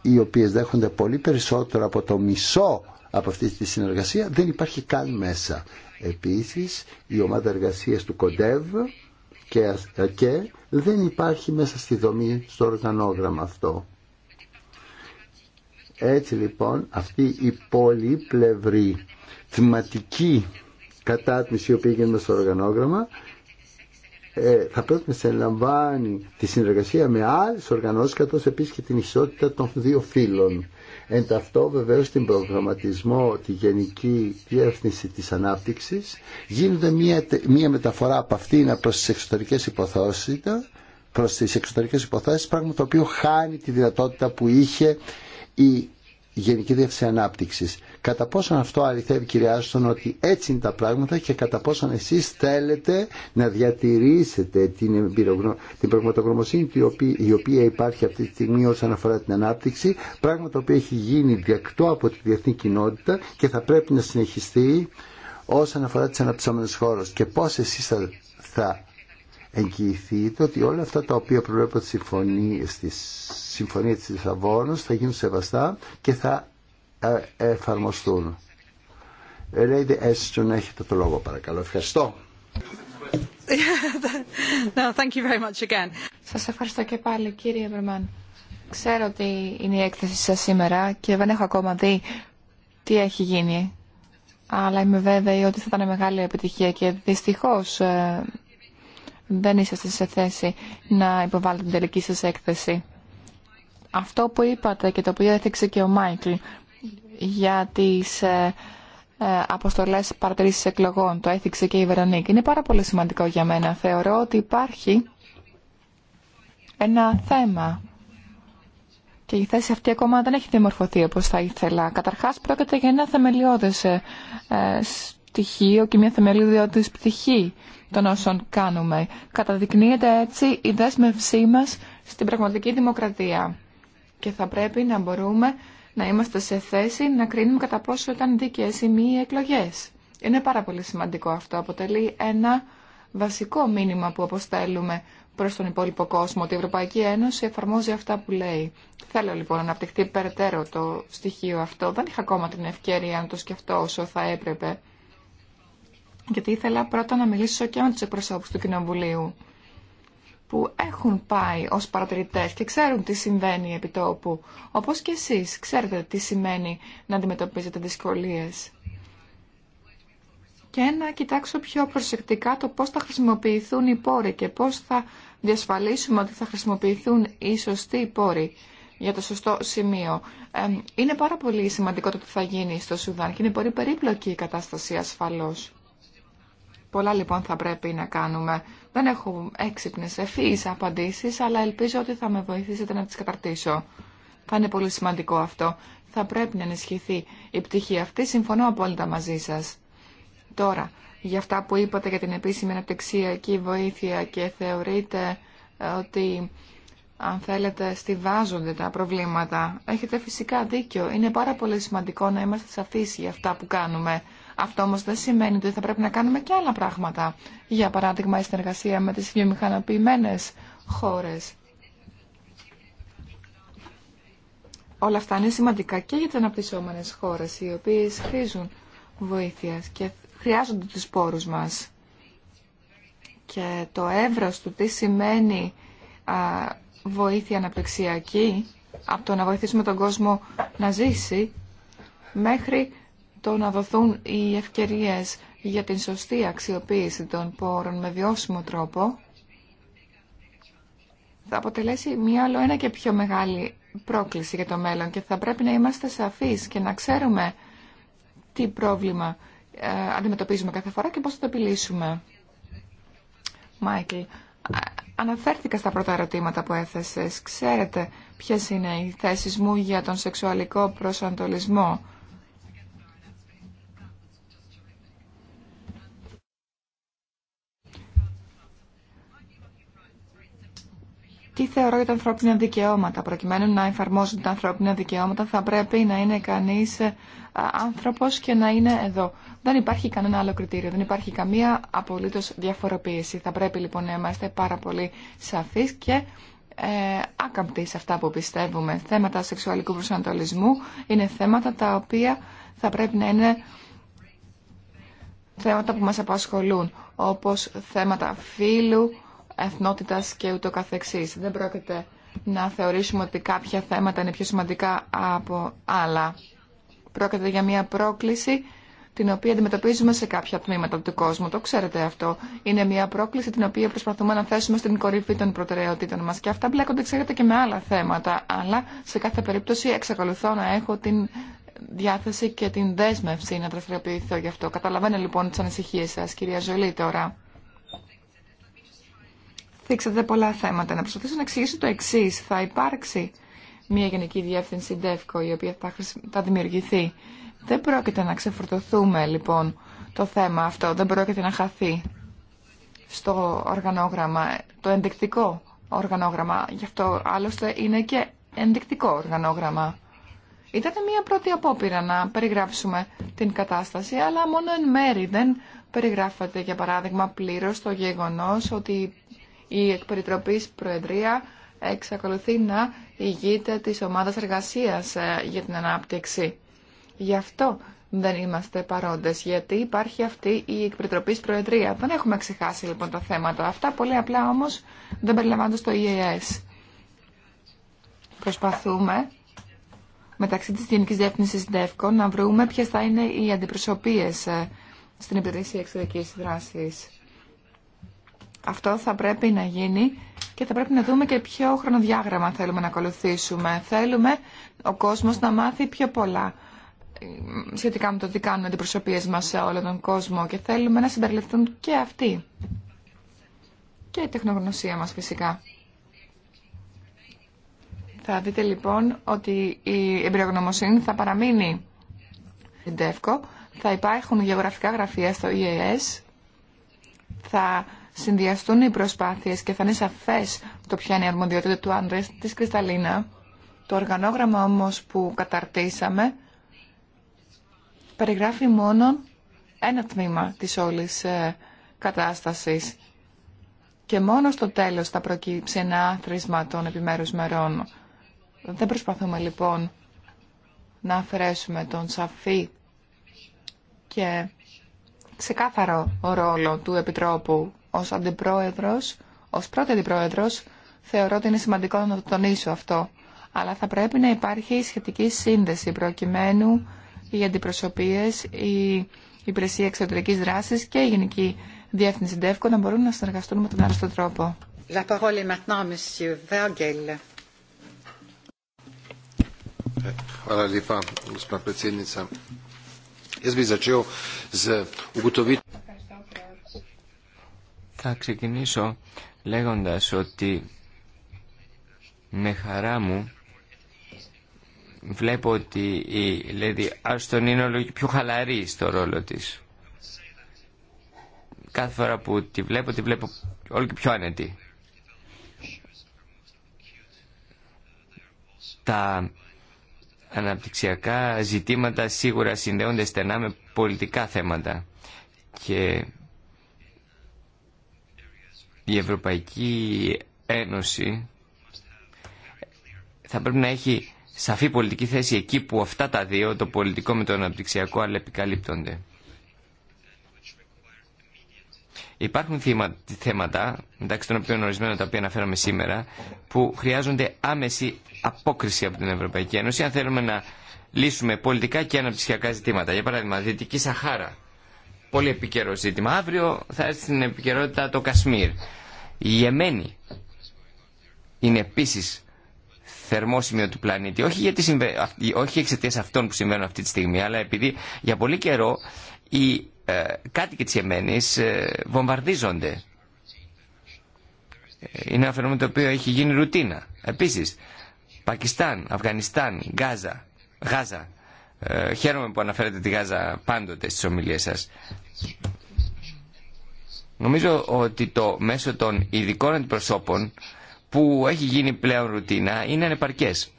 οι οποίες δέχονται πολύ περισσότερο από το μισό από αυτή τη συνεργασία δεν υπάρχει καν μέσα. Επίσης η ομάδα εργασίας του Κοντεύ και, ε, και δεν υπάρχει μέσα στη δομή στο οργανόγραμμα αυτό. Έτσι λοιπόν αυτή η πολύπλευρη θυματική κατάτμιση η οποία γίνεται στο οργανόγραμμα ε, θα πρέπει να συλλαμβάνει τη συνεργασία με άλλες οργανώσεις καθώς επίσης και την ισότητα των δύο φύλων. Εν ταυτό βεβαίως την προγραμματισμό τη Γενική Διεύθυνση της Ανάπτυξης γίνεται μια, μια μεταφορά από αυτήν προ τι εξωτερικέ υποθέσεις προς τις εξωτερικές υποθέσεις πράγμα το οποίο χάνει τη δυνατότητα που είχε η Γενική Διεύθυνση Ανάπτυξης Κατά πόσον αυτό αληθεύει κυρία Άστον ότι έτσι είναι τα πράγματα και κατά πόσον εσείς θέλετε να διατηρήσετε την, την πραγματογνωμοσύνη η οποία υπάρχει αυτή τη στιγμή όσον αφορά την ανάπτυξη, πράγμα το οποίο έχει γίνει διακτό από τη διεθνή κοινότητα και θα πρέπει να συνεχιστεί όσον αφορά τις αναπτυσσόμενες χώρες και πώς εσείς θα, θα εγγυηθείτε ότι όλα αυτά τα οποία προβλέπω στη Συμφωνία της Λισαβόνος θα γίνουν σεβαστά και θα ε, εφαρμοστούν. Ε, έχετε το λόγο παρακαλώ. Ευχαριστώ. [laughs] thank you very much again. Σας ευχαριστώ και πάλι κύριε Εμπερμαν. Ξέρω ότι είναι η έκθεση σας σήμερα και δεν έχω ακόμα δει τι έχει γίνει. Αλλά είμαι βέβαιη ότι θα ήταν μεγάλη επιτυχία και δυστυχώς ε, δεν είσαστε σε θέση να υποβάλλετε την τελική σας έκθεση. Αυτό που είπατε και το οποίο έθιξε και ο Μάικλ για τις ε, ε, αποστολές παρατηρήσεις εκλογών. Το έθιξε και η Βερονίκη. Είναι πάρα πολύ σημαντικό για μένα. Θεωρώ ότι υπάρχει ένα θέμα και η θέση αυτή ακόμα δεν έχει δημορφωθεί όπως θα ήθελα. Καταρχάς πρόκειται για ένα θεμελιώδες ε, στοιχείο και μια θεμελιώδης πτυχή των όσων κάνουμε. Καταδεικνύεται έτσι η δέσμευσή μας στην πραγματική δημοκρατία και θα πρέπει να μπορούμε να είμαστε σε θέση να κρίνουμε κατά πόσο ήταν δίκαιες ή μη οι εκλογές. Είναι πάρα πολύ σημαντικό αυτό. Αποτελεί ένα βασικό μήνυμα που αποστέλουμε προς τον υπόλοιπο κόσμο ότι η Ευρωπαϊκή Ένωση εφαρμόζει αυτά που λέει. Θέλω λοιπόν να αναπτυχθεί περαιτέρω το στοιχείο αυτό. Δεν είχα ακόμα την ευκαιρία να το σκεφτώ όσο θα έπρεπε. Γιατί ήθελα πρώτα να μιλήσω και με τους εκπροσώπους του Κοινοβουλίου που έχουν πάει ως παρατηρητές και ξέρουν τι συμβαίνει επί τόπου, όπως και εσείς ξέρετε τι σημαίνει να αντιμετωπίζετε δυσκολίες. Και να κοιτάξω πιο προσεκτικά το πώς θα χρησιμοποιηθούν οι πόροι και πώς θα διασφαλίσουμε ότι θα χρησιμοποιηθούν οι σωστοί πόροι για το σωστό σημείο. είναι πάρα πολύ σημαντικό το τι θα γίνει στο Σουδάν και είναι πολύ περίπλοκη η κατάσταση ασφαλώς. Πολλά λοιπόν θα πρέπει να κάνουμε δεν έχω έξυπνες ευθύς απαντήσεις, αλλά ελπίζω ότι θα με βοηθήσετε να τις καταρτήσω. Θα είναι πολύ σημαντικό αυτό. Θα πρέπει να ενισχυθεί η πτυχή αυτή. Συμφωνώ απόλυτα μαζί σας. Τώρα, για αυτά που είπατε για την επίσημη αναπτυξιακή βοήθεια και θεωρείτε ε, ότι αν θέλετε, στηβάζονται τα προβλήματα. Έχετε φυσικά δίκιο. Είναι πάρα πολύ σημαντικό να είμαστε σαφείς για αυτά που κάνουμε. Αυτό όμω δεν σημαίνει ότι θα πρέπει να κάνουμε και άλλα πράγματα. Για παράδειγμα, η συνεργασία με τι βιομηχανοποιημένε χώρε. Όλα αυτά είναι σημαντικά και για τι αναπτυσσόμενε χώρε, οι οποίε χρήζουν βοήθεια και χρειάζονται του πόρου μα. Και το εύρο του τι σημαίνει βοήθεια αναπτυξιακή, από το να βοηθήσουμε τον κόσμο να ζήσει, μέχρι το να δοθούν οι ευκαιρίες για την σωστή αξιοποίηση των πόρων με βιώσιμο τρόπο θα αποτελέσει μία άλλο ένα και πιο μεγάλη πρόκληση για το μέλλον και θα πρέπει να είμαστε σαφείς και να ξέρουμε τι πρόβλημα ε, αντιμετωπίζουμε κάθε φορά και πώς θα το επιλύσουμε. Μάικλ, αναφέρθηκα στα πρώτα ερωτήματα που έθεσες. Ξέρετε ποιες είναι οι θέσεις μου για τον σεξουαλικό προσανατολισμό τι θεωρώ για τα ανθρώπινα δικαιώματα. Προκειμένου να εφαρμόζουν τα ανθρώπινα δικαιώματα θα πρέπει να είναι κανείς ε, άνθρωπος και να είναι εδώ. Δεν υπάρχει κανένα άλλο κριτήριο, δεν υπάρχει καμία απολύτω διαφοροποίηση. Θα πρέπει λοιπόν να είμαστε πάρα πολύ σαφεί και ε, άκαμπτοι σε αυτά που πιστεύουμε. Θέματα σεξουαλικού προσανατολισμού είναι θέματα τα οποία θα πρέπει να είναι θέματα που μας απασχολούν, όπως θέματα φύλου, εθνότητας και ούτω καθεξής. Δεν πρόκειται να θεωρήσουμε ότι κάποια θέματα είναι πιο σημαντικά από άλλα. Πρόκειται για μια πρόκληση την οποία αντιμετωπίζουμε σε κάποια τμήματα του κόσμου. Το ξέρετε αυτό. Είναι μια πρόκληση την οποία προσπαθούμε να θέσουμε στην κορυφή των προτεραιοτήτων μας. Και αυτά μπλέκονται, ξέρετε, και με άλλα θέματα. Αλλά σε κάθε περίπτωση εξακολουθώ να έχω την διάθεση και την δέσμευση να δραστηριοποιηθώ γι' αυτό. Καταλαβαίνω λοιπόν τι ανησυχίε σα, κυρία Ζολή, τώρα θίξατε πολλά θέματα. Να προσπαθήσω να εξηγήσω το εξή. Θα υπάρξει μια γενική διεύθυνση DEFCO η οποία θα, θα δημιουργηθεί. Δεν πρόκειται να ξεφορτωθούμε λοιπόν το θέμα αυτό. Δεν πρόκειται να χαθεί στο οργανόγραμμα, το ενδεικτικό οργανόγραμμα. Γι' αυτό άλλωστε είναι και ενδεικτικό οργανόγραμμα. Ήταν μια πρώτη απόπειρα να περιγράψουμε την κατάσταση, αλλά μόνο εν μέρη δεν περιγράφεται, για παράδειγμα, πλήρως το γεγονός ότι η εκπεριτροπή Προεδρία εξακολουθεί να ηγείται τη ομάδα εργασίας ε, για την ανάπτυξη. Γι' αυτό δεν είμαστε παρόντε, γιατί υπάρχει αυτή η εκπεριτροπή Προεδρία. Δεν έχουμε ξεχάσει λοιπόν τα θέματα αυτά, πολύ απλά όμω δεν περιλαμβάνονται στο EAS. Προσπαθούμε μεταξύ της Γενικής Διεύθυνσης ΔΕΦΚΟ να βρούμε ποιες θα είναι οι αντιπροσωπείες ε, στην υπηρεσία εξωτερική δράσης. Αυτό θα πρέπει να γίνει και θα πρέπει να δούμε και ποιο χρονοδιάγραμμα θέλουμε να ακολουθήσουμε. Θέλουμε ο κόσμος να μάθει πιο πολλά σχετικά με το τι κάνουν αντιπροσωπείες μας σε όλο τον κόσμο και θέλουμε να συμπεριληφθούν και αυτοί. Και η τεχνογνωσία μας φυσικά. Θα δείτε λοιπόν ότι η εμπειρογνωμοσύνη θα παραμείνει στην ΤΕΦΚΟ, θα υπάρχουν γεωγραφικά γραφεία στο EAS, θα συνδυαστούν οι προσπάθειες και θα είναι σαφέ το ποια είναι η αρμοδιότητα του άντρε της Κρυσταλίνα. Το οργανόγραμμα όμω που καταρτήσαμε περιγράφει μόνο ένα τμήμα της όλης ε, κατάστασης και μόνο στο τέλος θα προκύψει ένα άθροισμα των επιμέρους μερών. Δεν προσπαθούμε λοιπόν να αφαιρέσουμε τον σαφή και ξεκάθαρο ρόλο του Επιτρόπου ως αντιπρόεδρος, ως πρώτη αντιπρόεδρος, θεωρώ ότι είναι σημαντικό να το τονίσω αυτό. Αλλά θα πρέπει να υπάρχει σχετική σύνδεση προκειμένου οι αντιπροσωπείες, η υπηρεσία εξωτερικής δράσης και η Γενική Διεύθυνση ΔΕΦΚΟ να μπορούν να συνεργαστούν με τον άλλο τρόπο. La parole est maintenant à Monsieur Vergel. Hvala θα ξεκινήσω λέγοντας ότι με χαρά μου βλέπω ότι η Λέδη Άστον είναι όλο και πιο χαλαρή στο ρόλο της. Κάθε φορά που τη βλέπω, τη βλέπω όλο και πιο άνετη. Τα αναπτυξιακά ζητήματα σίγουρα συνδέονται στενά με πολιτικά θέματα και η Ευρωπαϊκή Ένωση θα πρέπει να έχει σαφή πολιτική θέση εκεί που αυτά τα δύο, το πολιτικό με το αναπτυξιακό, αλλά επικαλύπτονται. Υπάρχουν θέματα, μεταξύ των οποίων ορισμένα τα οποία αναφέραμε σήμερα, που χρειάζονται άμεση απόκριση από την Ευρωπαϊκή Ένωση, αν θέλουμε να λύσουμε πολιτικά και αναπτυξιακά ζητήματα. Για παράδειγμα, Δυτική Σαχάρα πολύ επικαιρό ζήτημα. Αύριο θα έρθει στην επικαιρότητα το Κασμίρ. Η Εμένη είναι επίση θερμό σημείο του πλανήτη. Όχι, γιατί όχι εξαιτία αυτών που συμβαίνουν αυτή τη στιγμή, αλλά επειδή για πολύ καιρό οι ε, κάτοικοι τη Εμένη ε, βομβαρδίζονται. Ε, είναι ένα φαινόμενο το οποίο έχει γίνει ρουτίνα. Επίση, Πακιστάν, Αφγανιστάν, Γάζα, Γάζα. Ε, χαίρομαι που αναφέρετε τη Γάζα πάντοτε στις ομιλίες σας. Νομίζω ότι το μέσο των ειδικών αντιπροσώπων που έχει γίνει πλέον ρουτίνα είναι ανεπαρκές.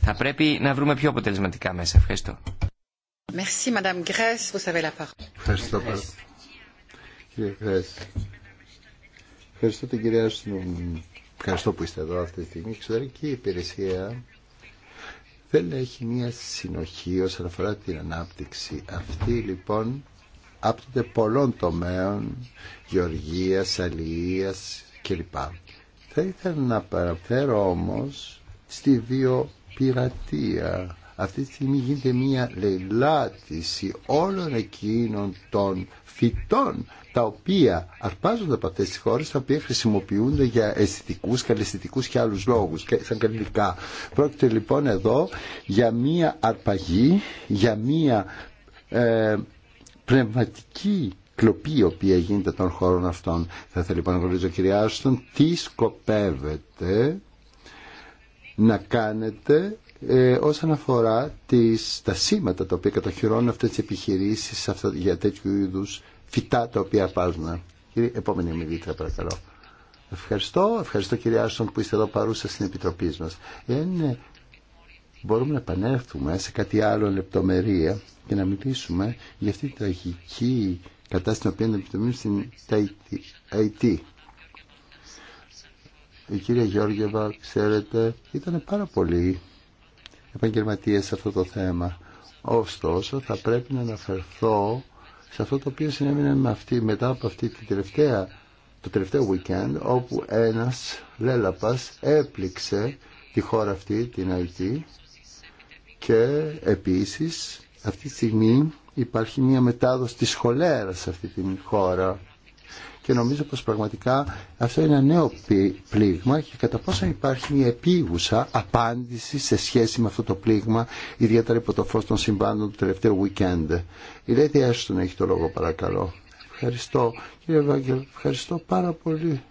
Θα πρέπει να βρούμε πιο αποτελεσματικά μέσα. Ευχαριστώ. Merci, Madame Grèce. Ευχαριστώ, Κύριε Ευχαριστώ την κυρία Σνούμ Ευχαριστώ που είστε εδώ αυτή τη στιγμή. Η εξωτερική υπηρεσία δεν έχει μια συνοχή όσον αφορά την ανάπτυξη. Αυτή λοιπόν άπτονται πολλών τομέων, γεωργίας, αλληλείας κλπ. Θα ήθελα να παραφέρω όμως στη βιοπειρατεία. Αυτή τη στιγμή γίνεται μια λαιλάτιση όλων εκείνων των φυτών τα οποία αρπάζονται από αυτές τις χώρες, τα οποία χρησιμοποιούνται για αισθητικούς, καλλιστικούς και άλλους λόγους, σαν καλλιτικά. Πρόκειται λοιπόν εδώ για μία αρπαγή, για μία ε, πνευματική κλοπή η οποία γίνεται των χώρων αυτών. Θα ήθελα λοιπόν να γνωρίζω κυρία Άστον τι σκοπεύετε να κάνετε ε, όσον αφορά τις, τα σήματα τα οποία κατοχυρώνουν αυτές τις επιχειρήσεις αυτά, για τέτοιου είδους φυτά τα οποία πάζουν. Κύριε, επόμενη ομιλήτρια παρακαλώ. Ευχαριστώ, ευχαριστώ κύριε Άστον που είστε εδώ παρούσα στην Επιτροπή μα. Είναι ε, μπορούμε να επανέλθουμε σε κάτι άλλο λεπτομερία και να μιλήσουμε για αυτή την τραγική κατάσταση την οποία επιτομίζουμε στην IT. Η κυρία Γιώργεβα, ξέρετε, ήταν πάρα πολύ επαγγελματίε σε αυτό το θέμα. Ωστόσο, θα πρέπει να αναφερθώ σε αυτό το οποίο συνέβαινε με αυτή, μετά από αυτή την τελευταία, το τελευταίο weekend όπου ένας λέλαπας έπληξε τη χώρα αυτή, την Αϊτή και επίσης αυτή τη στιγμή υπάρχει μια μετάδοση της χολέρας σε αυτή την χώρα και νομίζω πως πραγματικά αυτό είναι ένα νέο πλήγμα και κατά πόσο υπάρχει μια επίγουσα απάντηση σε σχέση με αυτό το πλήγμα ιδιαίτερα υπό το φως των συμβάντων του τελευταίου weekend. Η Λέτη Έστον έχει το λόγο παρακαλώ. Ευχαριστώ κύριε Βάγκελ. ευχαριστώ πάρα πολύ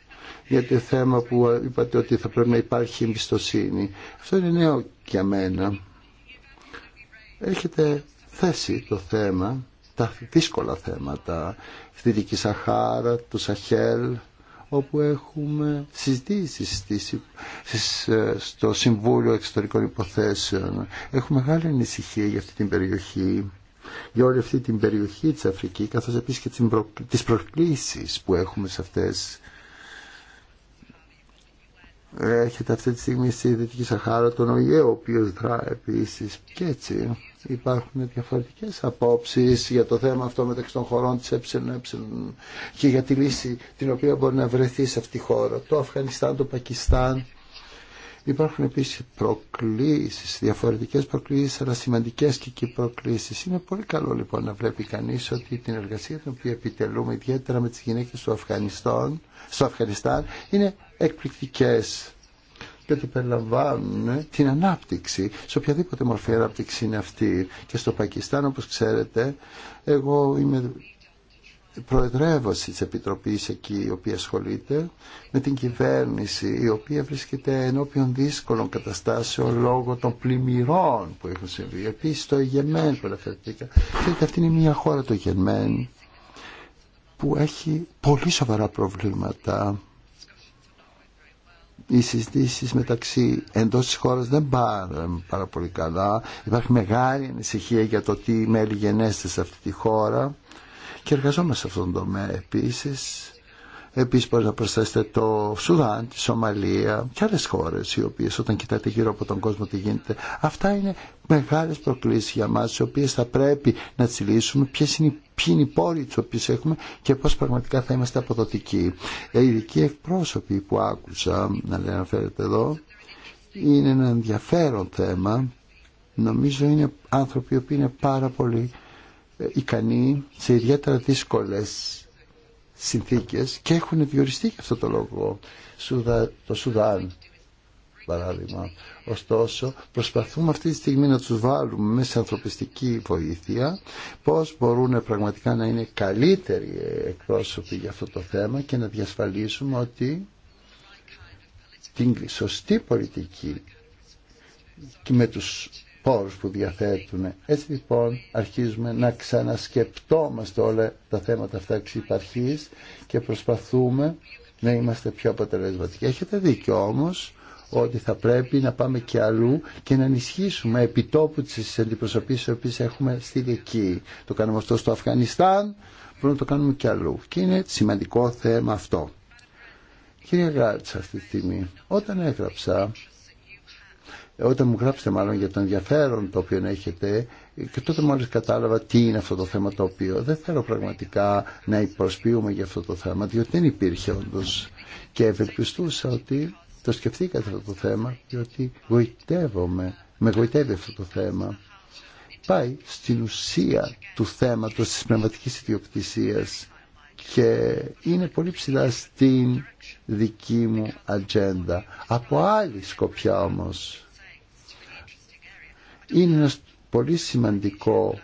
για το θέμα που είπατε ότι θα πρέπει να υπάρχει εμπιστοσύνη. Αυτό είναι νέο για μένα. Έχετε θέσει το θέμα τα δύσκολα θέματα στη Δική Σαχάρα, του Σαχέλ όπου έχουμε συζητήσει ε, στο Συμβούλιο Εξωτερικών Υποθέσεων. Έχουμε μεγάλη ανησυχία για αυτή την περιοχή, για όλη αυτή την περιοχή της Αφρικής καθώς επίσης και τις προκλήσεις που έχουμε σε αυτές. Έχετε αυτή τη στιγμή στη Δυτική Σαχάρα τον ΟΙΕ ο οποίος δρά επίσης και έτσι υπάρχουν διαφορετικές απόψεις για το θέμα αυτό μεταξύ των χωρών της ΕΕ και για τη λύση την οποία μπορεί να βρεθεί σε αυτή τη χώρα. Το Αφγανιστάν, το Πακιστάν. Υπάρχουν επίσης προκλήσεις, διαφορετικές προκλήσεις, αλλά σημαντικές και εκεί προκλήσεις. Είναι πολύ καλό λοιπόν να βλέπει κανείς ότι την εργασία την οποία επιτελούμε ιδιαίτερα με τις γυναίκες του Αφγανιστάν, στο Αφγανιστάν είναι εκπληκτικές ότι περιλαμβάνουν την ανάπτυξη, σε οποιαδήποτε μορφή ανάπτυξη είναι αυτή. Και στο Πακιστάν, όπως ξέρετε, εγώ είμαι προεδρεύωση της Επιτροπής εκεί η οποία ασχολείται με την κυβέρνηση η οποία βρίσκεται ενώπιον δύσκολων καταστάσεων λόγω των πλημμυρών που έχουν συμβεί. Επίσης το Αιγεμέν που αναφερθήκα. Ξέρετε αυτή είναι μια χώρα το Αιγεμέν που έχει πολύ σοβαρά προβλήματα οι συζητήσει μεταξύ εντό τη χώρα δεν πάνε πάρα πολύ καλά. Υπάρχει μεγάλη ανησυχία για το τι μέλη γενέστε σε αυτή τη χώρα και εργαζόμαστε σε αυτόν τον τομέα επίση. Επίση, μπορείτε να προσθέσετε το Σουδάν, τη Σομαλία και άλλε χώρε, οι οποίε όταν κοιτάτε γύρω από τον κόσμο τι γίνεται, αυτά είναι μεγάλε προκλήσει για μα, οι οποίε θα πρέπει να τι λύσουμε. Ποιε είναι οι ποιοι είναι οι πόροι του οποίου έχουμε και πώς πραγματικά θα είμαστε αποδοτικοί. Ε, οι ειδικοί εκπρόσωποι που άκουσα να λέει αναφέρεται εδώ είναι ένα ενδιαφέρον θέμα. Νομίζω είναι άνθρωποι οποίοι είναι πάρα πολύ ε, ικανοί σε ιδιαίτερα δύσκολες συνθήκες και έχουν διοριστεί και αυτό το λόγο. Σουδα, το Σουδάν, παράδειγμα. Ωστόσο, προσπαθούμε αυτή τη στιγμή να τους βάλουμε μέσα ανθρωπιστική βοήθεια, πώς μπορούν πραγματικά να είναι καλύτεροι εκπρόσωποι για αυτό το θέμα και να διασφαλίσουμε ότι την σωστή πολιτική και με τους πόρους που διαθέτουν. Έτσι λοιπόν αρχίζουμε να ξανασκεπτόμαστε όλα τα θέματα αυτά εξ υπαρχής και προσπαθούμε να είμαστε πιο αποτελεσματικοί. Έχετε δίκιο όμως ότι θα πρέπει να πάμε και αλλού και να ενισχύσουμε επιτόπου τις αντιπροσωπήσεις οι οποίες έχουμε στείλει εκεί. Το κάνουμε αυτό στο Αφγανιστάν, μπορούμε να το κάνουμε και αλλού. Και είναι σημαντικό θέμα αυτό. Κύριε Γκράτσα, αυτή τη στιγμή, όταν έγραψα, όταν μου γράψετε μάλλον για το ενδιαφέρον το οποίο έχετε, και τότε μόλις κατάλαβα τι είναι αυτό το θέμα το οποίο δεν θέλω πραγματικά να υποσπίουμε για αυτό το θέμα, διότι δεν υπήρχε όντω. Και ευελπιστούσα ότι το σκεφτήκατε αυτό το θέμα διότι γοητεύομαι, με γοητεύει αυτό το θέμα. Πάει στην ουσία του θέματος της πνευματικής ιδιοκτησίας και είναι πολύ ψηλά στην δική μου ατζέντα. Από άλλη σκοπιά όμως είναι ένα πολύ σημαντικό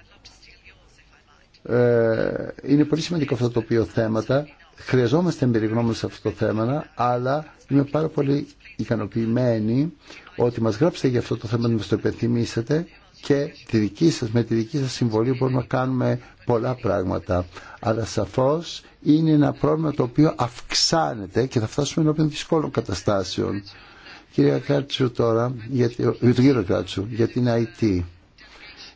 ε, είναι πολύ σημαντικό αυτό το οποίο θέματα Χρειαζόμαστε εμπεριγνώμενες σε αυτό το θέμα, αλλά είμαι πάρα πολύ ικανοποιημένη ότι μας γράψετε για αυτό το θέμα, να μας το υπενθυμίσετε και τη δική σας, με τη δική σας συμβολή μπορούμε να κάνουμε πολλά πράγματα. Αλλά σαφώς είναι ένα πρόβλημα το οποίο αυξάνεται και θα φτάσουμε ενώπιν δυσκόλων καταστάσεων. Κύριε Κάτσου τώρα, Κάτσου, για την IT.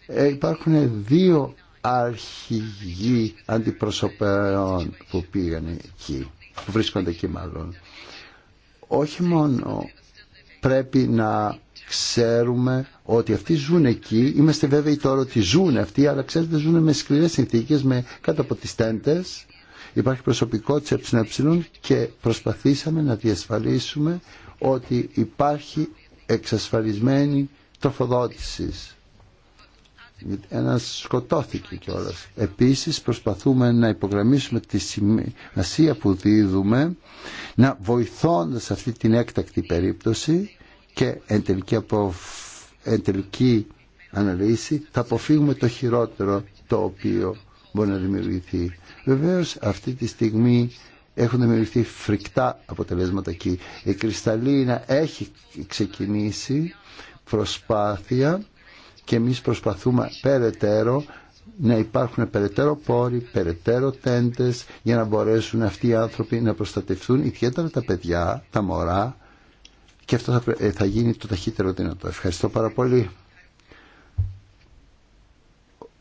Ε, υπάρχουν δύο αρχηγοί αντιπροσωπεών που πήγαν εκεί, που βρίσκονται εκεί μάλλον. Όχι μόνο πρέπει να ξέρουμε ότι αυτοί ζουν εκεί, είμαστε βέβαιοι τώρα ότι ζουν αυτοί, αλλά ξέρετε ζουν με σκληρές συνθήκες, με κάτω από τις Υπάρχει προσωπικό τη ΕΕ και προσπαθήσαμε να διασφαλίσουμε ότι υπάρχει εξασφαλισμένη τροφοδότησης ένας σκοτώθηκε κιόλας. Επίσης προσπαθούμε να υπογραμμίσουμε τη σημασία που δίδουμε να βοηθώντας αυτή την έκτακτη περίπτωση και εν τελική, αναλύση θα αποφύγουμε το χειρότερο το οποίο μπορεί να δημιουργηθεί. Βεβαίως αυτή τη στιγμή έχουν δημιουργηθεί φρικτά αποτελέσματα εκεί. Η κρυσταλλίνα έχει ξεκινήσει προσπάθεια και εμείς προσπαθούμε περαιτέρω να υπάρχουν περαιτέρω πόροι, περαιτέρω τέντες για να μπορέσουν αυτοί οι άνθρωποι να προστατευτούν ιδιαίτερα τα παιδιά, τα μωρά και αυτό θα, ε, θα γίνει το ταχύτερο δυνατό. Ευχαριστώ πάρα πολύ.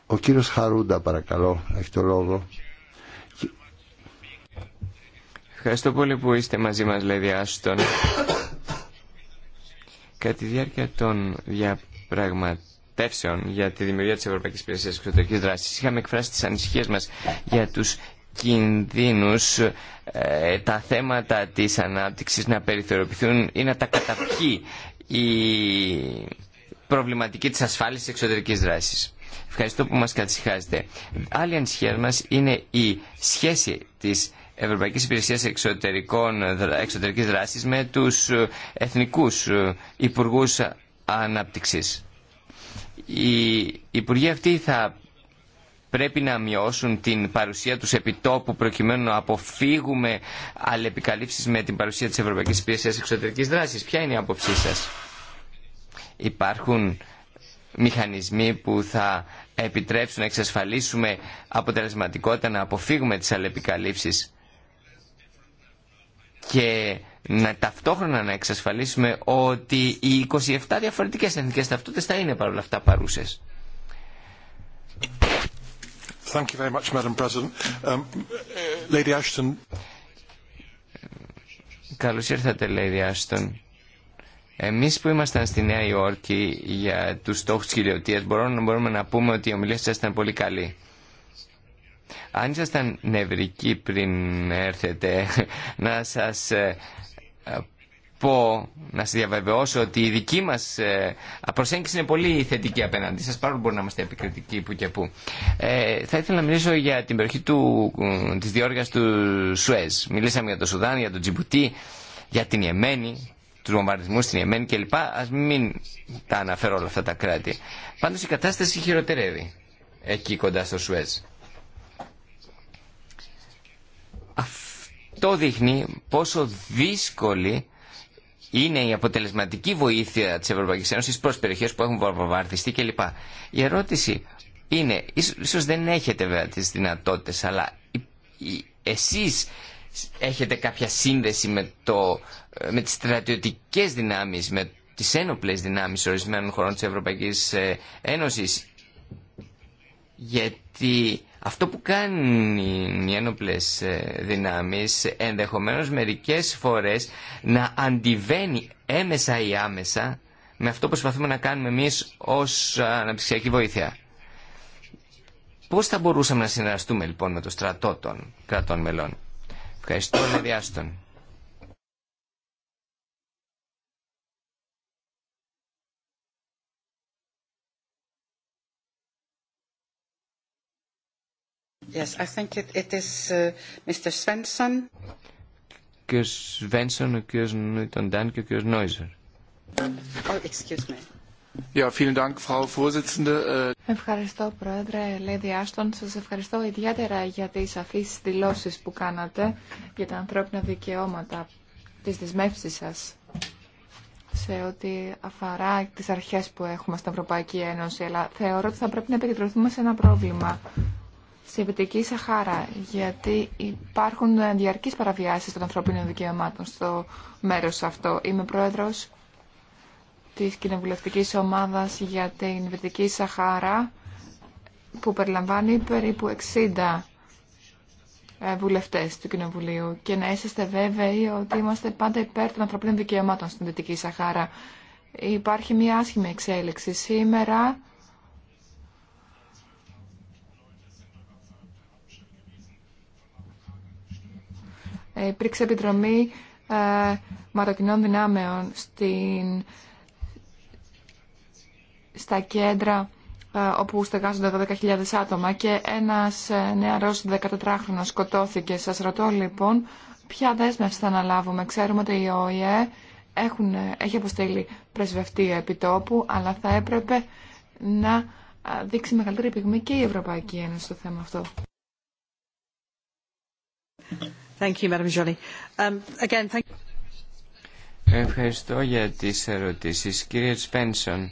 Ο κύριος Χαρούντα παρακαλώ, έχει το λόγο. Ευχαριστώ πολύ που είστε μαζί μας, λέει Άστον. Κατά τη διάρκεια των διαπραγματεύσεων για τη δημιουργία τη Ευρωπαϊκή Υπηρεσία Εξωτερική δράση, είχαμε εκφράσει τι ανησυχίε μα για του κινδύνου, ε, τα θέματα τη ανάπτυξη να περιθωριοποιηθούν ή να τα καταπιεί η προβληματική τη ασφάλισης εξωτερική δράση. Ευχαριστώ που μα κατησυχάζετε. Άλλη ανησυχία μα είναι η σχέση τη Ευρωπαϊκής Υπηρεσίας Εξωτερικών, Εξωτερικής Δράσης με τους ε, εθνικούς ε, υπουργούς ανάπτυξης. Οι υπουργοί αυτοί θα πρέπει να μειώσουν την παρουσία τους επιτόπου προκειμένου να αποφύγουμε αλληλεπικαλύψεις με την παρουσία της Ευρωπαϊκής Υπηρεσίας Εξωτερικής Δράσης. Ποια είναι η άποψή σας. Υπάρχουν μηχανισμοί που θα επιτρέψουν να εξασφαλίσουμε αποτελεσματικότητα να αποφύγουμε τις αλληλεπικαλύψεις και να ταυτόχρονα να εξασφαλίσουμε ότι οι 27 διαφορετικές εθνικές ταυτότητες θα είναι παρόλα αυτά παρούσες. Thank you very much, Madam President. Um, uh, Lady Ashton. Καλώς ήρθατε, Lady Ashton. Εμείς που ήμασταν στη Νέα Υόρκη για τους στόχους της κυριωτίας μπορούμε, μπορούμε να πούμε ότι οι ομιλία σας ήταν πολύ καλοί. Αν ήσασταν νευρικοί πριν έρθετε, [laughs] να σας ε, ε, πω, να σας διαβεβαιώσω ότι η δική μας ε, προσέγγιση είναι πολύ θετική απέναντι σας, παρόλο που μπορεί να είμαστε επικριτικοί που και που. Ε, θα ήθελα να μιλήσω για την περιοχή του, ε, της του Σουέζ. Μιλήσαμε για το Σουδάν, για το Τζιμπουτί, για την Ιεμένη, του βομβαρδισμού στην Ιεμένη κλπ. Ας μην τα αναφέρω όλα αυτά τα κράτη. Πάντω η κατάσταση χειροτερεύει εκεί κοντά στο Σουέζ. Το δείχνει πόσο δύσκολη είναι η αποτελεσματική βοήθεια της Ευρωπαϊκής Ένωσης προς περιοχές που έχουν και κλπ. Η ερώτηση είναι, ίσω δεν έχετε βέβαια τι δυνατότητε, αλλά εσείς έχετε κάποια σύνδεση με, το, με τις στρατιωτικές δυνάμεις, με τις ένοπλες δυνάμεις ορισμένων χωρών της Ευρωπαϊκής ε, Ένωσης, γιατί αυτό που κάνουν οι ένοπλες ε, δυνάμεις ενδεχομένως μερικές φορές να αντιβαίνει έμεσα ή άμεσα με αυτό που προσπαθούμε να κάνουμε εμείς ως αναπτυξιακή βοήθεια. Πώς θα μπορούσαμε να συνεργαστούμε λοιπόν με το στρατό των κρατών μελών. Ευχαριστώ Λεδιάστον. Νόιζερ. Oh, äh, ευχαριστώ, Πρόεδρε Lady Άστον. Σας ευχαριστώ ιδιαίτερα για τις αφήσεις δηλώσεις που κάνατε για τα ανθρώπινα δικαιώματα, τις δεσμεύσεις σας σε ό,τι αφορά τις αρχές που έχουμε στην Ευρωπαϊκή Ένωση, αλλά θεωρώ ότι θα πρέπει να επικεντρωθούμε σε ένα πρόβλημα στην Βυτική Σαχάρα, γιατί υπάρχουν διαρκείς παραβιάσεις των ανθρωπίνων δικαιωμάτων στο μέρος αυτό. Είμαι πρόεδρος της κοινοβουλευτικής ομάδας για την Βυτική Σαχάρα, που περιλαμβάνει περίπου 60 ε, βουλευτές του Κοινοβουλίου και να είσαστε βέβαιοι ότι είμαστε πάντα υπέρ των ανθρωπίνων δικαιωμάτων στην Δυτική Σαχάρα. Υπάρχει μια άσχημη εξέλιξη. Σήμερα υπήρξε επιτρομή ε, μαροκινών δυνάμεων στην, στα κέντρα ε, όπου στεγάζονται 12.000 άτομα και ένας ε, νεαρός 14χρονος σκοτώθηκε. Σας ρωτώ λοιπόν ποια δέσμευση θα αναλάβουμε. Ξέρουμε ότι η ΟΗΕ έχουν, έχει αποστείλει πρεσβευτή επιτόπου αλλά θα έπρεπε να ε, δείξει μεγαλύτερη πυγμή και η Ευρωπαϊκή Ένωση στο θέμα αυτό. Um, Ευχαριστώ για τις ερωτήσεις. Κύριε Σπένσον,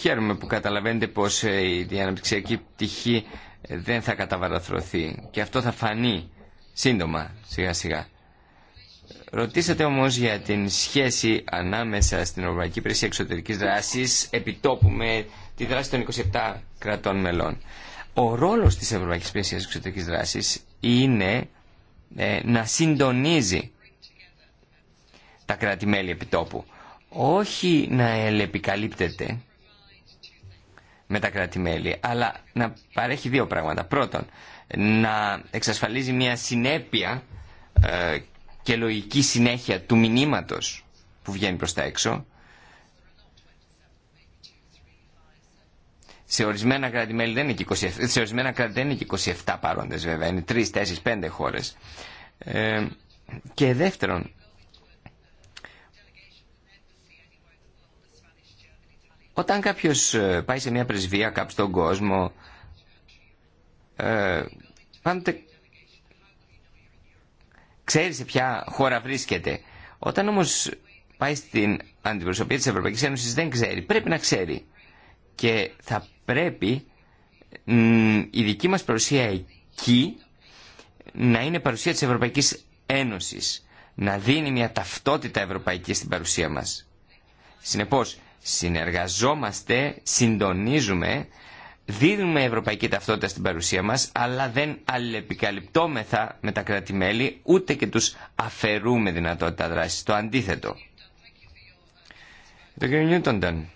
χαίρομαι που καταλαβαίνετε πως ε, η αναπτυξιακή πτυχή ε, δεν θα καταβαραθρωθεί και αυτό θα φανεί σύντομα, σιγά σιγά. Ρωτήσατε όμως για την σχέση ανάμεσα στην Ευρωπαϊκή Υπηρεσία Εξωτερικής Δράσης επιτόπου με τη δράση των 27 κρατών μελών. Ο ρόλος της Ευρωπαϊκής Υπηρεσίας Εξωτερικής Δράσης είναι ε, να συντονίζει τα κρατη επιτόπου. Όχι να ελεπικαλύπτεται με τα κράτη-μέλη, αλλά να παρέχει δύο πράγματα. Πρώτον, να εξασφαλίζει μια συνέπεια ε, και λογική συνέχεια του μηνύματος που βγαίνει προς τα έξω Σε ορισμένα κράτη-μέλη δεν είναι και δεν είναι 27 παρόντες βέβαια, είναι 3, 4, 5 χώρες. Ε, και δεύτερον, όταν κάποιος ε, πάει σε μια πρεσβεία κάπου στον κόσμο, ε, πάντοτε ξέρει σε ποια χώρα βρίσκεται. Όταν όμως πάει στην αντιπροσωπεία της Ευρωπαϊκής Ένωσης δεν ξέρει, πρέπει να ξέρει. Και θα πρέπει η δική μας παρουσία εκεί να είναι παρουσία της Ευρωπαϊκής Ένωσης, να δίνει μια ταυτότητα ευρωπαϊκή στην παρουσία μας. Συνεπώς, συνεργαζόμαστε, συντονίζουμε, δίνουμε ευρωπαϊκή ταυτότητα στην παρουσία μας, αλλά δεν αλληλεπικαλυπτόμεθα με τα κράτη-μέλη, ούτε και τους αφαιρούμε δυνατότητα δράσης. Το αντίθετο. Το κ. Νιούτοντον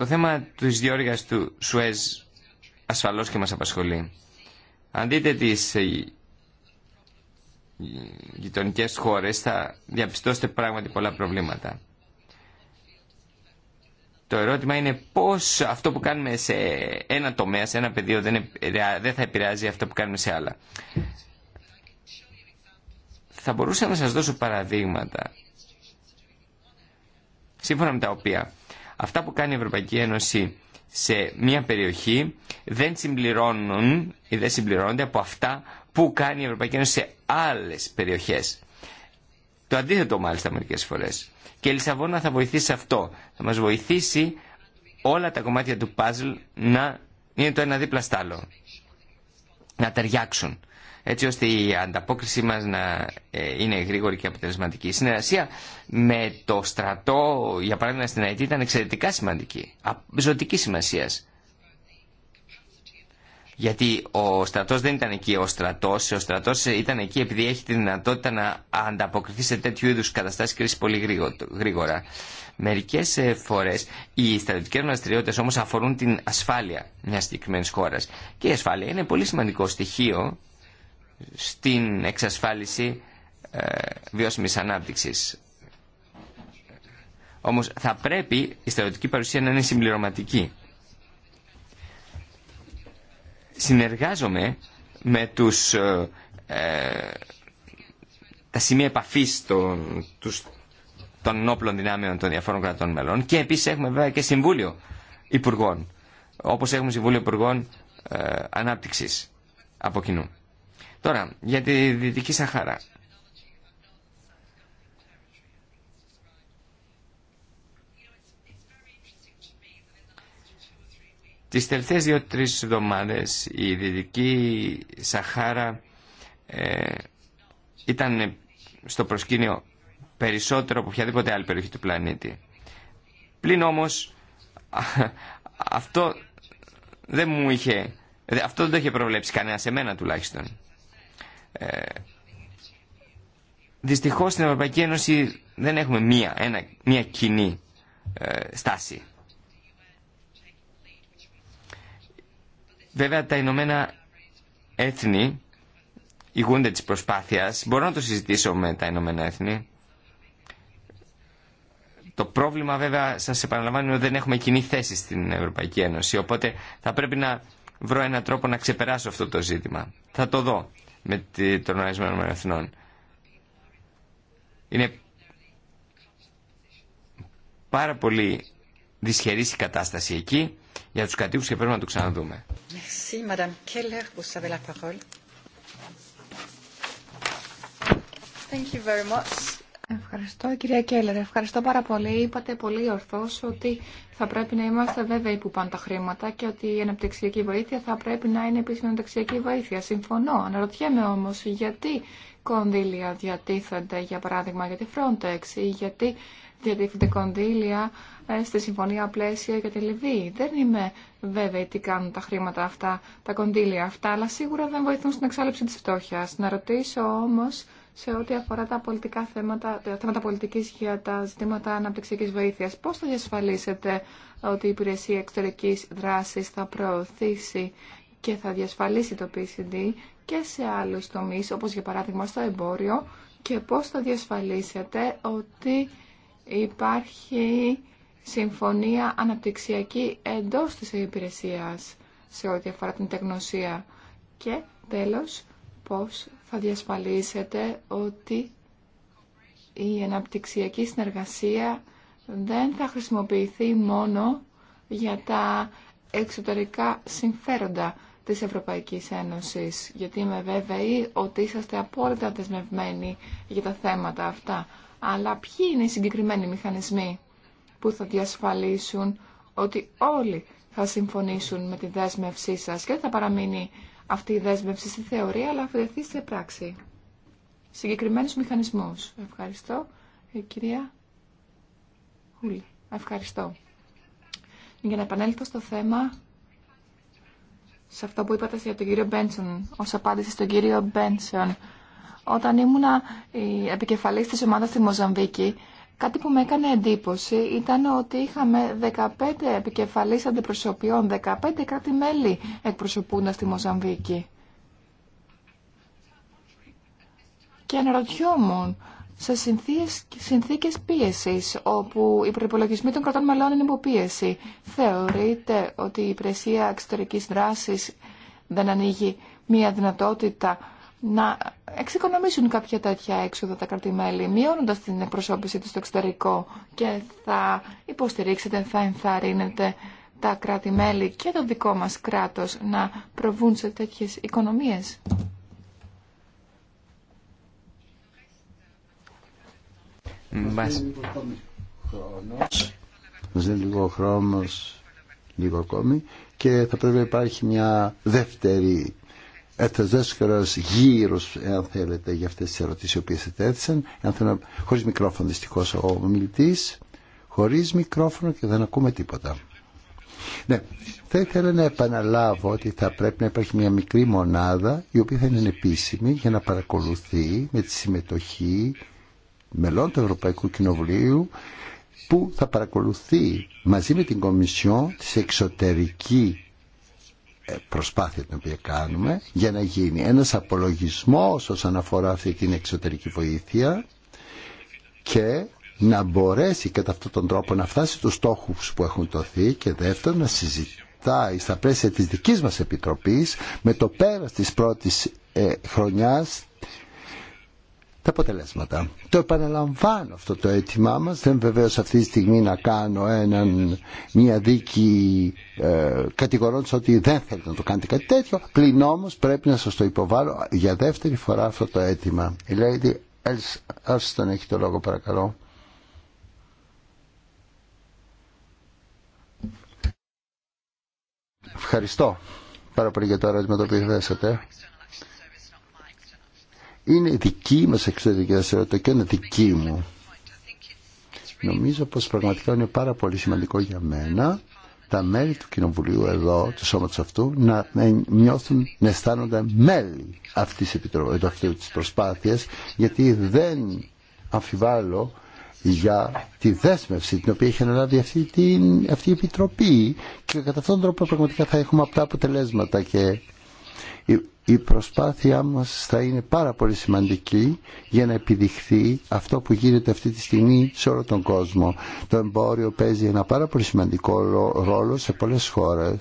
Το θέμα της διόργας του Σουέζ ασφαλώς και μας απασχολεί. Αν δείτε τις ε, γειτονικέ χώρες θα διαπιστώσετε πράγματι πολλά προβλήματα. Το ερώτημα είναι πώς αυτό που κάνουμε σε ένα τομέα, σε ένα πεδίο δεν ε, θα επηρεάζει αυτό που κάνουμε σε άλλα. Θα μπορούσα να σας δώσω παραδείγματα σύμφωνα με τα οποία Αυτά που κάνει η Ευρωπαϊκή Ένωση σε μια περιοχή δεν συμπληρώνουν ή δεν συμπληρώνονται από αυτά που κάνει η Ευρωπαϊκή Ένωση σε άλλες περιοχές. Το αντίθετο μάλιστα μερικές φορές. Και η Λισαβόνα θα βοηθήσει αυτό. Θα μας βοηθήσει όλα τα κομμάτια του παζλ να είναι το ένα δίπλα στ' άλλο. Να ταιριάξουν έτσι ώστε η ανταπόκρισή μας να ε, είναι γρήγορη και αποτελεσματική. Η συνεργασία με το στρατό, για παράδειγμα στην ΑΕΤ, ήταν εξαιρετικά σημαντική, ζωτική σημασία. Γιατί ο στρατός δεν ήταν εκεί ο στρατός, ο στρατός ήταν εκεί επειδή έχει τη δυνατότητα να ανταποκριθεί σε τέτοιου είδους καταστάσεις κρίση πολύ γρήγορα. Μερικέ ε, φορέ οι στρατιωτικέ μα δραστηριότητε όμω αφορούν την ασφάλεια μια συγκεκριμένη χώρα. Και η ασφάλεια είναι πολύ σημαντικό στοιχείο στην εξασφάλιση ε, βιώσιμης ανάπτυξης. Όμως θα πρέπει η στρατιωτική παρουσία να είναι συμπληρωματική. Συνεργάζομαι με τους, ε, ε, τα σημεία επαφής των, τους, των όπλων δυνάμεων των διαφόρων κρατών μελών και επίσης έχουμε βέβαια και Συμβούλιο Υπουργών, όπως έχουμε Συμβούλιο Υπουργών Ανάπτυξης από κοινού. Τώρα, για τη Δυτική Σαχάρα. Τις τελευταίες δύο-τρεις εβδομάδες η Δυτική Σαχάρα ε, ήταν στο προσκήνιο περισσότερο από οποιαδήποτε άλλη περιοχή του πλανήτη. Πλην όμως [laughs] αυτό δεν μου είχε, αυτό δεν το είχε προβλέψει κανένα σε μένα τουλάχιστον. Ε, δυστυχώς στην Ευρωπαϊκή Ένωση δεν έχουμε μία, ένα, μία κοινή ε, στάση. Βέβαια τα Ηνωμένα Έθνη ηγούνται της προσπάθειας. Μπορώ να το συζητήσω με τα Ηνωμένα Έθνη. Το πρόβλημα βέβαια, σας επαναλαμβάνω, ότι δεν έχουμε κοινή θέση στην Ευρωπαϊκή Ένωση. Οπότε θα πρέπει να βρω έναν τρόπο να ξεπεράσω αυτό το ζήτημα. Θα το δω με τον Οργανισμό Εθνών. Είναι πάρα πολύ δυσχερή η κατάσταση εκεί για τους κατοίκους και πρέπει να το ξαναδούμε. Thank you very much. Ευχαριστώ κυρία Κέλλερ. Ευχαριστώ πάρα πολύ. Είπατε πολύ ορθώς ότι θα πρέπει να είμαστε βέβαιοι που πάνε τα χρήματα και ότι η αναπτυξιακή βοήθεια θα πρέπει να είναι επίσημη αναπτυξιακή βοήθεια. Συμφωνώ. Αναρωτιέμαι όμως γιατί κονδύλια διατίθενται για παράδειγμα για τη Frontex ή γιατί διατίθενται κονδύλια ε, στη Συμφωνία Πλαίσια για τη Λιβύη. Δεν είμαι βέβαιη τι κάνουν τα χρήματα αυτά, τα κονδύλια αυτά, αλλά σίγουρα δεν βοηθούν στην εξάλληψη της φτώχειας. Να ρωτήσω όμως σε ό,τι αφορά τα πολιτικά θέματα, τα θέματα πολιτικής για τα ζητήματα αναπτυξιακής βοήθειας. Πώς θα διασφαλίσετε ότι η υπηρεσία εξωτερικής δράσης θα προωθήσει και θα διασφαλίσει το PCD και σε άλλους τομείς, όπως για παράδειγμα στο εμπόριο, και πώς θα διασφαλίσετε ότι υπάρχει συμφωνία αναπτυξιακή εντός της υπηρεσίας σε ό,τι αφορά την τεχνοσία. Και τέλος, πώς θα διασφαλίσετε ότι η αναπτυξιακή συνεργασία δεν θα χρησιμοποιηθεί μόνο για τα εξωτερικά συμφέροντα της Ευρωπαϊκής Ένωσης, γιατί είμαι βέβαιη ότι είσαστε απόλυτα δεσμευμένοι για τα θέματα αυτά. Αλλά ποιοι είναι οι συγκεκριμένοι μηχανισμοί που θα διασφαλίσουν ότι όλοι θα συμφωνήσουν με τη δέσμευσή σας και θα παραμείνει αυτή η δέσμευση στη θεωρία, αλλά αφαιρεθεί σε πράξη. Συγκεκριμένους μηχανισμούς. Ευχαριστώ, η ε, κυρία Χούλη. Ευχαριστώ. Για να επανέλθω στο θέμα, σε αυτό που είπατε για τον κύριο Μπένσον, ως απάντηση στον κύριο Μπένσον, όταν ήμουνα η επικεφαλής της ομάδας στη Μοζαμβίκη, Κάτι που με έκανε εντύπωση ήταν ότι είχαμε 15 επικεφαλής αντιπροσωπιών, 15 κράτη-μέλη εκπροσωπούντας τη Μοζαμβίκη. Και αναρωτιόμουν σε συνθήκες, συνθήκες πίεσης, όπου οι προπολογισμοί των κρατών μελών είναι υποπίεση. Θεωρείτε ότι η υπηρεσία εξωτερικής δράσης δεν ανοίγει μια δυνατότητα να εξοικονομήσουν κάποια τέτοια έξοδα τα κρατημέλη, μειώνοντα την εκπροσώπησή του στο εξωτερικό και θα υποστηρίξετε, θα ενθαρρύνετε τα κρατημέλη και το δικό μας κράτος να προβούν σε τέτοιες οικονομίες. Μας δίνει λίγο χρόνος, λίγο ακόμη και θα πρέπει να υπάρχει μια δεύτερη εταιρεσκερός γύρος, εάν θέλετε, για αυτές τις ερωτήσεις οι οποίε ετέθησαν. Χωρί μικρόφωνο δυστυχώ ο μιλητής, χωρίς μικρόφωνο και δεν ακούμε τίποτα. Ναι, θα ήθελα να επαναλάβω ότι θα πρέπει να υπάρχει μια μικρή μονάδα η οποία θα είναι επίσημη για να παρακολουθεί με τη συμμετοχή μελών του Ευρωπαϊκού Κοινοβουλίου που θα παρακολουθεί μαζί με την Κομισιόν τη εξωτερική προσπάθεια την οποία κάνουμε για να γίνει ένας απολογισμός όσον αφορά αυτή την εξωτερική βοήθεια και να μπορέσει κατά αυτόν τον τρόπο να φτάσει στους στόχους που έχουν τοθεί και δεύτερον να συζητάει στα πλαίσια της δικής μας Επιτροπής με το πέρας της πρώτης ε, χρονιάς τα αποτελέσματα. Το επαναλαμβάνω αυτό το αίτημά μας. Δεν βεβαίως αυτή τη στιγμή να κάνω έναν, μια δίκη ε, κατηγορώντας ότι δεν θέλετε να το κάνετε κάτι τέτοιο. Πλην όμως πρέπει να σας το υποβάλω για δεύτερη φορά αυτό το αίτημα. Η ας τον έχει το λόγο παρακαλώ. Ευχαριστώ πάρα πολύ για το ερώτημα το οποίο θέσατε είναι δική μας εξωτερική δραστηριότητα και είναι δική μου. Νομίζω πως πραγματικά είναι πάρα πολύ σημαντικό για μένα τα μέλη του Κοινοβουλίου εδώ, του σώματος αυτού, να νιώθουν, να αισθάνονται μέλη αυτής, αυτής της προσπάθειας, γιατί δεν αμφιβάλλω για τη δέσμευση την οποία έχει αναλάβει αυτή, αυτή η Επιτροπή και κατά αυτόν τον τρόπο πραγματικά θα έχουμε αυτά αποτελέσματα και η προσπάθειά μας θα είναι πάρα πολύ σημαντική για να επιδειχθεί αυτό που γίνεται αυτή τη στιγμή σε όλο τον κόσμο. Το εμπόριο παίζει ένα πάρα πολύ σημαντικό ρόλο σε πολλές χώρες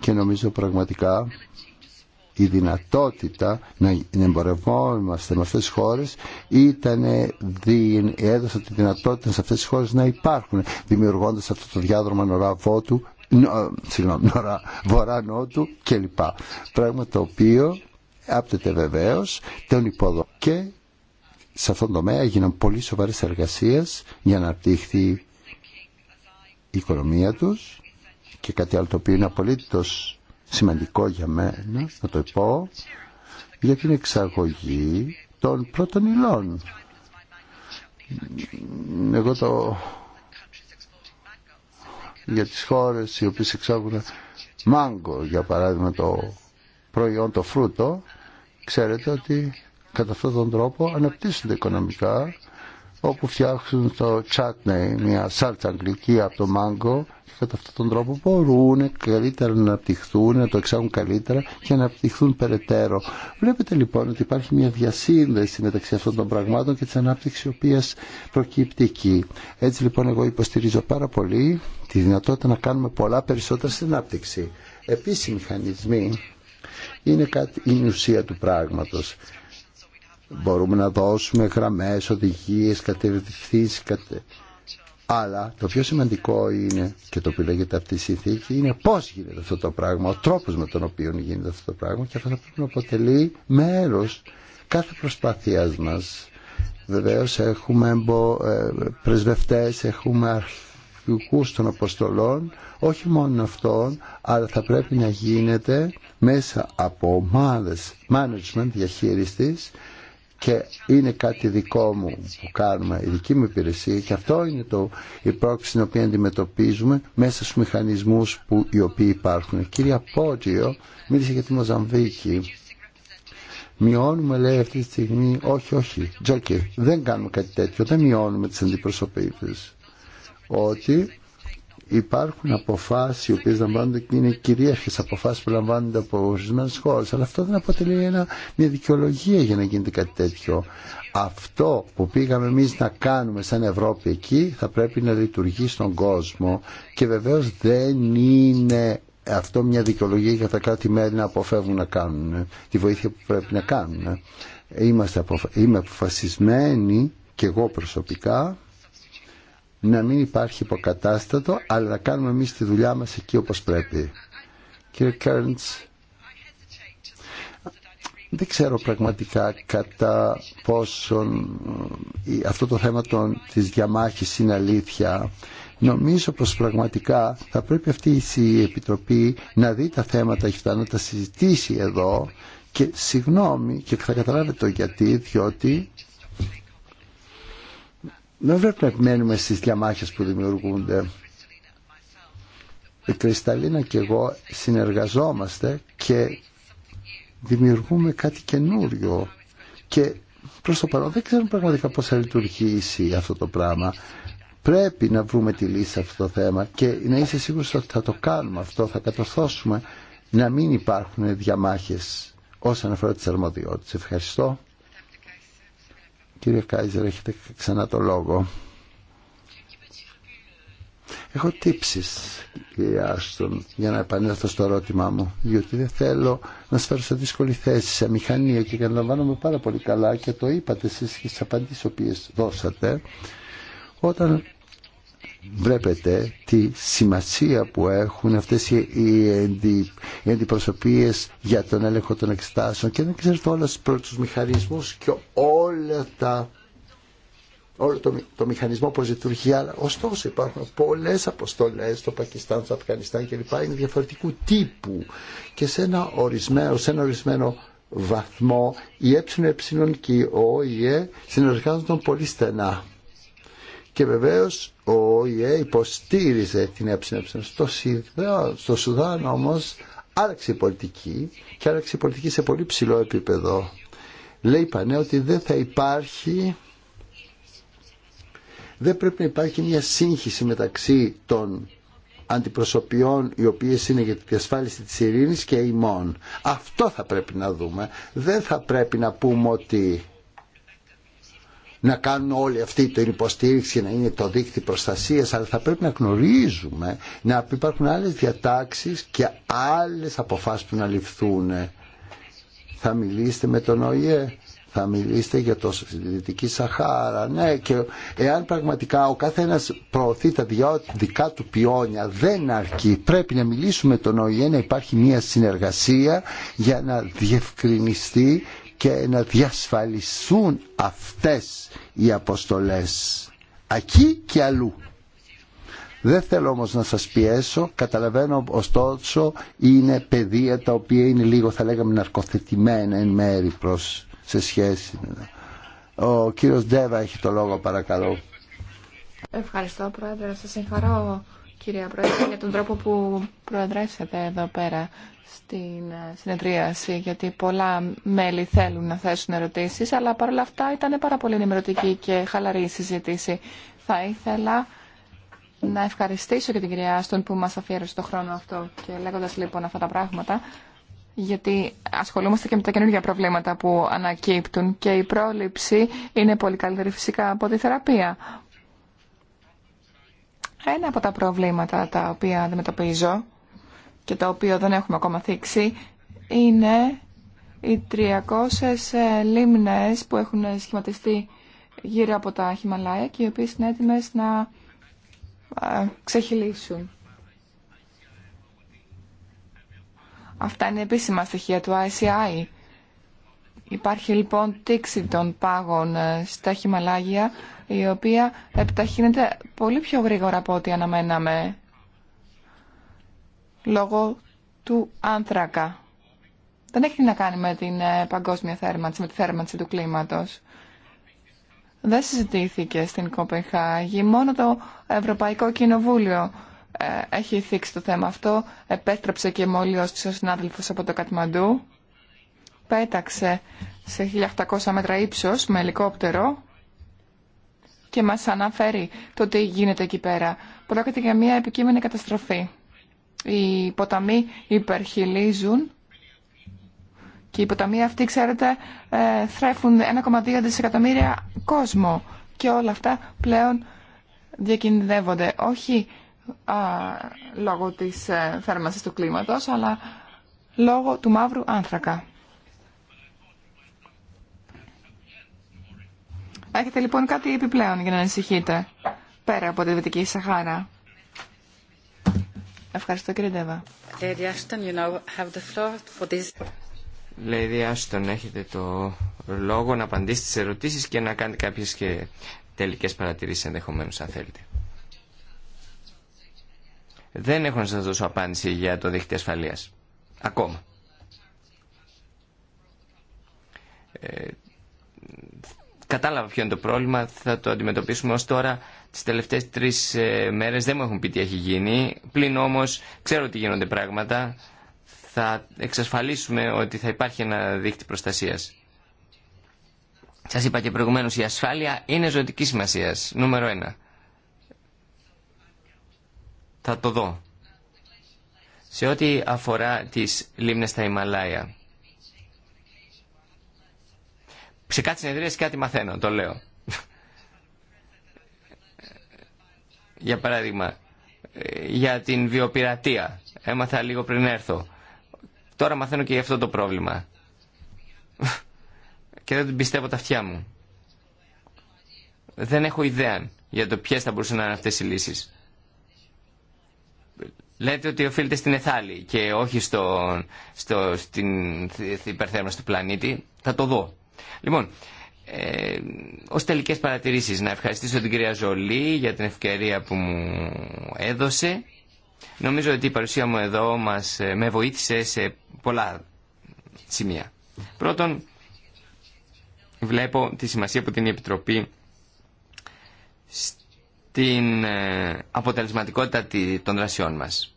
και νομίζω πραγματικά η δυνατότητα να εμπορευόμαστε με αυτές τις χώρες ήταν, έδωσε τη δυνατότητα σε αυτές τις χώρες να υπάρχουν δημιουργώντας αυτό το διάδρομο νοραβό του νο, ε, [laughs] βορρά νότου κλπ. Πράγμα το οποίο άπτεται βεβαίω τον υπόδο και σε αυτόν τον τομέα έγιναν πολύ σοβαρέ εργασίες για να αναπτύχθει η οικονομία τους και κάτι άλλο το οποίο είναι απολύτω σημαντικό για μένα να το πω για την εξαγωγή των πρώτων υλών. Εγώ το για τις χώρες οι οποίες εξάγουν μάγκο, για παράδειγμα το προϊόν το φρούτο, ξέρετε ότι κατά αυτόν τον τρόπο αναπτύσσονται οικονομικά όπου φτιάχνουν το chutney, μια σάλτσα αγγλική από το μάγκο και κατά αυτόν τον τρόπο μπορούν καλύτερα να αναπτυχθούν, να το εξάγουν καλύτερα και να αναπτυχθούν περαιτέρω. Βλέπετε λοιπόν ότι υπάρχει μια διασύνδεση μεταξύ αυτών των πραγμάτων και της ανάπτυξης η οποία προκύπτει εκεί. Έτσι λοιπόν εγώ υποστηρίζω πάρα πολύ τη δυνατότητα να κάνουμε πολλά περισσότερα στην ανάπτυξη. Επίσης οι μηχανισμοί είναι, κάτι, η ουσία του πράγματος. Μπορούμε να δώσουμε γραμμές, οδηγίες, κατευθύνσεις, κατε... αλλά το πιο σημαντικό είναι και το οποίο λέγεται αυτή τη συνθήκη είναι πώς γίνεται αυτό το πράγμα, ο τρόπος με τον οποίο γίνεται αυτό το πράγμα και αυτό θα πρέπει να αποτελεί μέρος κάθε προσπάθειάς μας. Βεβαίως έχουμε εμπο... Ε, πρεσβευτές, έχουμε αρχικούς των αποστολών, όχι μόνο αυτών, αλλά θα πρέπει να γίνεται μέσα από ομάδες management διαχείριστης και είναι κάτι δικό μου που κάνουμε, η δική μου υπηρεσία και αυτό είναι το, η πρόκληση την οποία αντιμετωπίζουμε μέσα στους μηχανισμούς που, οι οποίοι υπάρχουν. Κύριε κυρία μίλησε για τη Μοζαμβίκη. Μειώνουμε λέει αυτή τη στιγμή, όχι όχι, τζόκι, δεν κάνουμε κάτι τέτοιο, δεν μειώνουμε τις αντιπροσωπείτες. Ότι υπάρχουν αποφάσει οι οποίε λαμβάνονται και είναι κυρίαρχε αποφάσει που λαμβάνονται από ορισμένε χώρε. Αλλά αυτό δεν αποτελεί ένα, μια δικαιολογία για να γίνεται κάτι τέτοιο. Αυτό που πήγαμε εμεί να κάνουμε σαν Ευρώπη εκεί θα πρέπει να λειτουργεί στον κόσμο και βεβαίω δεν είναι αυτό μια δικαιολογία για τα κράτη-μέλη να αποφεύγουν να κάνουν τη βοήθεια που πρέπει να κάνουν. Είμαστε αποφα... Είμαι αποφασισμένη και εγώ προσωπικά να μην υπάρχει υποκατάστατο, αλλά να κάνουμε εμείς τη δουλειά μας εκεί όπως πρέπει. Κύριε Κέρντς, δεν ξέρω πραγματικά κατά πόσον ε, αυτό το θέμα των, της διαμάχης είναι αλήθεια. Νομίζω πως πραγματικά θα πρέπει αυτή η Επιτροπή να δει τα θέματα αυτά, να τα συζητήσει εδώ και συγγνώμη και θα καταλάβετε το γιατί, διότι δεν πρέπει να επιμένουμε στις διαμάχες που δημιουργούνται. Η Κρυσταλίνα και εγώ συνεργαζόμαστε και δημιουργούμε κάτι καινούριο και προς το παρόν δεν ξέρουμε πραγματικά πώς θα λειτουργήσει αυτό το πράγμα. Πρέπει να βρούμε τη λύση σε αυτό το θέμα και να είσαι σίγουρος ότι θα το κάνουμε αυτό, θα κατορθώσουμε να μην υπάρχουν διαμάχες όσον αφορά τις αρμοδιότητες. Ευχαριστώ. Κύριε Κάιζερ, έχετε ξανά το λόγο. Έχω τύψεις, κύριε Άστον, για να επανέλθω στο ερώτημά μου, διότι δεν θέλω να σας φέρω σε δύσκολη θέση, σε μηχανία και καταλαμβάνομαι πάρα πολύ καλά και το είπατε εσείς και στις απαντήσεις οποίες δώσατε, όταν βλέπετε τη σημασία που έχουν αυτές οι, αντι, αντιπροσωπείες για τον έλεγχο των εξετάσεων και δεν ξέρετε όλα τους μηχανισμούς και όλα τα όλο το, μηχανισμό που ζητούργει. αλλά ωστόσο υπάρχουν πολλές αποστολές στο Πακιστάν, στο Αφγανιστάν λοιπά, είναι διαφορετικού τύπου και σε ένα ορισμένο, σε ένα ορισμένο βαθμό η ΕΕ και οι ΟΗΕ συνεργάζονται πολύ στενά και βεβαίω ο ΟΗΕ υποστήριζε την έψινεψη. Στο, Σουδάν, στο Σουδάν όμως άλλαξε η πολιτική και άλλαξε η πολιτική σε πολύ ψηλό επίπεδο. Λέει πανέ ότι δεν θα υπάρχει δεν πρέπει να υπάρχει μια σύγχυση μεταξύ των αντιπροσωπιών οι οποίες είναι για τη διασφάλιση της ειρήνης και ημών. Αυτό θα πρέπει να δούμε. Δεν θα πρέπει να πούμε ότι να κάνουν όλη αυτή την υποστήριξη να είναι το δίκτυο προστασίας αλλά θα πρέπει να γνωρίζουμε να υπάρχουν άλλες διατάξεις και άλλες αποφάσεις που να ληφθούν θα μιλήσετε με τον ΟΗΕ θα μιλήσετε για το Δυτική Σαχάρα ναι και εάν πραγματικά ο καθένας προωθεί τα δικά του πιόνια δεν αρκεί πρέπει να μιλήσουμε με τον ΟΗΕ να υπάρχει μια συνεργασία για να διευκρινιστεί και να διασφαλιστούν αυτές οι αποστολές εκεί και αλλού. Δεν θέλω όμως να σας πιέσω, καταλαβαίνω ωστόσο είναι παιδεία τα οποία είναι λίγο θα λέγαμε ναρκοθετημένα εν μέρη προς σε σχέση. Ο κύριος Ντέβα έχει το λόγο παρακαλώ. Ευχαριστώ πρόεδρε, σας συγχαρώ κυρία Πρόεδρε, για τον τρόπο που προεδρεύσατε εδώ πέρα στην ε, συνεδρίαση, γιατί πολλά μέλη θέλουν να θέσουν ερωτήσεις, αλλά παρόλα αυτά ήταν πάρα πολύ ενημερωτική και χαλαρή η συζήτηση. Θα ήθελα να ευχαριστήσω και την κυρία Άστον που μας αφιέρωσε το χρόνο αυτό και λέγοντας λοιπόν αυτά τα πράγματα, γιατί ασχολούμαστε και με τα καινούργια προβλήματα που ανακύπτουν και η πρόληψη είναι πολύ καλύτερη φυσικά από τη θεραπεία. Ένα από τα προβλήματα τα οποία αντιμετωπίζω και τα οποία δεν έχουμε ακόμα θίξει είναι οι 300 ε, λίμνες που έχουν σχηματιστεί γύρω από τα Χιμαλάια και οι οποίες είναι έτοιμες να ε, ξεχυλήσουν. Αυτά είναι επίσημα στοιχεία του ICI. Υπάρχει λοιπόν τήξη των πάγων ε, στα Χιμαλάγια η οποία επιταχύνεται πολύ πιο γρήγορα από ό,τι αναμέναμε λόγω του άνθρακα. Δεν έχει να κάνει με την ε, παγκόσμια θέρμανση, με τη θέρμανση του κλίματος. Δεν συζητήθηκε στην Κοπεχάγη, μόνο το Ευρωπαϊκό Κοινοβούλιο ε, έχει θίξει το θέμα αυτό. Επέστρεψε και μόλι ο συνάδελφο από το Κατμαντού. Πέταξε σε 1800 μέτρα ύψος με ελικόπτερο και μας αναφέρει το τι γίνεται εκεί πέρα. Πρόκειται για μια επικείμενη καταστροφή. Οι ποταμοί υπερχιλίζουν και οι ποταμοί αυτοί, ξέρετε, ε, θρέφουν 1,2 δισεκατομμύρια κόσμο και όλα αυτά πλέον διακινδυνεύονται. Όχι λόγω της ε, θέρμανσης του κλίματος, αλλά λόγω του μαύρου άνθρακα. Έχετε λοιπόν κάτι επιπλέον για να ανησυχείτε, πέρα από τη Δυτική Σαχάρα. Ευχαριστώ κύριε Ντέβα. Λέει Άστον, έχετε το λόγο να απαντήσετε στις ερωτήσεις και να κάνετε κάποιες και τελικές παρατηρήσεις ενδεχομένως αν θέλετε. Δεν έχω να σας δώσω απάντηση για το δίχτυ ασφαλείας. Ακόμα. Ε, κατάλαβα ποιο είναι το πρόβλημα, θα το αντιμετωπίσουμε ως τώρα. Τις τελευταίες τρεις ε, μέρες δεν μου έχουν πει τι έχει γίνει. Πλην όμως ξέρω ότι γίνονται πράγματα. Θα εξασφαλίσουμε ότι θα υπάρχει ένα δίκτυ προστασίας. Σας είπα και προηγουμένως, η ασφάλεια είναι ζωτική σημασία. Νούμερο ένα. Θα το δω. Σε ό,τι αφορά τις λίμνες στα Ιμαλάια. σε κάτι συνεδρίες κάτι μαθαίνω, το λέω. για παράδειγμα, για την βιοπειρατεία. Έμαθα λίγο πριν έρθω. Τώρα μαθαίνω και για αυτό το πρόβλημα. και δεν την πιστεύω τα αυτιά μου. Δεν έχω ιδέα για το ποιες θα μπορούσαν να είναι αυτές οι λύσεις. Λέτε ότι οφείλεται στην εθάλη και όχι στο, στο, στην υπερθέρμανση του πλανήτη. Θα το δω. Λοιπόν, ε, ως τελικές παρατηρήσεις να ευχαριστήσω την κυρία Ζολή για την ευκαιρία που μου έδωσε. Νομίζω ότι η παρουσία μου εδώ μας, ε, με βοήθησε σε πολλά σημεία. Πρώτον, βλέπω τη σημασία που την Επιτροπή στην ε, αποτελεσματικότητα των δρασιών μας.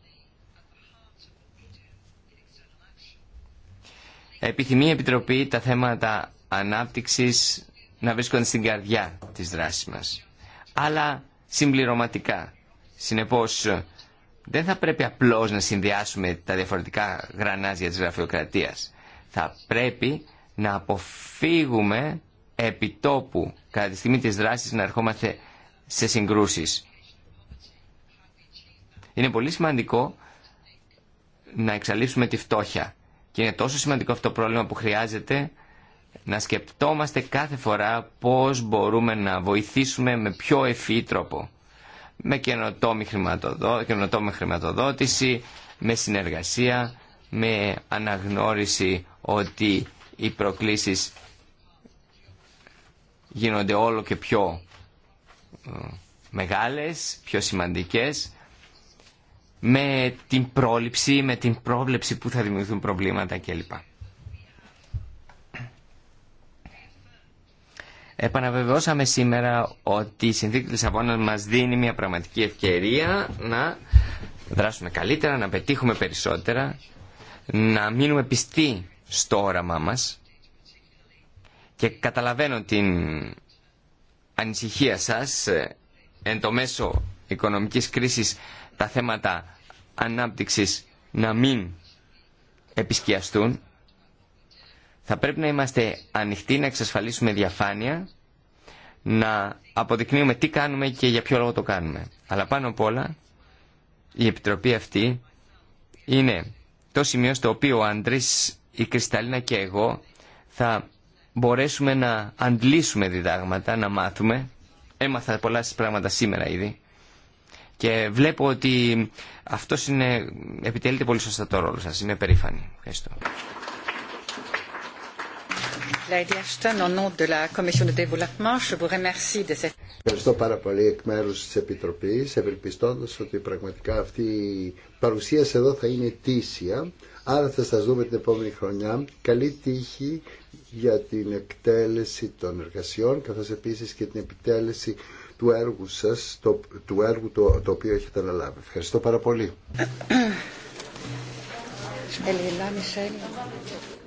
Επιθυμεί η Επιτροπή τα θέματα ανάπτυξης να βρίσκονται στην καρδιά της δράσης μας. Αλλά συμπληρωματικά. Συνεπώς δεν θα πρέπει απλώς να συνδυάσουμε τα διαφορετικά γρανάζια της γραφειοκρατίας. Θα πρέπει να αποφύγουμε επιτόπου κατά τη στιγμή της δράσης να ερχόμαστε σε συγκρούσεις. Είναι πολύ σημαντικό να εξαλείψουμε τη φτώχεια. Και είναι τόσο σημαντικό αυτό το πρόβλημα που χρειάζεται να σκεπτόμαστε κάθε φορά πώς μπορούμε να βοηθήσουμε με πιο ευφύ τρόπο. Με καινοτόμη, καινοτόμη χρηματοδότηση, με συνεργασία, με αναγνώριση ότι οι προκλήσεις γίνονται όλο και πιο ε, μεγάλες, πιο σημαντικές, με την πρόληψη, με την πρόβλεψη που θα δημιουργηθούν προβλήματα κλπ. Επαναβεβαιώσαμε σήμερα ότι η συνθήκη της Λισαβόνα μας δίνει μια πραγματική ευκαιρία να δράσουμε καλύτερα, να πετύχουμε περισσότερα, να μείνουμε πιστοί στο όραμά μας και καταλαβαίνω την ανησυχία σας ε, εν το μέσο οικονομικής κρίσης τα θέματα ανάπτυξης να μην επισκιαστούν θα πρέπει να είμαστε ανοιχτοί, να εξασφαλίσουμε διαφάνεια, να αποδεικνύουμε τι κάνουμε και για ποιο λόγο το κάνουμε. Αλλά πάνω απ' όλα η επιτροπή αυτή είναι το σημείο στο οποίο ο Άντρης, η Κρυσταλίνα και εγώ θα μπορέσουμε να αντλήσουμε διδάγματα, να μάθουμε. Έμαθα πολλά πράγματα σήμερα ήδη. Και βλέπω ότι αυτό είναι, επιτελείται πολύ σωστά το ρόλο σας. Είμαι περήφανη. Ευχαριστώ. Ευχαριστώ πάρα πολύ εκ μέρου τη Επιτροπή, ευελπιστώντα ότι πραγματικά αυτή η παρουσίαση εδώ θα είναι τήσια. Άρα θα σα δούμε την επόμενη χρονιά. Καλή τύχη για την εκτέλεση των εργασιών, καθώ επίση και την επιτέλεση του έργου σα, το, του έργου το, το οποίο έχετε αναλάβει. Ευχαριστώ πάρα πολύ. [clears throat]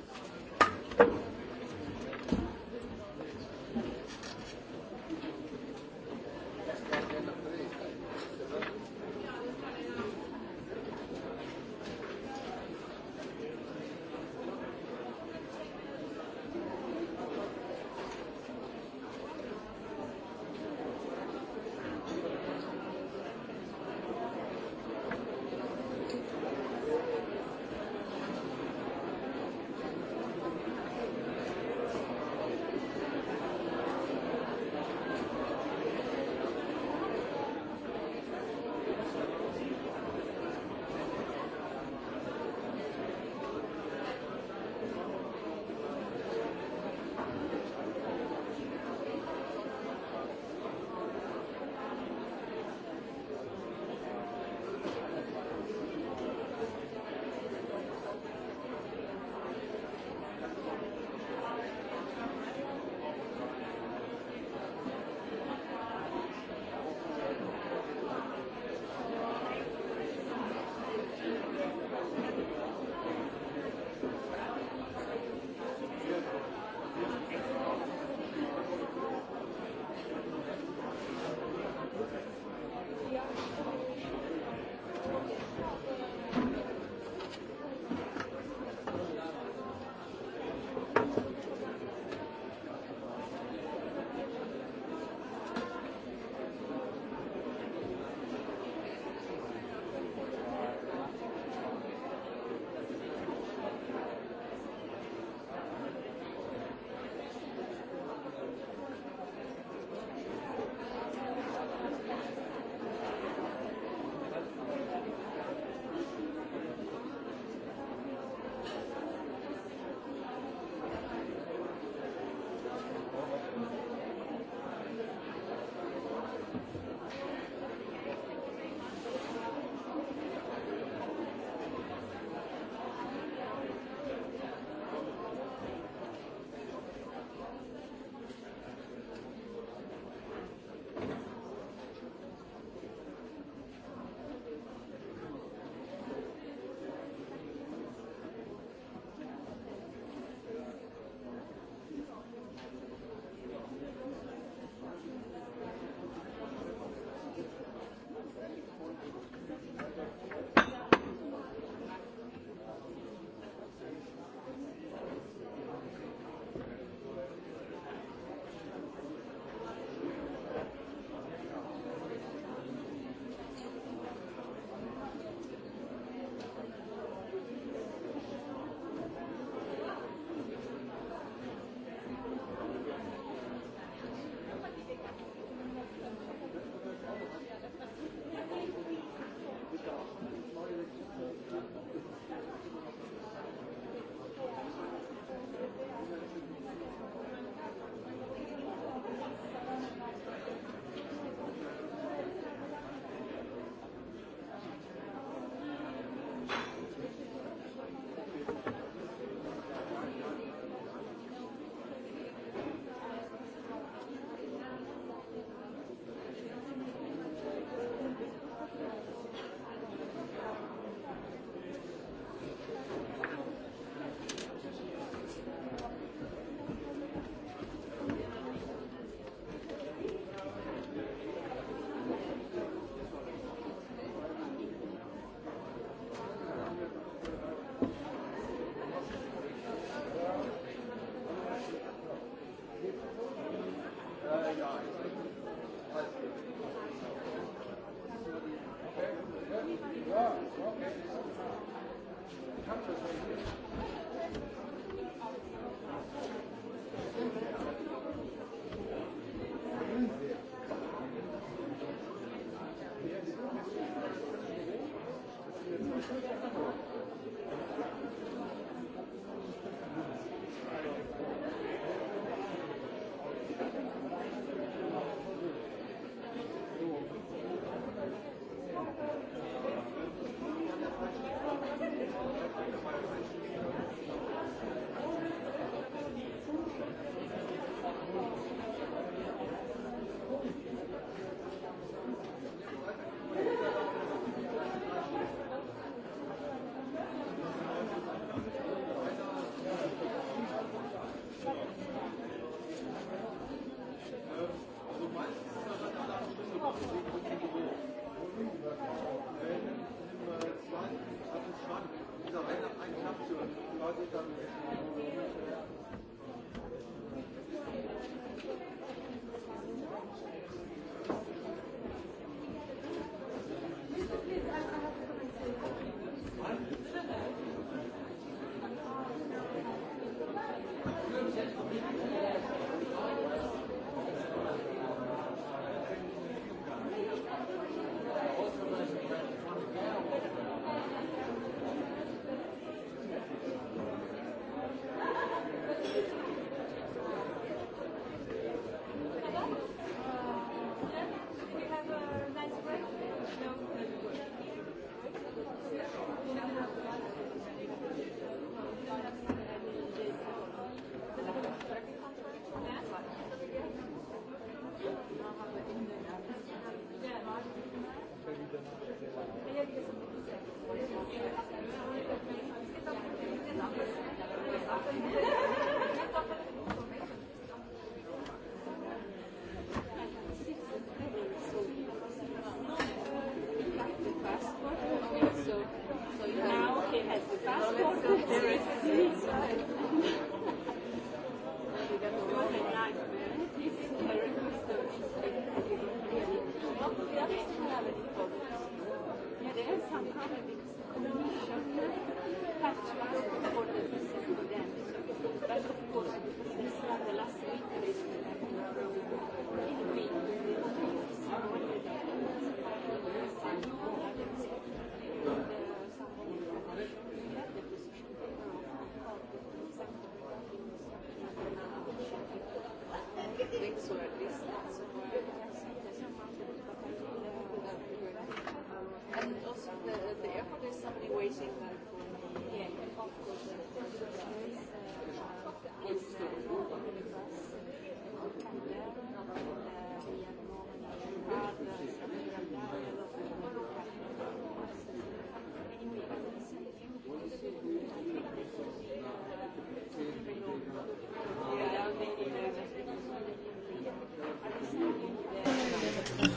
Thank you.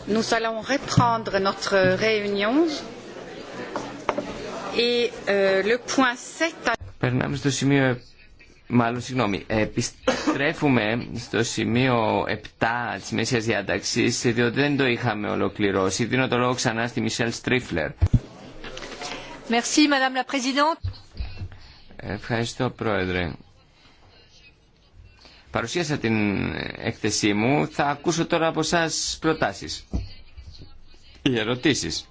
Nous allons reprendre notre réunion et le point 7. Περνάμε στο σημείο Μάλλον, συγγνώμη, επιστρέφουμε στο σημείο 7 της Μέσιας Διάταξης, διότι δεν το είχαμε ολοκληρώσει. Δίνω το λόγο ξανά στη Μισελ Στρίφλερ. Ευχαριστώ, Πρόεδρε. Παρουσίασα την έκθεσή μου. Θα ακούσω τώρα από εσά προτάσεις ή ερωτήσεις.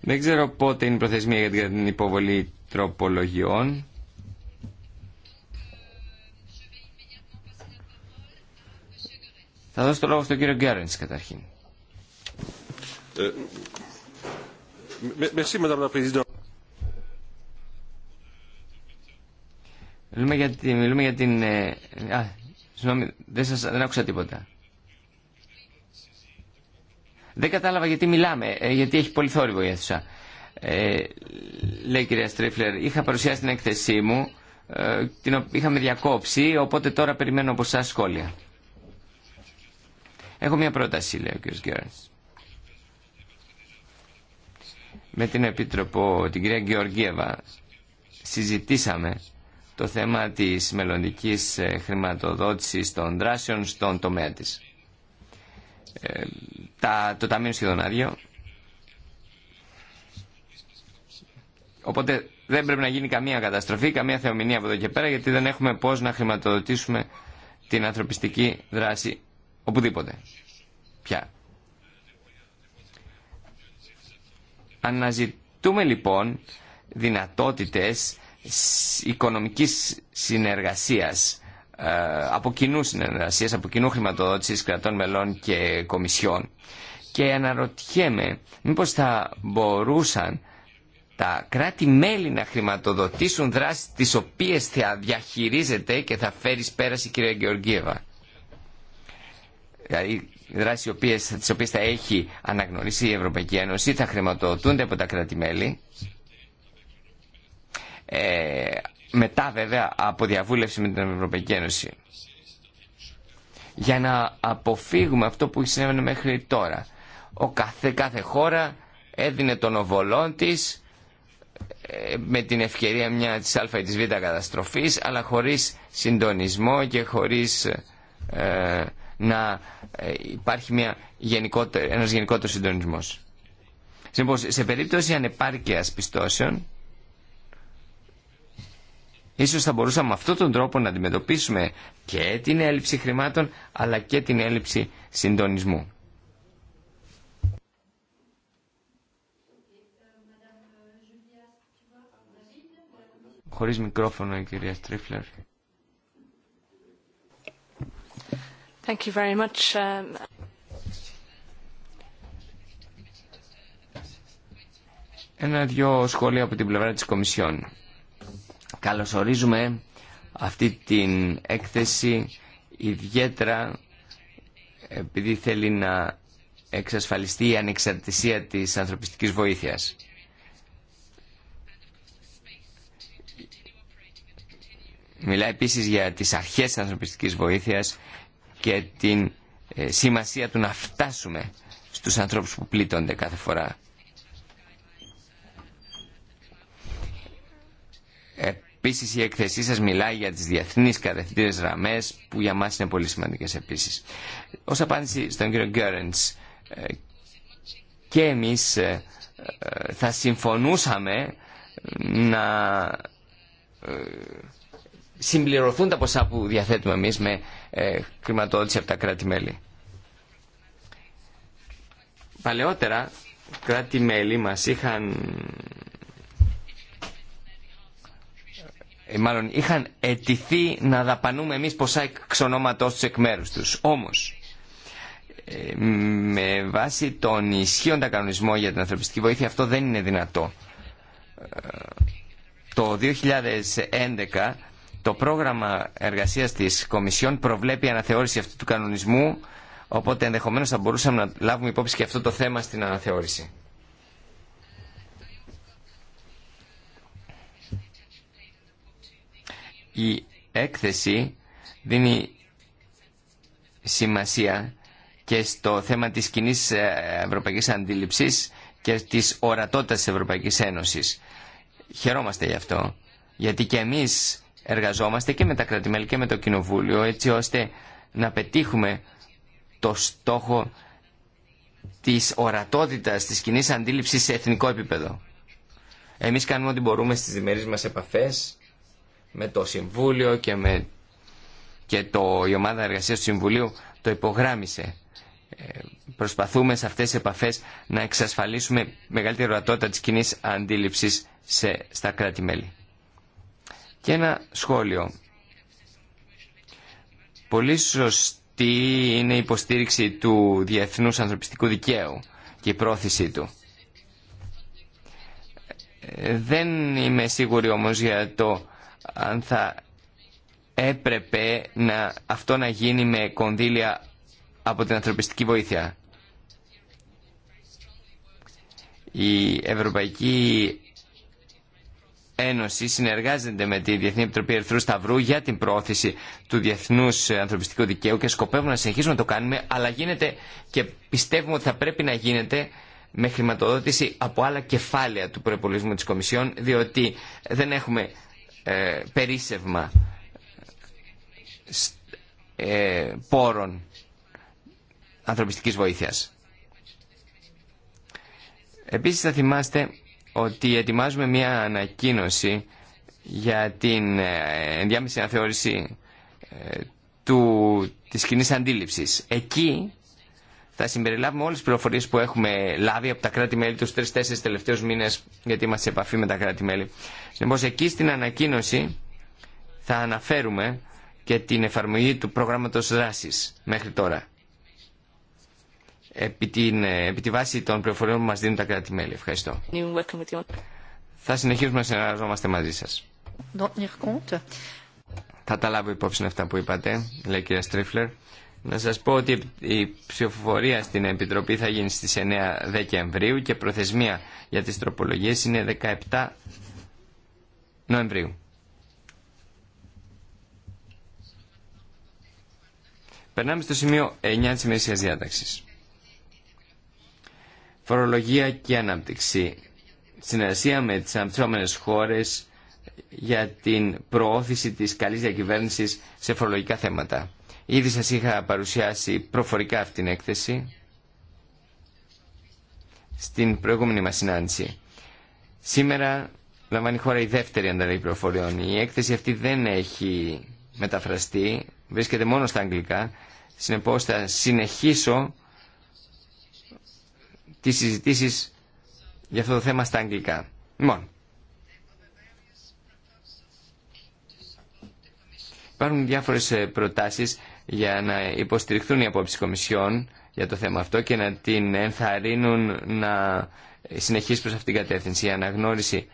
Δεν ξέρω πότε είναι η ερωτήσει. δεν ξερω ποτε ειναι η προθεσμια για την υποβολή τροπολογιών. Θα δώσω το λόγο στον κύριο Γκέρενς καταρχήν. Ε, μιλούμε για την... Μιλούμε για την συγγνώμη, δεν, άκουσα τίποτα. Δεν κατάλαβα γιατί μιλάμε, ε, γιατί έχει πολύ θόρυβο η αίθουσα. Ε, λέει η κυρία Στρίφλερ, είχα παρουσιάσει την έκθεσή μου, την είχαμε διακόψει, οπότε τώρα περιμένω από εσά σχόλια. Έχω μια πρόταση, λέει ο κ. Γκέρνς. Με την Επίτροπο, την κυρία Γεωργίεβα, συζητήσαμε το θέμα της μελλοντική ε, χρηματοδότησης των δράσεων στον τομέα της. Ε, το Ταμείο σχεδόν άδειο. Οπότε δεν πρέπει να γίνει καμία καταστροφή, καμία θεομηνία από εδώ και πέρα, γιατί δεν έχουμε πώς να χρηματοδοτήσουμε την ανθρωπιστική δράση Οπουδήποτε. Πια. Αναζητούμε λοιπόν δυνατότητες οικονομικής συνεργασίας, ε, από κοινού συνεργασίας, από κοινού χρηματοδότηση κρατών μελών και κομισιών. Και αναρωτιέμαι μήπως θα μπορούσαν τα κράτη-μέλη να χρηματοδοτήσουν δράσεις τις οποίες θα διαχειρίζεται και θα φέρει πέραση κυρία Γεωργίεβα Δηλαδή, δράσεις οποίες, τις οποίες θα έχει αναγνωρίσει η Ευρωπαϊκή Ένωση θα χρηματοδοτούνται από τα κράτη-μέλη ε, μετά βέβαια από διαβούλευση με την Ευρωπαϊκή Ένωση για να αποφύγουμε αυτό που συνέβαινε μέχρι τώρα ο κάθε, κάθε χώρα έδινε τον οβολό της ε, με την ευκαιρία μια της α ή της β καταστροφής αλλά χωρίς συντονισμό και χωρίς ε, να ε, υπάρχει μια γενικότερη, ένας γενικότερος συντονισμός. Συνήθως, σε περίπτωση ανεπάρκειας πιστώσεων, ίσως θα μπορούσαμε με αυτόν τον τρόπο να αντιμετωπίσουμε και την έλλειψη χρημάτων, αλλά και την έλλειψη συντονισμού. Χωρίς μικρόφωνο η κυρία Στρίφλερ. Uh, Ένα-δυο σχόλια από την πλευρά της Κομισιόν. Καλωσορίζουμε αυτή την έκθεση ιδιαίτερα επειδή θέλει να εξασφαλιστεί η ανεξαρτησία της ανθρωπιστικής βοήθειας. Μιλάει επίσης για τις αρχές της ανθρωπιστικής βοήθειας και την ε, σημασία του να φτάσουμε στους ανθρώπους που πλήττονται κάθε φορά. Επίση η εκθεσή σας μιλάει για τις διεθνεί κατευθυντήρε γραμμέ που για μα είναι πολύ σημαντικέ επίση. Ω απάντηση στον κύριο Γκέρεντς ε, και εμείς ε, θα συμφωνούσαμε να συμπληρωθούν τα ποσά που διαθέτουμε εμείς με ε, από τα κράτη-μέλη. Παλαιότερα, κράτη-μέλη μας είχαν... Ε, μάλλον είχαν αιτηθεί να δαπανούμε εμείς ποσά εξ ονόματός τους εκ μέρους τους. Όμως, ε, με βάση τον ισχύοντα κανονισμό για την ανθρωπιστική βοήθεια αυτό δεν είναι δυνατό. Ε, το 2011 το πρόγραμμα εργασίας της Κομισιόν προβλέπει αναθεώρηση αυτού του κανονισμού, οπότε ενδεχομένω θα μπορούσαμε να λάβουμε υπόψη και αυτό το θέμα στην αναθεώρηση. Η έκθεση δίνει σημασία και στο θέμα της κοινή ε, ευρωπαϊκής αντίληψης και της ορατότητας της Ευρωπαϊκής Ένωσης. Χαιρόμαστε γι' αυτό, γιατί και εμείς εργαζόμαστε και με τα κρατημέλη και με το Κοινοβούλιο έτσι ώστε να πετύχουμε το στόχο της ορατότητας, της κοινή αντίληψης σε εθνικό επίπεδο. Εμείς κάνουμε ό,τι μπορούμε στις διμερείς μας επαφές με το Συμβούλιο και, με... και το... η ομάδα εργασίας του Συμβουλίου το υπογράμμισε. Ε, προσπαθούμε σε αυτές τις επαφές να εξασφαλίσουμε μεγαλύτερη ορατότητα της κοινή αντίληψης στα κράτη-μέλη. Και ένα σχόλιο. Πολύ σωστή είναι η υποστήριξη του διεθνούς ανθρωπιστικού δικαίου και η πρόθεσή του. Δεν είμαι σίγουρη όμως για το αν θα έπρεπε να, αυτό να γίνει με κονδύλια από την ανθρωπιστική βοήθεια. Η Ευρωπαϊκή Ένωση συνεργάζεται με τη Διεθνή Επιτροπή Ερθρού Σταυρού για την πρόθεση του διεθνού ανθρωπιστικού δικαίου και σκοπεύουμε να συνεχίσουμε να το κάνουμε, αλλά γίνεται και πιστεύουμε ότι θα πρέπει να γίνεται με χρηματοδότηση από άλλα κεφάλαια του προπολογισμού της Κομισιόν, διότι δεν έχουμε ε, περίσευμα ε, πόρων ανθρωπιστικής βοήθειας. Επίσης θα θυμάστε ότι ετοιμάζουμε μια ανακοίνωση για την ε, ενδιάμεση αναθεώρηση ε, του, της κοινή αντίληψης. Εκεί θα συμπεριλάβουμε όλες τις πληροφορίες που έχουμε λάβει από τα κράτη-μέλη τους τρεις-τέσσερις τελευταίους μήνες, γιατί είμαστε σε επαφή με τα κράτη-μέλη. Συνεπώς εκεί στην ανακοίνωση θα αναφέρουμε και την εφαρμογή του προγράμματος δράσης μέχρι τώρα επί, την, επί τη βάση των πληροφοριών που μας δίνουν τα κράτη-μέλη. Ευχαριστώ. Θα συνεχίσουμε να συνεργαζόμαστε μαζί σας. Θα τα λάβω υπόψη αυτά που είπατε, λέει η κυρία Στρίφλερ. Να σας πω ότι η ψηφοφορία στην Επιτροπή θα γίνει στις 9 Δεκεμβρίου και προθεσμία για τις τροπολογίες είναι 17 Νοεμβρίου. Περνάμε στο σημείο 9 της ημερησίας διάταξης. Φορολογία και ανάπτυξη. Συνεργασία με τις αναπτυσσόμενες χώρες για την προώθηση της καλής διακυβέρνησης σε φορολογικά θέματα. Ήδη σας είχα παρουσιάσει προφορικά αυτήν την έκθεση στην προηγούμενη μας συνάντηση. Σήμερα λαμβάνει η χώρα η δεύτερη ανταλλαγή προφοριών. Η έκθεση αυτή δεν έχει μεταφραστεί, βρίσκεται μόνο στα αγγλικά. Συνεπώς θα συνεχίσω τις συζητήσεις για αυτό το θέμα στα αγγλικά. Λοιπόν, υπάρχουν διάφορες ε, προτάσεις για να υποστηριχθούν οι απόψεις κομισιών για το θέμα αυτό και να την ενθαρρύνουν να συνεχίσει προς αυτήν την κατεύθυνση. Η αναγνώριση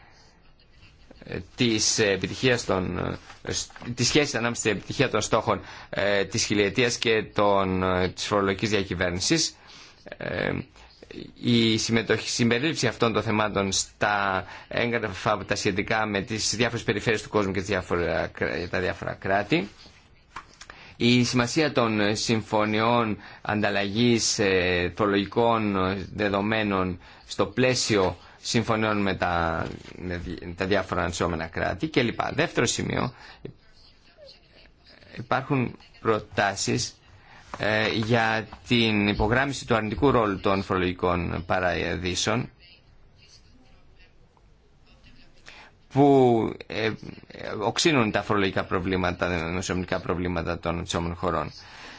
ε, της επιτυχίας των, ε, της σχέσης ανάμεσα στην επιτυχία των στόχων της χιλιετίας και των, της φορολογικής διακυβέρνησης η συμμετοχή, συμπερίληψη αυτών των θεμάτων στα έγγραφα τα σχετικά με τις διάφορες περιφέρειες του κόσμου και τα διάφορα κράτη. Η σημασία των συμφωνιών ανταλλαγής προλογικών ε, δεδομένων στο πλαίσιο συμφωνιών με τα, διάφορα ανσόμενα κράτη κλπ. Δεύτερο σημείο, υπάρχουν προτάσεις ε, για την υπογράμμιση του αρνητικού ρόλου των φορολογικών παραδείσων που ε, οξύνουν τα φορολογικά προβλήματα, τα δημοσιονομικά προβλήματα των ψώμων χωρών.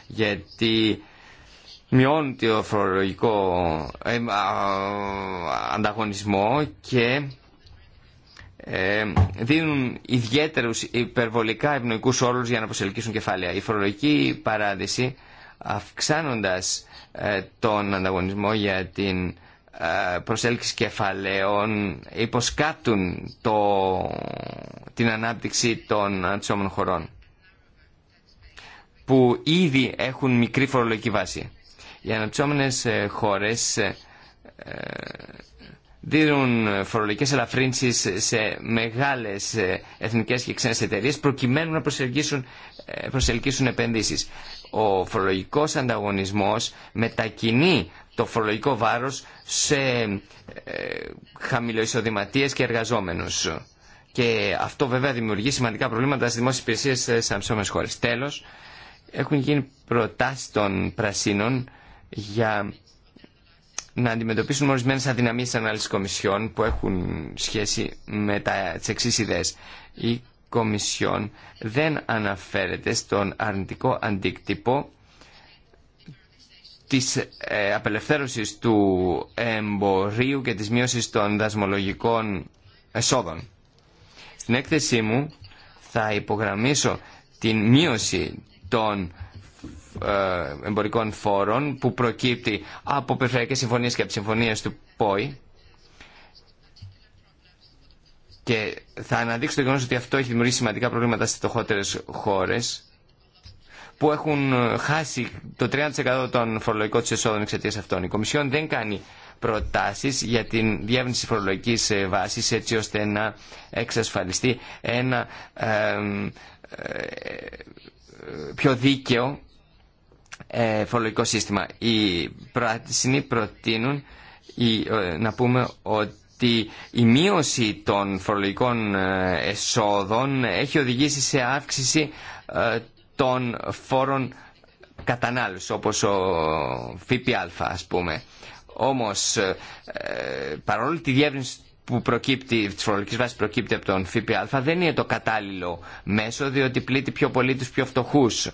Γιατί μειώνουν το φορολογικό ε, ανταγωνισμό και δίνουν ιδιαίτερους υπερβολικά ευνοϊκούς όρους για να προσελκύσουν κεφάλαια. Η φορολογική παράδειση αυξάνοντας ε, τον ανταγωνισμό για την ε, προσέλκυση κεφαλαίων υποσκάπτουν το, την ανάπτυξη των αναπτυσσόμενων χωρών που ήδη έχουν μικρή φορολογική βάση. Οι αναπτυσσόμενες ε, χώρες δίνουν ε, φορολογικές ελαφρύνσεις σε μεγάλες ε, εθνικές και ξένες εταιρείες προκειμένου να προσελκύσουν, ε, προσελκύσουν επενδύσεις. Ο φορολογικός ανταγωνισμός μετακινεί το φορολογικό βάρος σε χαμηλοεισοδηματίες και εργαζόμενους. Και αυτό βέβαια δημιουργεί σημαντικά προβλήματα στις δημόσιες υπηρεσίες σε αμψόμενες χώρες. Τέλος, έχουν γίνει προτάσεις των πρασίνων για να αντιμετωπίσουν ορισμένε αδυναμίε τη ανάλυση Κομισιών που έχουν σχέση με τι εξή ιδέε. Η Κομισιόν δεν αναφέρεται στον αρνητικό αντίκτυπο της ε, απελευθέρωσης του εμπορίου και της μείωσης των δασμολογικών εσόδων. Στην έκθεσή μου θα υπογραμμίσω την μείωση των ε, εμπορικών φόρων που προκύπτει από περιφερειακές συμφωνίες και από συμφωνίες του ΠΟΗ και θα αναδείξω το γεγονός ότι αυτό έχει δημιουργήσει σημαντικά προβλήματα στις φτωχότερες χώρες που έχουν χάσει το 30% των φορολογικών του εσόδων εξαιτία αυτών. Η Κομισιόν δεν κάνει προτάσεις για την διεύνηση φορολογικής ε, βάσης έτσι ώστε να εξασφαλιστεί ένα ε, πιο δίκαιο ε, φορολογικό σύστημα. Οι πράσινοι προτείνουν ε, να πούμε ότι η μείωση των φορολογικών ε, εσόδων έχει οδηγήσει σε αύξηση των φόρων κατανάλωσης, όπως ο ΦΠΑ ας πούμε. Όμως παρόλο τη διεύρυνση που προκύπτει, της φορολογικής βάσης προκύπτει από τον ΦΠΑ δεν είναι το κατάλληλο μέσο διότι πλήττει πιο πολύ τους πιο φτωχούς.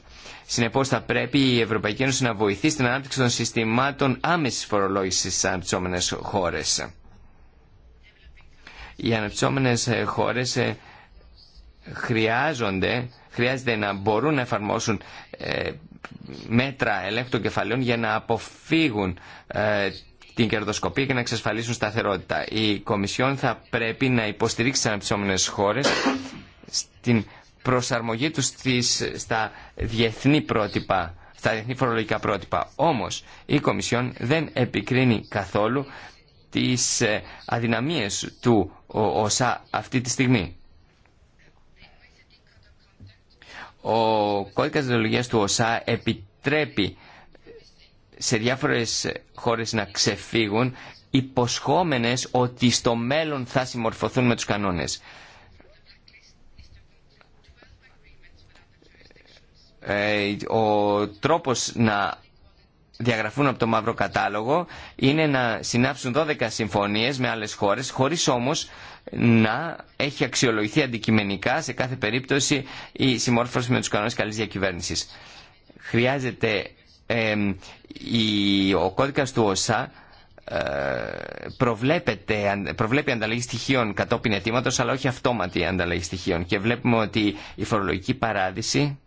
Συνεπώ θα πρέπει η Ευρωπαϊκή Ένωση να βοηθεί στην ανάπτυξη των συστημάτων άμεση φορολόγηση στι αναπτυσσόμενε χώρε. Οι αναπτυσσόμενε ε, χώρε ε, χρειάζονται, χρειάζεται να μπορούν να εφαρμόσουν ε, μέτρα ελέγχου των κεφαλαίων για να αποφύγουν την κερδοσκοπία και να εξασφαλίσουν σταθερότητα. Η Κομισιόν θα πρέπει να υποστηρίξει τι αναπτυσσόμενε χώρε στην προσαρμογή του στα διεθνή πρότυπα, στα διεθνή φορολογικά πρότυπα. Όμως, η Κομισιόν δεν επικρίνει καθόλου τι ε, αδυναμίες του ΟΣΑ αυτή τη στιγμή. Ο κώδικας του ΟΣΑ επιτρέπει σε διάφορες χώρες να ξεφύγουν υποσχόμενες ότι στο μέλλον θα συμμορφωθούν με τους κανόνες. Ε, ο τρόπος να διαγραφούν από το μαύρο κατάλογο είναι να συνάψουν 12 συμφωνίες με άλλες χώρες χωρίς όμως να έχει αξιολογηθεί αντικειμενικά σε κάθε περίπτωση η συμμόρφωση με τους κανόνες καλής διακυβέρνησης. Χρειάζεται ο κώδικας του ΩΣΑ ε, προβλέπει ανταλλαγή στοιχείων κατόπιν αιτήματο, αλλά όχι αυτόματη ανταλλαγή στοιχείων. Και βλέπουμε ότι η φορολογική παράδειση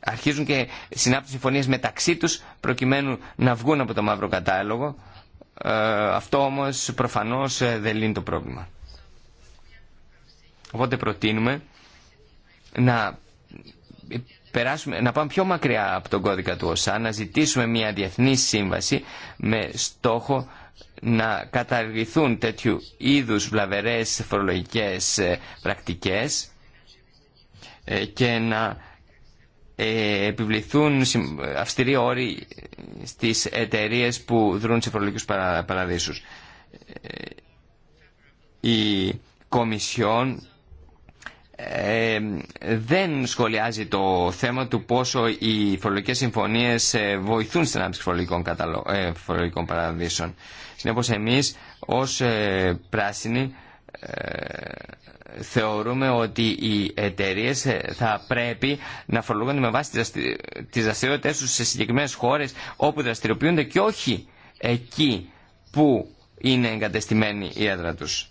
αρχίζουν και συνάπτουν συμφωνίες μεταξύ τους προκειμένου να βγουν από το μαύρο κατάλογο. Ε, αυτό όμως προφανώς ε, δεν λύνει το πρόβλημα. Οπότε προτείνουμε να να πάμε πιο μακριά από τον κώδικα του ΩΣΑ, να ζητήσουμε μια διεθνή σύμβαση με στόχο να καταργηθούν τέτοιου είδους βλαβερές φορολογικές ε, πρακτικές ε, και να ε, επιβληθούν αυστηροί όροι στις εταιρείες που δρούν σε φορολογικούς παραδείσους. Η Κομισιόν ε, δεν σχολιάζει το θέμα του πόσο οι φορολογικές συμφωνίες ε, βοηθούν στην ανάπτυξη φορολογικών, καταλο... ε, φορολογικών παραδείσων. Συνέπως εμείς ως ε, πράσινοι θεωρούμε ότι οι εταιρείε θα πρέπει να φορολογούνται με βάση τις δραστηριότητες τους σε συγκεκριμένες χώρες όπου δραστηριοποιούνται και όχι εκεί που είναι εγκατεστημένη η έδρα τους.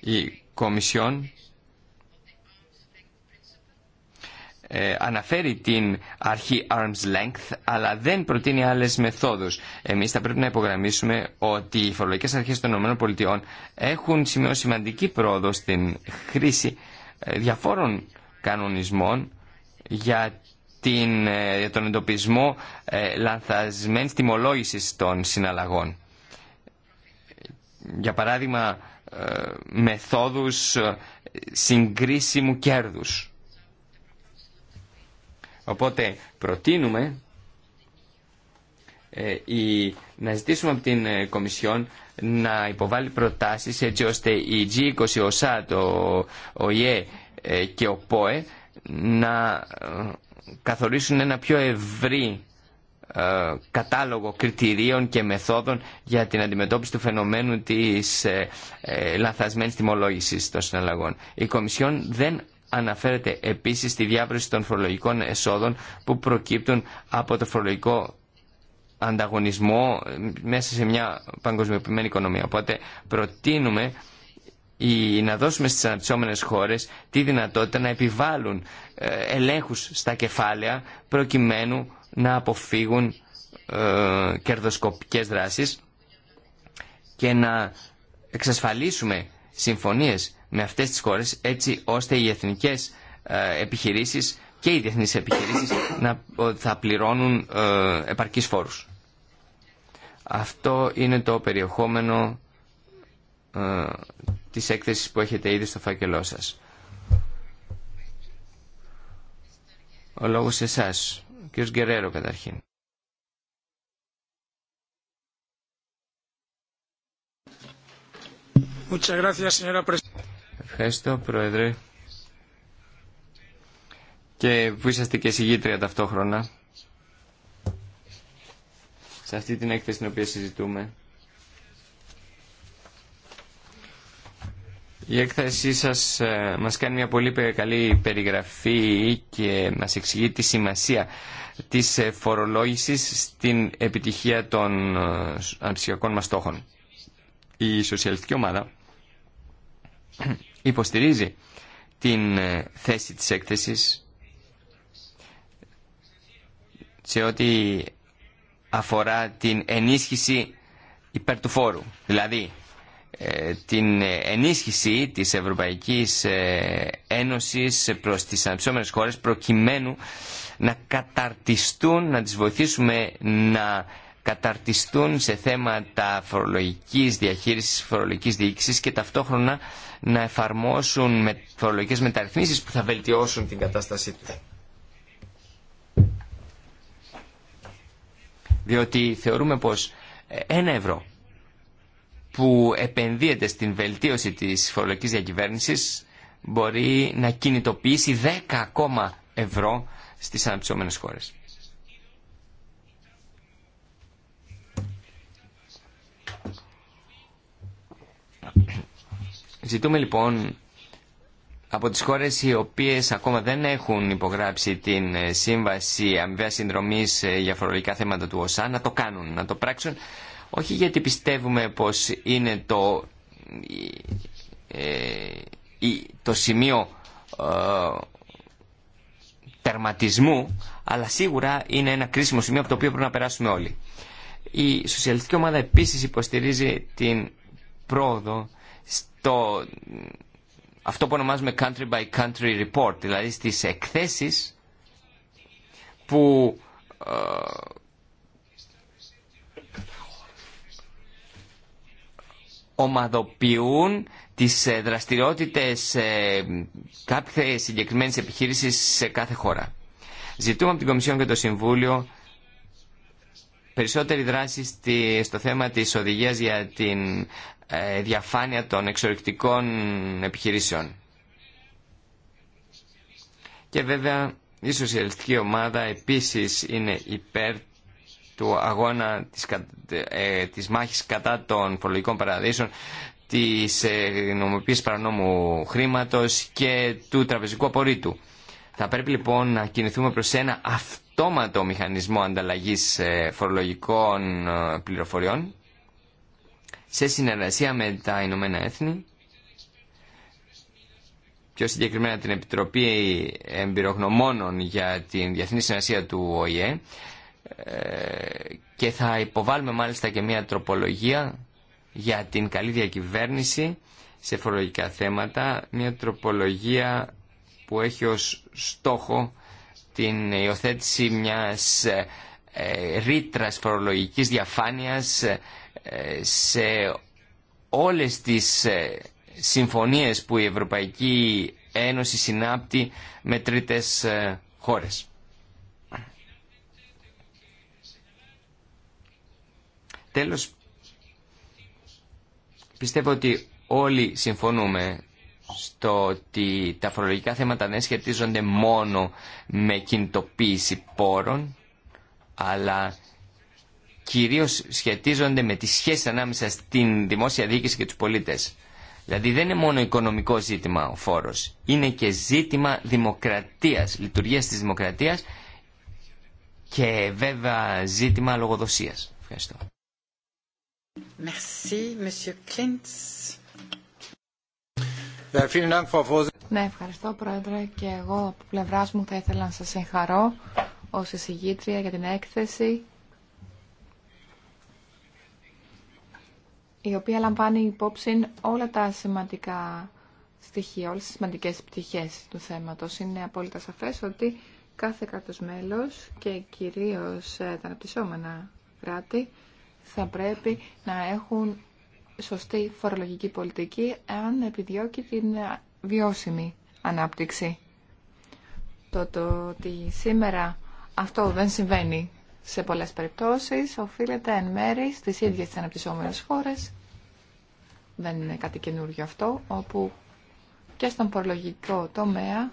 Η Κομισιόν Ε, αναφέρει την αρχή arm's length αλλά δεν προτείνει άλλες μεθόδους. Εμείς θα πρέπει να υπογραμμίσουμε ότι οι φορολογικές αρχές των ΗΠΑ έχουν σημειώσει σημαντική πρόοδο στην χρήση ε, διαφόρων κανονισμών για την, ε, τον εντοπισμό ε, λανθασμένης τιμολόγησης των συναλλαγών. Για παράδειγμα, ε, μεθόδους συγκρίσιμου κέρδους. Οπότε προτείνουμε ε, να ζητήσουμε από την ε, Κομισιόν να υποβάλει προτάσεις έτσι ώστε η G20, ο ΣΑΤ, ο ΙΕ ε, και ο ΠΟΕ να καθορίσουν ένα πιο ευρύ κατάλογο κριτηρίων και μεθόδων για την αντιμετώπιση του φαινομένου της λανθασμένης τιμολόγησης των συναλλαγών. Η Κομισιόν δεν αναφέρεται επίσης στη διάβρωση των φορολογικών εσόδων που προκύπτουν από το φορολογικό ανταγωνισμό μέσα σε μια παγκοσμιοποιημένη οικονομία. Οπότε προτείνουμε ή να δώσουμε στις αναπτυσσόμενες χώρες τη δυνατότητα να επιβάλλουν ε, ελέγχους στα κεφάλαια προκειμένου να αποφύγουν ε, κερδοσκοπικές δράσεις και να εξασφαλίσουμε συμφωνίες με αυτές τις χώρες έτσι ώστε οι εθνικές ε, επιχειρήσεις και οι διεθνείς επιχειρήσεις να, θα πληρώνουν ε, επαρκείς φόρους. Αυτό είναι το περιεχόμενο ε, της έκθεσης που έχετε ήδη στο φάκελό σας. Ο λόγος σε εσάς, ο κ. Γκερέρο καταρχήν. Ευχαριστώ, Πρόεδρε. Και που είσαστε και συγγήτρια ταυτόχρονα. Σε αυτή την έκθεση την οποία συζητούμε. Η έκθεσή σας ε, μας κάνει μια πολύ καλή περιγραφή και μας εξηγεί τη σημασία της ε, φορολόγησης στην επιτυχία των ε, ανησιακών μας στόχων. Η σοσιαλιστική ομάδα υποστηρίζει την ε, θέση της έκθεσης σε ό,τι αφορά την ενίσχυση υπέρ του φόρου. Δηλαδή, ε, την ενίσχυση της Ευρωπαϊκής ε, Ένωσης προς τις αναπτυσσόμενες χώρες προκειμένου να καταρτιστούν, να τις βοηθήσουμε να καταρτιστούν σε θέματα φορολογικής διαχείρισης, φορολογικής διοίκησης και ταυτόχρονα να εφαρμόσουν με φορολογικές μεταρρυθμίσεις που θα βελτιώσουν την κατάστασή τους. Διότι θεωρούμε πως ένα ευρώ που επενδύεται στην βελτίωση της φορολογικής διακυβέρνησης μπορεί να κινητοποιήσει 10 ακόμα ευρώ στις αναπτυσσόμενες χώρες. Ζητούμε λοιπόν από τις χώρες οι οποίες ακόμα δεν έχουν υπογράψει την ε, σύμβαση αμοιβαία συνδρομής ε, για φορολογικά θέματα του ΟΣΑ να το κάνουν, να το πράξουν όχι γιατί πιστεύουμε πως είναι το, ε, το σημείο τερματισμού αλλά σίγουρα είναι ένα κρίσιμο σημείο από το οποίο πρέπει να περάσουμε όλοι. Η σοσιαλιστική ομάδα επίσης υποστηρίζει την πρόοδο στο, αυτό που ονομάζουμε country by country report, δηλαδή στις εκθέσεις που ε, ομαδοποιούν τις ε, δραστηριότητες ε, κάποιες συγκεκριμένες επιχείρησεις σε κάθε χώρα. Ζητούμε από την Κομισιόν και το Συμβούλιο περισσότερη δράση στο θέμα της οδηγίας για τη ε, διαφάνεια των εξορρυκτικών επιχειρήσεων. Και βέβαια η σοσιαλιστική ομάδα επίσης είναι υπέρ του αγώνα της, ε, μάχης κατά των φορολογικών παραδείσων της ε, νομοποίησης παρανόμου χρήματος και του τραπεζικού απορρίτου. Θα πρέπει λοιπόν να κινηθούμε προς ένα αυτό αυτόματο μηχανισμό ανταλλαγής ε, φορολογικών ε, πληροφοριών σε συνεργασία με τα Ηνωμένα Έθνη, πιο συγκεκριμένα την Επιτροπή Εμπειρογνωμόνων για την Διεθνή Συνεργασία του ΟΗΕ ε, και θα υποβάλουμε μάλιστα και μια τροπολογία για την καλή διακυβέρνηση σε φορολογικά θέματα, μια τροπολογία που έχει ως στόχο την υιοθέτηση μιας ε, ε, ρήτρας φορολογικής διαφάνειας ε, σε όλες τις συμφωνίες που η Ευρωπαϊκή Ένωση συνάπτει με τρίτες χώρες. Τέλος, πιστεύω ότι όλοι συμφωνούμε στο ότι τα φορολογικά θέματα δεν σχετίζονται μόνο με κινητοποίηση πόρων, αλλά κυρίως σχετίζονται με τη σχέση ανάμεσα στην δημόσια διοίκηση και τους πολίτες. Δηλαδή δεν είναι μόνο οικονομικό ζήτημα ο φόρος, είναι και ζήτημα δημοκρατίας, λειτουργίας της δημοκρατίας και βέβαια ζήτημα λογοδοσίας. Ευχαριστώ. Merci, Monsieur ναι, ναι, ευχαριστώ Πρόεδρε και εγώ από πλευρά μου θα ήθελα να σας συγχαρώ ως εισηγήτρια για την έκθεση η οποία λαμβάνει υπόψη όλα τα σημαντικά στοιχεία, όλες τις σημαντικές πτυχές του θέματος. Είναι απόλυτα σαφές ότι κάθε κράτος μέλος και κυρίως ε, τα αναπτυσσόμενα κράτη θα πρέπει να έχουν σωστή φορολογική πολιτική αν επιδιώκει την βιώσιμη ανάπτυξη. Το, το ότι σήμερα αυτό δεν συμβαίνει σε πολλές περιπτώσεις οφείλεται εν μέρη στις ίδιες τις αναπτυσσόμενες χώρες. Δεν είναι κάτι καινούργιο αυτό, όπου και στον φορολογικό τομέα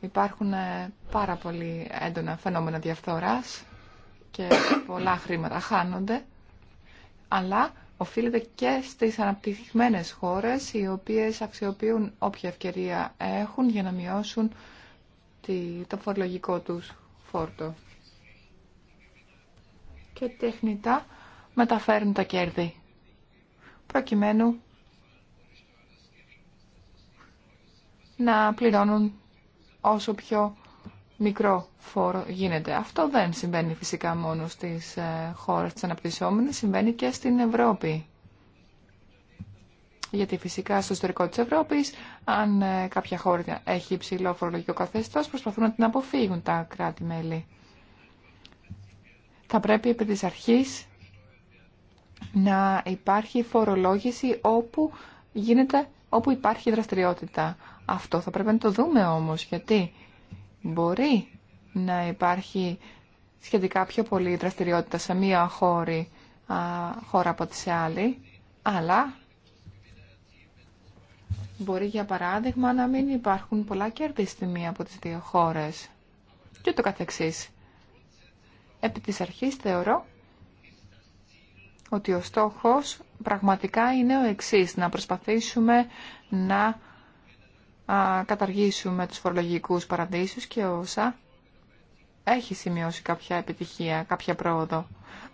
υπάρχουν ε, πάρα πολύ έντονα φαινόμενα διαφθοράς και πολλά χρήματα χάνονται αλλά οφείλεται και στις αναπτυχμένες χώρες οι οποίες αξιοποιούν όποια ευκαιρία έχουν για να μειώσουν το φορολογικό τους φόρτο. Και τεχνητά μεταφέρουν τα κέρδη προκειμένου να πληρώνουν όσο πιο μικρό φόρο γίνεται. Αυτό δεν συμβαίνει φυσικά μόνο στις ε, χώρες της αναπτυσσόμενης, συμβαίνει και στην Ευρώπη. Γιατί φυσικά στο ιστορικό της Ευρώπης, αν ε, κάποια χώρα έχει υψηλό φορολογικό καθεστώς, προσπαθούν να την αποφύγουν τα κράτη-μέλη. Θα πρέπει επί της αρχής να υπάρχει φορολόγηση όπου, γίνεται, όπου υπάρχει δραστηριότητα. Αυτό θα πρέπει να το δούμε όμως, γιατί μπορεί να υπάρχει σχετικά πιο πολύ δραστηριότητα σε μία χώρη, χώρα από τη σε άλλη, αλλά μπορεί για παράδειγμα να μην υπάρχουν πολλά κέρδη στη μία από τις δύο χώρες και το καθεξής. Επί της αρχής θεωρώ ότι ο στόχος πραγματικά είναι ο εξής, να προσπαθήσουμε να καταργήσουμε τους φορολογικούς παραδείσους και όσα έχει σημειώσει κάποια επιτυχία, κάποια πρόοδο.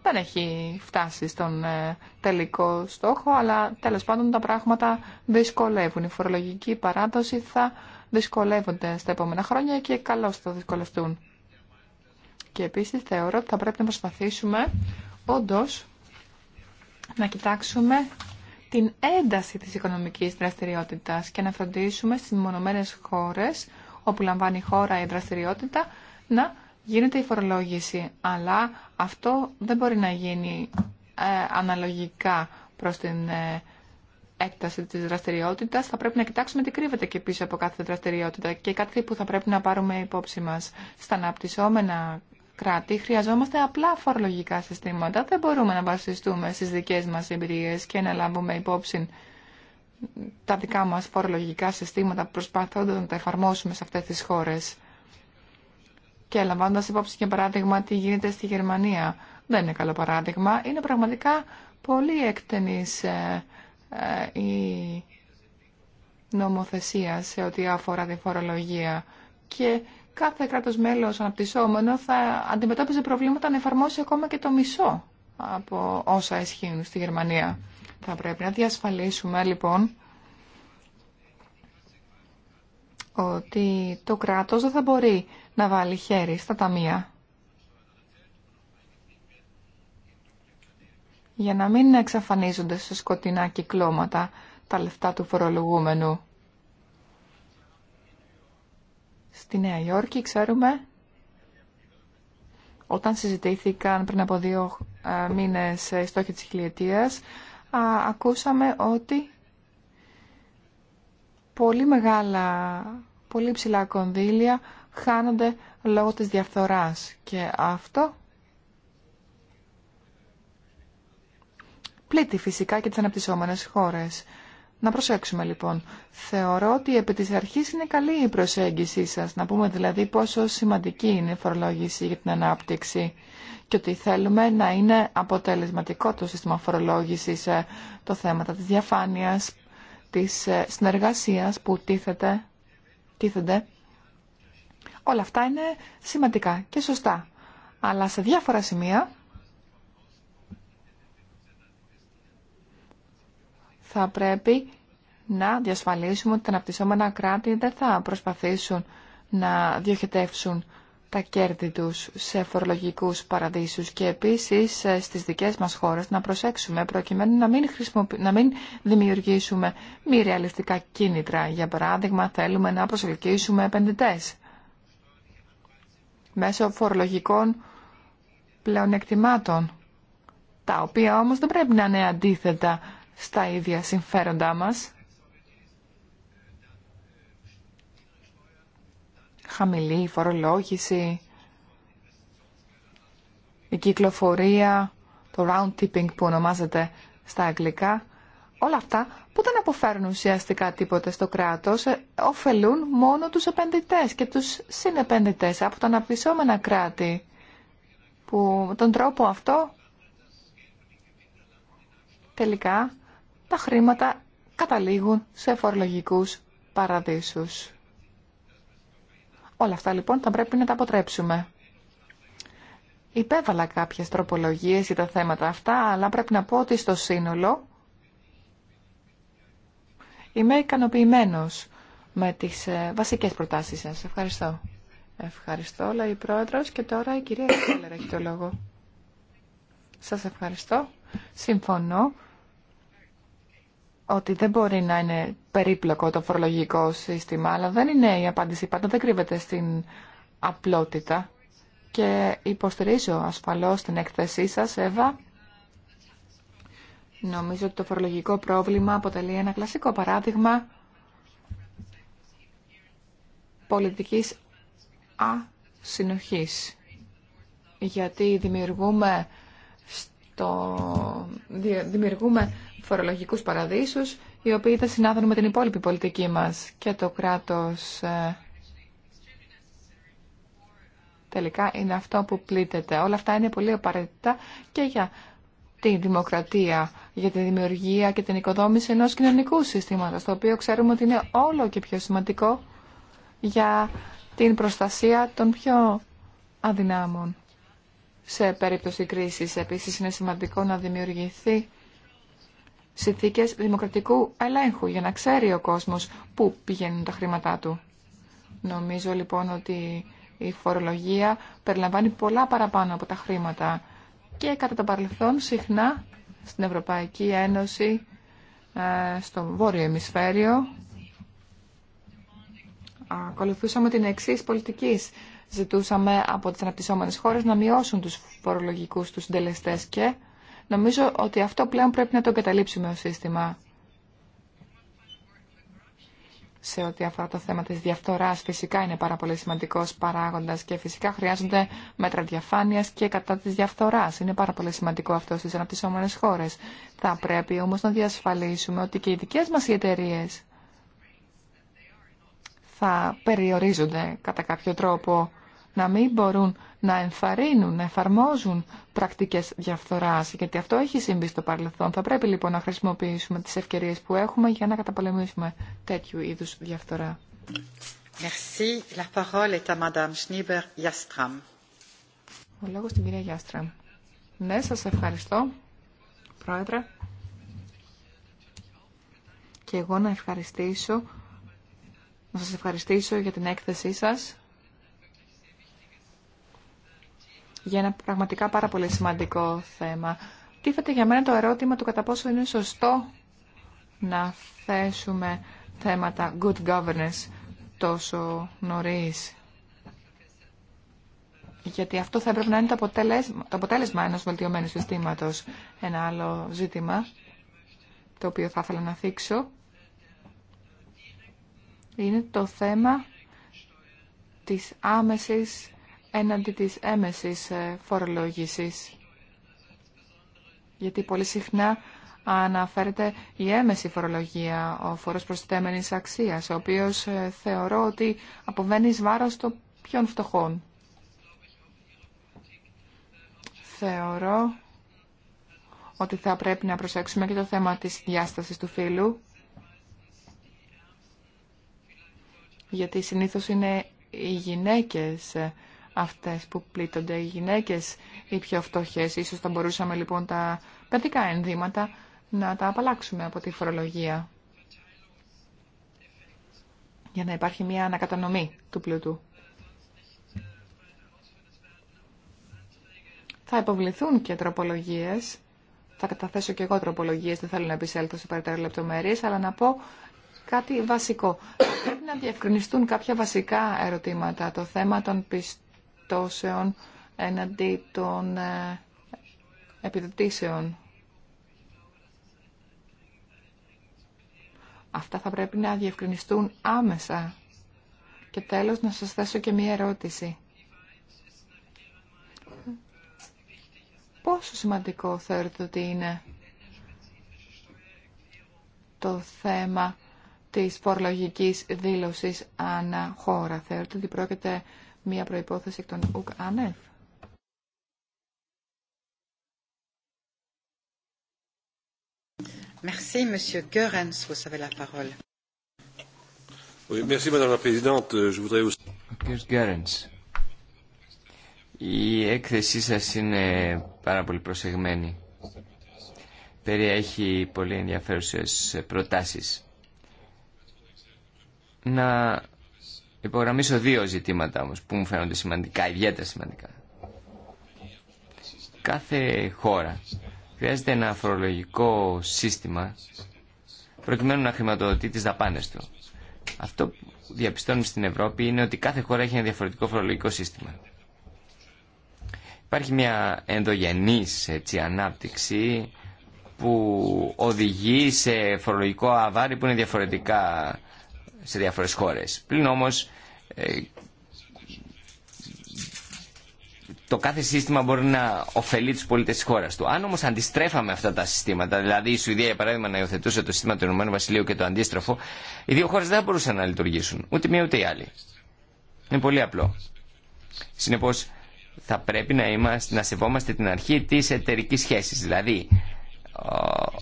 Δεν έχει φτάσει στον ε, τελικό στόχο, αλλά τέλος πάντων τα πράγματα δυσκολεύουν. Η φορολογική παράδοση θα δυσκολεύονται στα επόμενα χρόνια και καλώς θα δυσκολευτούν. Και επίσης θεωρώ ότι θα πρέπει να προσπαθήσουμε όντως να κοιτάξουμε την ένταση της οικονομικής δραστηριότητας και να φροντίσουμε στις μονομένες χώρες όπου λαμβάνει η χώρα η δραστηριότητα να γίνεται η φορολόγηση. Αλλά αυτό δεν μπορεί να γίνει ε, αναλογικά προς την ε, έκταση της δραστηριότητας. Θα πρέπει να κοιτάξουμε τι κρύβεται και πίσω από κάθε δραστηριότητα και κάτι που θα πρέπει να πάρουμε υπόψη μας στα αναπτυσσόμενα κράτη χρειαζόμαστε απλά φορολογικά συστήματα. Δεν μπορούμε να βασιστούμε στις δικές μας εμπειρίες και να λάβουμε υπόψη τα δικά μας φορολογικά συστήματα προσπαθώντας να τα εφαρμόσουμε σε αυτές τις χώρες. Και λαμβάνοντας υπόψη και παράδειγμα τι γίνεται στη Γερμανία. Δεν είναι καλό παράδειγμα. Είναι πραγματικά πολύ εκτενής ε, ε, η νομοθεσία σε ό,τι αφορά τη φορολογία και κάθε κράτος μέλος αναπτυσσόμενο θα αντιμετώπιζε προβλήματα να εφαρμόσει ακόμα και το μισό από όσα ισχύουν στη Γερμανία. Θα πρέπει να διασφαλίσουμε λοιπόν ότι το κράτος δεν θα μπορεί να βάλει χέρι στα ταμεία για να μην εξαφανίζονται σε σκοτεινά κυκλώματα τα λεφτά του φορολογούμενου. Στη Νέα Υόρκη ξέρουμε όταν συζητήθηκαν πριν από δύο ε, μήνες ε, οι στόχοι της χιλιετίας ακούσαμε ότι πολύ μεγάλα, πολύ ψηλά κονδύλια χάνονται λόγω της διαφθοράς και αυτό πλήττει φυσικά και τις αναπτυσσόμενες χώρες. Να προσέξουμε λοιπόν. Θεωρώ ότι επί της αρχής είναι καλή η προσέγγιση σας, να πούμε δηλαδή πόσο σημαντική είναι η φορολόγηση για την ανάπτυξη και ότι θέλουμε να είναι αποτελεσματικό το σύστημα φορολόγησης ε, το θέματα της διαφάνειας, της ε, συνεργασίας που τίθεται, τίθεται. Όλα αυτά είναι σημαντικά και σωστά. Αλλά σε διάφορα σημεία θα πρέπει να διασφαλίσουμε ότι τα αναπτυσσόμενα κράτη δεν θα προσπαθήσουν να διοχετεύσουν τα κέρδη τους σε φορολογικούς παραδείσους και επίσης ε, στις δικές μας χώρες να προσέξουμε προκειμένου να μην, να μην δημιουργήσουμε μη ρεαλιστικά κίνητρα. Για παράδειγμα θέλουμε να προσελκύσουμε επενδυτές μέσω φορολογικών πλεονεκτημάτων τα οποία όμως δεν πρέπει να είναι αντίθετα στα ίδια συμφέροντά μας. Χαμηλή φορολόγηση, η κυκλοφορία, το round tipping που ονομάζεται στα αγγλικά, όλα αυτά που δεν αποφέρουν ουσιαστικά τίποτε στο κράτος, ε, ωφελούν μόνο τους επενδυτές και τους συνεπενδυτές από τα αναπτυσσόμενα κράτη, που τον τρόπο αυτό τελικά τα χρήματα καταλήγουν σε φορολογικούς παραδείσους. Όλα αυτά λοιπόν θα πρέπει να τα αποτρέψουμε. Υπέβαλα κάποιες τροπολογίες για τα θέματα αυτά, αλλά πρέπει να πω ότι στο σύνολο είμαι ικανοποιημένο με τις ε, βασικές προτάσεις σας. Ευχαριστώ. Ευχαριστώ, λέει η Πρόεδρος. Και τώρα η κυρία Κέλλερ έχει το λόγο. Σας ευχαριστώ. Συμφωνώ ότι δεν μπορεί να είναι περίπλοκο το φορολογικό σύστημα, αλλά δεν είναι η απάντηση πάντα, δεν κρύβεται στην απλότητα. Και υποστηρίζω ασφαλώς την έκθεσή σας, Εύα. Νομίζω ότι το φορολογικό πρόβλημα αποτελεί ένα κλασικό παράδειγμα πολιτικής ασυνοχής. Γιατί δημιουργούμε, στο... δημιουργούμε φορολογικούς παραδείσους, οι οποίοι δεν συνάδουν με την υπόλοιπη πολιτική μας και το κράτος ε, τελικά είναι αυτό που πλήττεται. Όλα αυτά είναι πολύ απαραίτητα και για τη δημοκρατία, για τη δημιουργία και την οικοδόμηση ενός κοινωνικού συστήματος, το οποίο ξέρουμε ότι είναι όλο και πιο σημαντικό για την προστασία των πιο αδυνάμων. Σε περίπτωση κρίσης, επίσης, είναι σημαντικό να δημιουργηθεί συνθήκες δημοκρατικού ελέγχου για να ξέρει ο κόσμος πού πηγαίνουν τα χρήματά του. Νομίζω λοιπόν ότι η φορολογία περιλαμβάνει πολλά παραπάνω από τα χρήματα και κατά το παρελθόν συχνά στην Ευρωπαϊκή Ένωση, ε, στο βόρειο Εμισφαίριο ακολουθούσαμε την εξή πολιτική. Ζητούσαμε από τις αναπτυσσόμενες χώρες να μειώσουν τους φορολογικούς τους συντελεστές και Νομίζω ότι αυτό πλέον πρέπει να το εγκαταλείψουμε ως σύστημα. Σε ό,τι αφορά το θέμα της διαφθοράς, φυσικά είναι πάρα πολύ σημαντικός παράγοντας και φυσικά χρειάζονται μέτρα διαφάνειας και κατά της διαφθοράς. Είναι πάρα πολύ σημαντικό αυτό στις αναπτυσσόμενες χώρες. Θα πρέπει όμως να διασφαλίσουμε ότι και οι δικές μας οι εταιρείε θα περιορίζονται κατά κάποιο τρόπο να μην μπορούν να ενθαρρύνουν, να εφαρμόζουν πρακτικές διαφθοράς, γιατί αυτό έχει συμβεί στο παρελθόν. Θα πρέπει λοιπόν να χρησιμοποιήσουμε τις ευκαιρίες που έχουμε για να καταπολεμήσουμε τέτοιου είδους διαφθορά. Merci. La parole est à Madame Ο λόγος στην κυρία Γιάστραμ. Ναι, σας ευχαριστώ, Πρόεδρε. Και εγώ να ευχαριστήσω, να σας ευχαριστήσω για την έκθεσή σας για ένα πραγματικά πάρα πολύ σημαντικό θέμα. Τίθεται για μένα το ερώτημα του κατά πόσο είναι σωστό να θέσουμε θέματα good governance τόσο νωρίς. Γιατί αυτό θα έπρεπε να είναι το αποτέλεσμα, το αποτέλεσμα ενός βελτιωμένου συστήματος. Ένα άλλο ζήτημα, το οποίο θα ήθελα να θίξω, είναι το θέμα της άμεσης έναντι της έμεσης ε, φορολόγησης. Γιατί πολύ συχνά αναφέρεται η έμεση φορολογία, ο φόρος προστιτέμενης αξίας, ο οποίος ε, θεωρώ ότι αποβαίνει βάρος των πιο φτωχών. Θεωρώ ότι θα πρέπει να προσέξουμε και το θέμα της διάστασης του φύλου, γιατί συνήθως είναι οι γυναίκες ε, αυτές που πλήττονται, οι γυναίκες οι πιο φτωχές. Ίσως θα μπορούσαμε λοιπόν τα παιδικά ενδύματα να τα απαλλάξουμε από τη φορολογία για να υπάρχει μια ανακατανομή του πλούτου. Θα υποβληθούν και τροπολογίες. Θα καταθέσω και εγώ τροπολογίες, δεν θέλω να επισέλθω σε περαιτέρω λεπτομέρειες, αλλά να πω κάτι βασικό. Πρέπει να διευκρινιστούν κάποια βασικά ερωτήματα. Το θέμα των πιστών εναντί των ε, επιδοτήσεων. Αυτά θα πρέπει να διευκρινιστούν άμεσα. Και τέλος να σας θέσω και μία ερώτηση. Πόσο σημαντικό θεωρείτε ότι είναι το θέμα της φορολογικής δήλωσης ανά χώρα. Θεωρείτε ότι πρόκειται μία προϋπόθεση εκ των ΟΚ ΑΝΕΦ. Ναι. Merci, Monsieur Goerens, vous avez la parole. Oui, euh, η έκθεσή σας είναι πάρα πολύ προσεγμένη. Περιέχει πολύ ενδιαφέρουσες προτάσεις. Να υπογραμμίσω δύο ζητήματα όμως που μου φαίνονται σημαντικά, ιδιαίτερα σημαντικά. Κάθε χώρα χρειάζεται ένα φορολογικό σύστημα προκειμένου να χρηματοδοτεί τις δαπάνες του. Αυτό που διαπιστώνουμε στην Ευρώπη είναι ότι κάθε χώρα έχει ένα διαφορετικό φορολογικό σύστημα. Υπάρχει μια ενδογενής ανάπτυξη που οδηγεί σε φορολογικό αβάρι που είναι διαφορετικά σε διάφορες χώρες. Πλην όμως ε, το κάθε σύστημα μπορεί να ωφελεί τους πολίτες της χώρας του. Αν όμως αντιστρέφαμε αυτά τα συστήματα, δηλαδή η Σουηδία για παράδειγμα να υιοθετούσε το σύστημα του Ηνωμένου Βασιλείου και το αντίστροφο, οι δύο χώρες δεν θα μπορούσαν να λειτουργήσουν, ούτε μία ούτε η άλλη. Είναι πολύ απλό. Συνεπώς θα πρέπει να, είμαστε, να σεβόμαστε την αρχή της εταιρική σχέσης, δηλαδή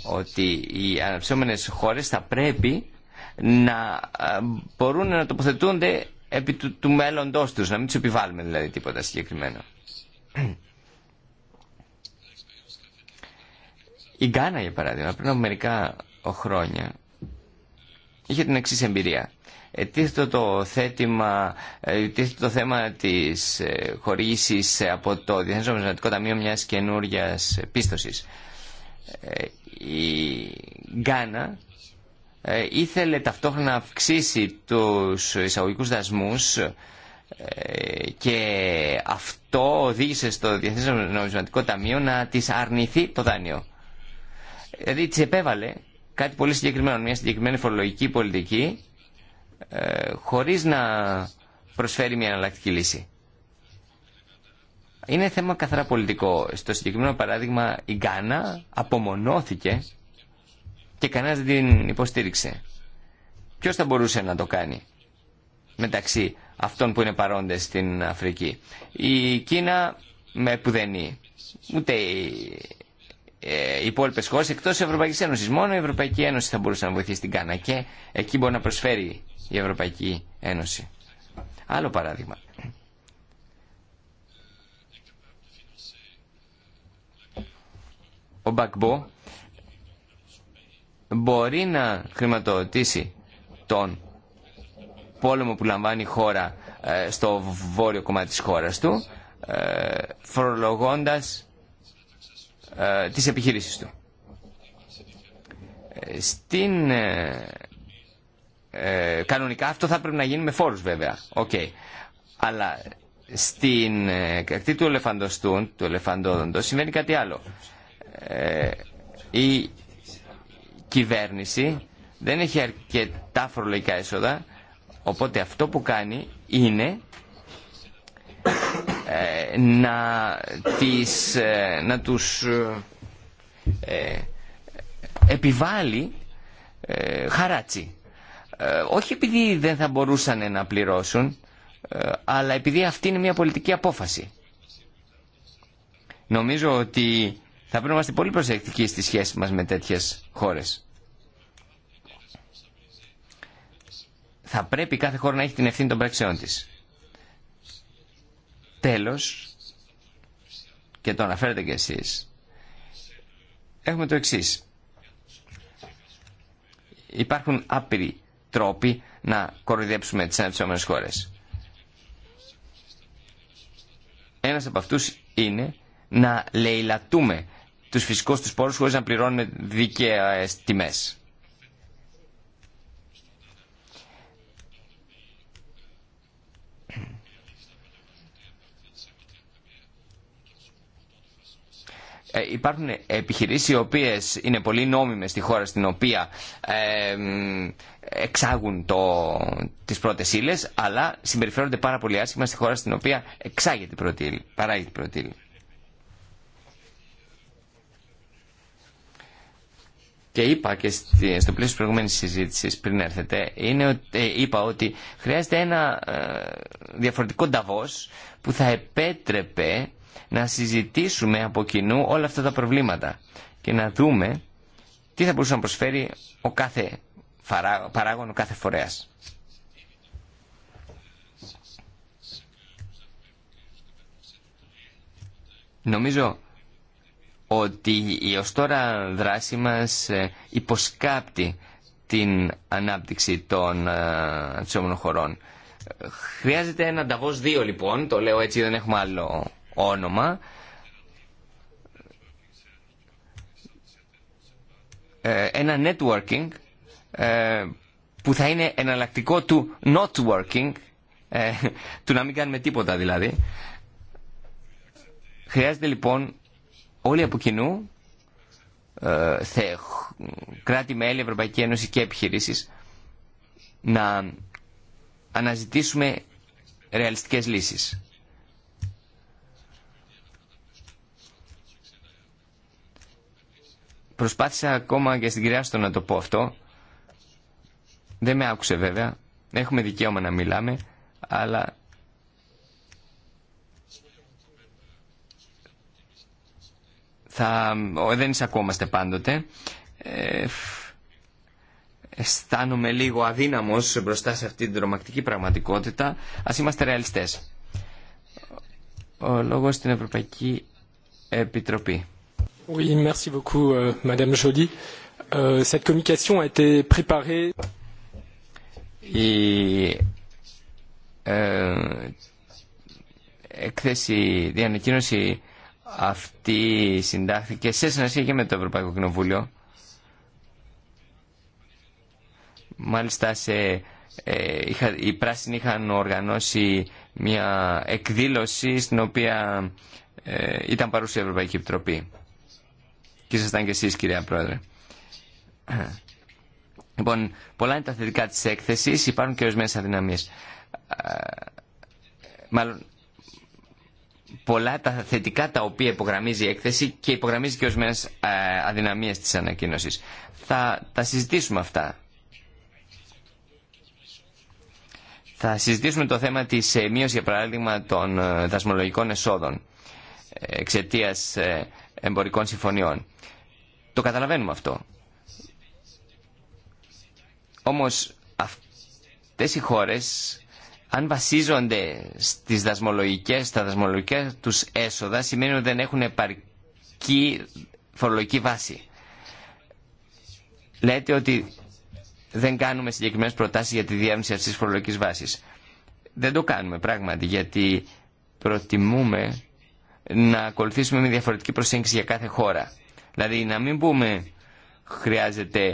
ότι οι αναψώμενες χώρες θα πρέπει να ε, μπορούν να τοποθετούνται επί του, του μέλλοντός τους, να μην τους επιβάλλουμε δηλαδή τίποτα συγκεκριμένο. Η Γκάνα, για παράδειγμα, πριν από μερικά χρόνια, είχε την εξή εμπειρία. ετίθετο το, θέτημα, ε, το θέμα της ε, χορήγησης από το Διεθνές Νομισματικό Ταμείο μιας καινούργιας πίστοσης. Η Γκάνα ε, ήθελε ταυτόχρονα να αυξήσει τους εισαγωγικού δασμούς ε, και αυτό οδήγησε στο Διεθνές Νομισματικό Ταμείο να της αρνηθεί το δάνειο. Δηλαδή της επέβαλε κάτι πολύ συγκεκριμένο, μια συγκεκριμένη φορολογική πολιτική ε, χωρίς να προσφέρει μια εναλλακτική λύση. Είναι θέμα καθαρά πολιτικό. Στο συγκεκριμένο παράδειγμα η Γκάνα απομονώθηκε και κανένα δεν την υποστήριξε. Ποιο θα μπορούσε να το κάνει μεταξύ αυτών που είναι παρόντε στην Αφρική. Η Κίνα με πουδενή. Ούτε οι ε, υπόλοιπε χώρε εκτό Ευρωπαϊκή Ένωση. Μόνο η Ευρωπαϊκή Ένωση θα μπορούσε να βοηθήσει την Κάνα και εκεί μπορεί να προσφέρει η Ευρωπαϊκή Ένωση. Άλλο παράδειγμα. Ο Μπακμπό μπορεί να χρηματοδοτήσει τον πόλεμο που λαμβάνει η χώρα ε, στο βόρειο κομμάτι της χώρας του ε, φορολογώντας ε, τις επιχείρησεις του. Στην... κανονικά αυτό θα πρέπει να γίνει με φόρους βέβαια. Okay. Αλλά στην κακτή του ελεφαντοστούν, του ελεφαντόδοντος, συμβαίνει κάτι άλλο. η κυβέρνηση δεν έχει αρκετά φορολογικά έσοδα, οπότε αυτό που κάνει είναι ε, να, τις, ε, να τους ε, ε επιβάλλει χαράτσι. όχι επειδή δεν θα μπορούσαν να πληρώσουν, αλλά επειδή αυτή είναι μια πολιτική απόφαση. Νομίζω ότι θα πρέπει να είμαστε πολύ προσεκτικοί στη σχέση μας με τέτοιες χώρες. Θα πρέπει κάθε χώρα να έχει την ευθύνη των πράξεών της. Τέλος, και το αναφέρετε κι εσείς, έχουμε το εξής. Υπάρχουν άπειροι τρόποι να κοροϊδέψουμε τις αναπτυσσόμενες χώρες. Ένας από αυτούς είναι να λαιλατούμε τους φυσικούς τους πόρους χωρίς να πληρώνουν δίκαιες τιμές. Ε, υπάρχουν επιχειρήσεις οι οποίες είναι πολύ νόμιμες στη χώρα στην οποία εξάγουν το, τις πρώτες ύλες αλλά συμπεριφέρονται πάρα πολύ άσχημα στη χώρα στην οποία εξάγεται η πρώτη ύλη, παράγεται η πρώτη ύλη. και είπα και στο πλαίσιο της προηγούμενης συζήτησης πριν έρθετε, είναι, ε, είπα ότι χρειάζεται ένα ε, διαφορετικό ταβός που θα επέτρεπε να συζητήσουμε από κοινού όλα αυτά τα προβλήματα και να δούμε τι θα μπορούσε να προσφέρει ο κάθε παράγων, ο κάθε φορέας. Νομίζω ότι η ως τώρα δράση μας ε, υποσκάπτει την ανάπτυξη των ε, αξιόμενων χωρών. Χρειάζεται ένα ανταβός δύο λοιπόν, το λέω έτσι δεν έχουμε άλλο όνομα. Ε, ένα networking που θα είναι εναλλακτικό του not working, [laughs] του να μην κάνουμε τίποτα δηλαδή. Χρειάζεται λοιπόν όλοι από κοινού, ε, κράτη-μέλη, Ευρωπαϊκή Ένωση και επιχειρήσει, να αναζητήσουμε ρεαλιστικές λύσεις. Προσπάθησα ακόμα και στην κυρία να το πω αυτό. Δεν με άκουσε βέβαια. Έχουμε δικαίωμα να μιλάμε, αλλά θα, δεν εισακόμαστε πάντοτε. Ε, αισθάνομαι λίγο αδύναμος μπροστά σε αυτή την τρομακτική πραγματικότητα. Ας είμαστε ρεαλιστές. Ο λόγος στην Ευρωπαϊκή Επιτροπή. Oui, merci beaucoup, euh, Madame Jolie. Euh, cette communication a été préparée. Η ε, έκθεση, η ανακοίνωση αυτή συντάχθηκε σε συνεργασία και με το Ευρωπαϊκό Κοινοβούλιο. Μάλιστα σε, ε, είχα, οι πράσινοι είχαν οργανώσει μια εκδήλωση στην οποία ε, ήταν παρούσα η Ευρωπαϊκή Επιτροπή. Και ήσασταν και εσείς κυρία Πρόεδρε. Λοιπόν, πολλά είναι τα θετικά της έκθεσης, υπάρχουν και ορισμένες αδυναμίες. Μάλλον πολλά τα θετικά τα οποία υπογραμμίζει η έκθεση και υπογραμμίζει και ορισμένε αδυναμίε τη ανακοίνωση. Θα τα συζητήσουμε αυτά. Θα συζητήσουμε το θέμα τη ε, μείωση, για παράδειγμα, των ε, δασμολογικών εσόδων ε, εξαιτία εμπορικών συμφωνιών. Το καταλαβαίνουμε αυτό. Όμως αυτές οι χώρες αν βασίζονται στις δασμολογικές, στα δασμολογικά τους έσοδα σημαίνει ότι δεν έχουν επαρκή φορολογική βάση. Λέτε ότι δεν κάνουμε συγκεκριμένες προτάσεις για τη διεύνηση αυτής της φορολογικής βάσης. Δεν το κάνουμε πράγματι γιατί προτιμούμε να ακολουθήσουμε μια διαφορετική προσέγγιση για κάθε χώρα. Δηλαδή να μην πούμε χρειάζεται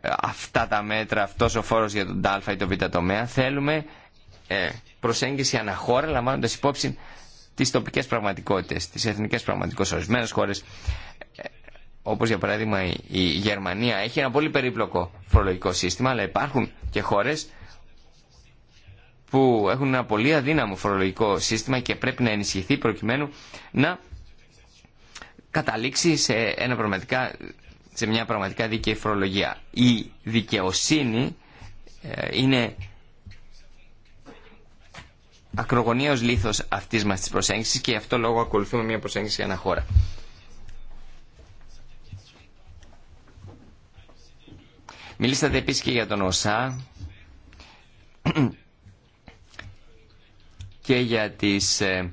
ε, αυτά τα μέτρα, αυτός ο φόρος για τον α ή τον β τομέα. Θέλουμε ε, προσέγγιση αναχώρα, λαμβάνοντας υπόψη τις τοπικές πραγματικότητες, τις εθνικές πραγματικότητες. Ορισμένες χώρες, ε, όπως για παράδειγμα η Γερμανία, έχει ένα πολύ περίπλοκο φορολογικό σύστημα, αλλά υπάρχουν και χώρες που έχουν ένα πολύ αδύναμο φορολογικό σύστημα και πρέπει να ενισχυθεί προκειμένου να καταλήξει σε, ένα σε μια πραγματικά δίκαιη φορολογία. Η δικαιοσύνη ε, είναι ακρογωνίως λίθος αυτή μα της προσέγγιση και γι' αυτό λόγο ακολουθούμε μια προσέγγιση ανά χώρα. Μιλήσατε επίσης και για τον ΩΣΑ και για, τις, ε,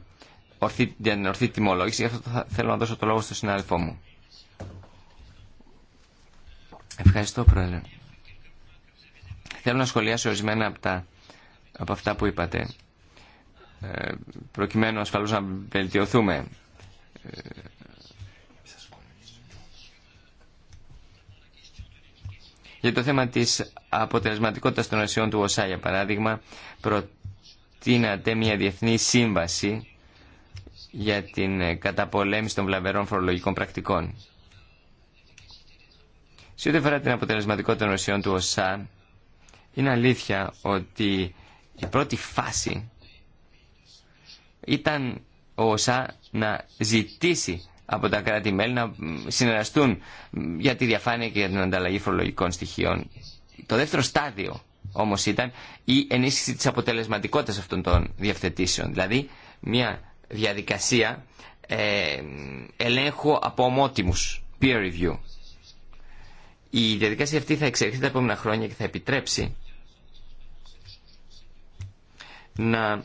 ορθή, την ορθή τιμολόγηση. Γι' αυτό θέλω να δώσω το λόγο στον συνάδελφό μου. Ευχαριστώ, Πρόεδρε. Θέλω να σχολιάσω ορισμένα από αυτά που είπατε. Ε, προκειμένου ασφαλώς να βελτιωθούμε. Ε, για το θέμα της αποτελεσματικότητας των ασιών του ΟΣΑ, για παράδειγμα, προτείνατε μια διεθνή σύμβαση για την ε, καταπολέμηση των βλαβερών φορολογικών πρακτικών. Σε ό,τι αφορά την αποτελεσματικότητα των ουσιών του ΟΣΑ, είναι αλήθεια ότι η πρώτη φάση ήταν ο ΩΣΑ να ζητήσει από τα κράτη-μέλη να συνεργαστούν για τη διαφάνεια και για την ανταλλαγή φορολογικών στοιχείων. Το δεύτερο στάδιο όμως ήταν η ενίσχυση της αποτελεσματικότητας αυτών των διευθετήσεων. Δηλαδή μια διαδικασία ε, ελέγχου από ομότιμους, peer review. Η διαδικασία αυτή θα εξελιχθεί τα επόμενα χρόνια και θα επιτρέψει να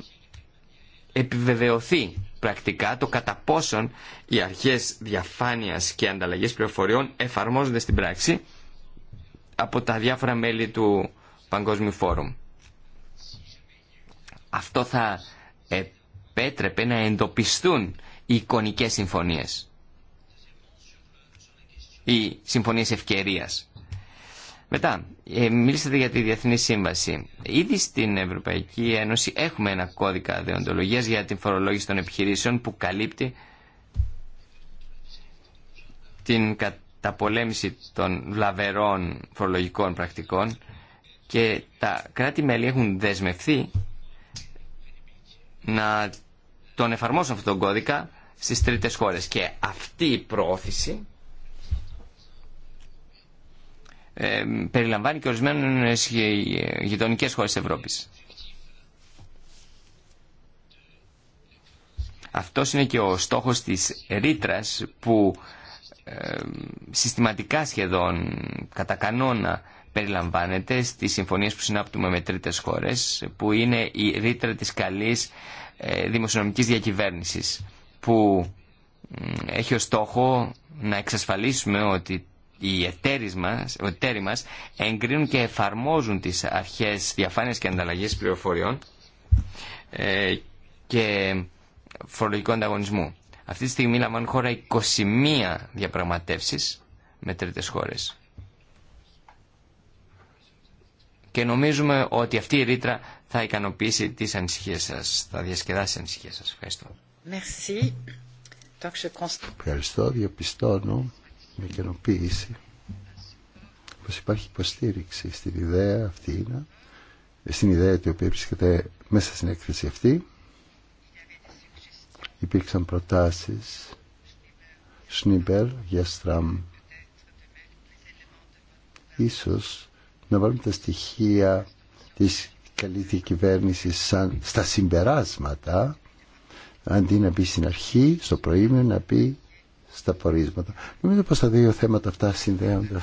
επιβεβαιωθεί πρακτικά το κατά πόσον οι αρχές διαφάνειας και ανταλλαγής πληροφοριών εφαρμόζονται στην πράξη από τα διάφορα μέλη του Παγκόσμιου Φόρουμ. Αυτό θα επέτρεπε να εντοπιστούν οι εικονικές συμφωνίες ή συμφωνίες ευκαιρίας. Μετά, ε, μίλησατε για τη Διεθνή Σύμβαση. Ήδη στην Ευρωπαϊκή Ένωση έχουμε ένα κώδικα δεοντολογίας για την φορολόγηση των επιχειρήσεων που καλύπτει την καταπολέμηση των βλαβερών φορολογικών πρακτικών και τα κράτη-μέλη έχουν δεσμευθεί να τον εφαρμόσουν αυτόν τον κώδικα στις τρίτες χώρες. Και αυτή η προώθηση περιλαμβάνει και ορισμένες γειτονικές χώρες της Ευρώπης. Αυτός είναι και ο στόχος της ρήτρα που συστηματικά σχεδόν κατά κανόνα περιλαμβάνεται στις συμφωνίες που συνάπτουμε με τρίτες χώρες που είναι η ρήτρα της καλής ε, δημοσιονομικής διακυβέρνησης που έχει ως στόχο να εξασφαλίσουμε ότι οι εταίροι μας, μας εγκρίνουν και εφαρμόζουν τις αρχές διαφάνειας και ανταλλαγής πληροφοριών ε, και φορολογικού ανταγωνισμού. Αυτή τη στιγμή λαμβάνουν χώρα 21 διαπραγματεύσεις με τρίτες χώρες. Και νομίζουμε ότι αυτή η ρήτρα θα ικανοποιήσει τις ανησυχίες σας, θα διασκεδάσει τις ανησυχίες σας. Ευχαριστώ. Ευχαριστώ, διαπιστώνω με ικανοποίηση πως υπάρχει υποστήριξη στην ιδέα αυτή στην ιδέα την οποία βρίσκεται μέσα στην έκθεση αυτή υπήρξαν προτάσεις Σνίμπερ για Στραμ ίσως να βάλουμε τα στοιχεία της καλή κυβέρνηση σαν στα συμπεράσματα αντί να πει στην αρχή, στο προήμιο να πει στα πορίσματα. Νομίζω πως τα δύο θέματα αυτά συνδέονται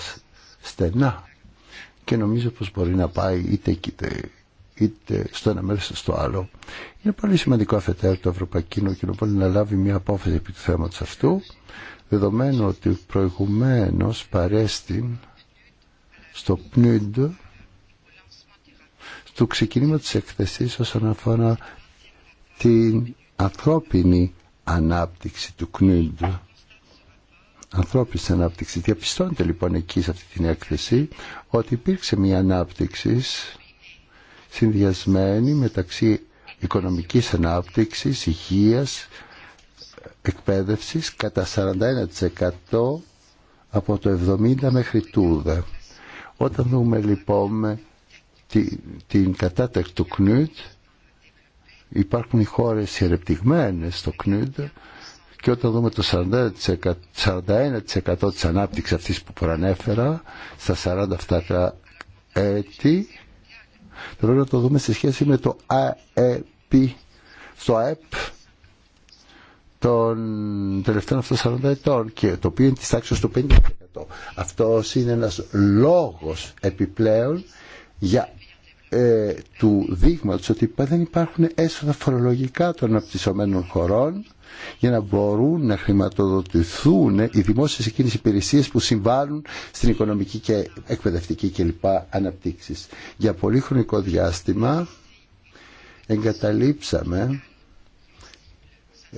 στενά και νομίζω πως μπορεί να πάει είτε, είτε, είτε στο ένα μέρος στο άλλο. Είναι πολύ σημαντικό αφετέρου το Ευρωπαϊκό Κοινοβούλιο να λάβει μια απόφαση επί του θέματος αυτού δεδομένου ότι προηγουμένως παρέστην στο ΠΝΙΝΤ στο ξεκίνημα της εκθεσής όσον αφορά την ανθρώπινη ανάπτυξη του κνούντου ανθρώπινη ανάπτυξη. Διαπιστώνεται λοιπόν εκεί σε αυτή την έκθεση ότι υπήρξε μια ανάπτυξη συνδυασμένη μεταξύ οικονομικής ανάπτυξης, υγείας, εκπαίδευσης κατά 41% από το 70 μέχρι τούδε. Όταν δούμε λοιπόν την, την κατάταξη του ΚΝΟΥΤ υπάρχουν οι χώρες ερεπτυγμένες στο ΚΝΟΥΤ και όταν δούμε το 40%, 41% της ανάπτυξης αυτής που προανέφερα στα 47 έτη, θα πρέπει να το δούμε σε σχέση με το ΑΕΠ, στο ΑΕΠ των τελευταίων αυτών 40 ετών και το οποίο είναι της τάξης του 50%. Αυτός είναι ένας λόγος επιπλέον για ε, του δείγματος ότι δεν υπάρχουν έσοδα φορολογικά των αναπτυσσομένων χωρών για να μπορούν να χρηματοδοτηθούν οι δημόσιες εκείνες υπηρεσίες που συμβάλλουν στην οικονομική και εκπαιδευτική λοιπά αναπτύξεις. Για πολύ χρονικό διάστημα εγκαταλείψαμε ε,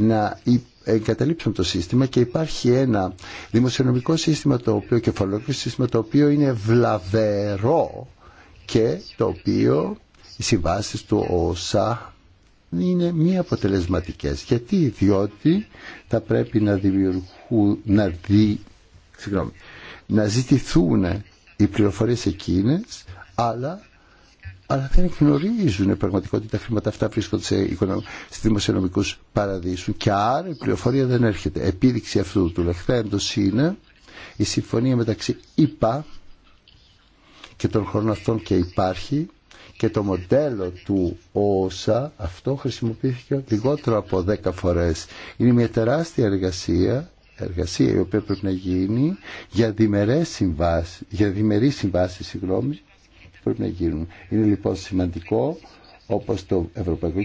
να εγκαταλείψουμε το σύστημα και υπάρχει ένα δημοσιονομικό σύστημα το οποίο, σύστημα το οποίο είναι βλαβερό και το οποίο οι συμβάσει του ΟΣΑ είναι μη αποτελεσματικέ. Γιατί, διότι θα πρέπει να δημιουργούν, να, δει, συγγνώμη, να ζητηθούν οι πληροφορίε εκείνε, αλλά, αλλά δεν γνωρίζουν πραγματικότητα τα χρήματα αυτά βρίσκονται σε, σε δημοσιονομικούς παραδείσους και άρα η πληροφορία δεν έρχεται. Επίδειξη αυτού του λεχθέντος είναι η συμφωνία μεταξύ ΙΠΑ και των χρόνων αυτών και υπάρχει και το μοντέλο του ΟΣΑ αυτό χρησιμοποιήθηκε λιγότερο από 10 φορές. Είναι μια τεράστια εργασία, εργασία η οποία πρέπει να γίνει για διμερές συμβάσεις, για διμερείς συμβάσεις συγγνώμη, πρέπει να γίνουν. Είναι λοιπόν σημαντικό όπως το Ευρωπαϊκό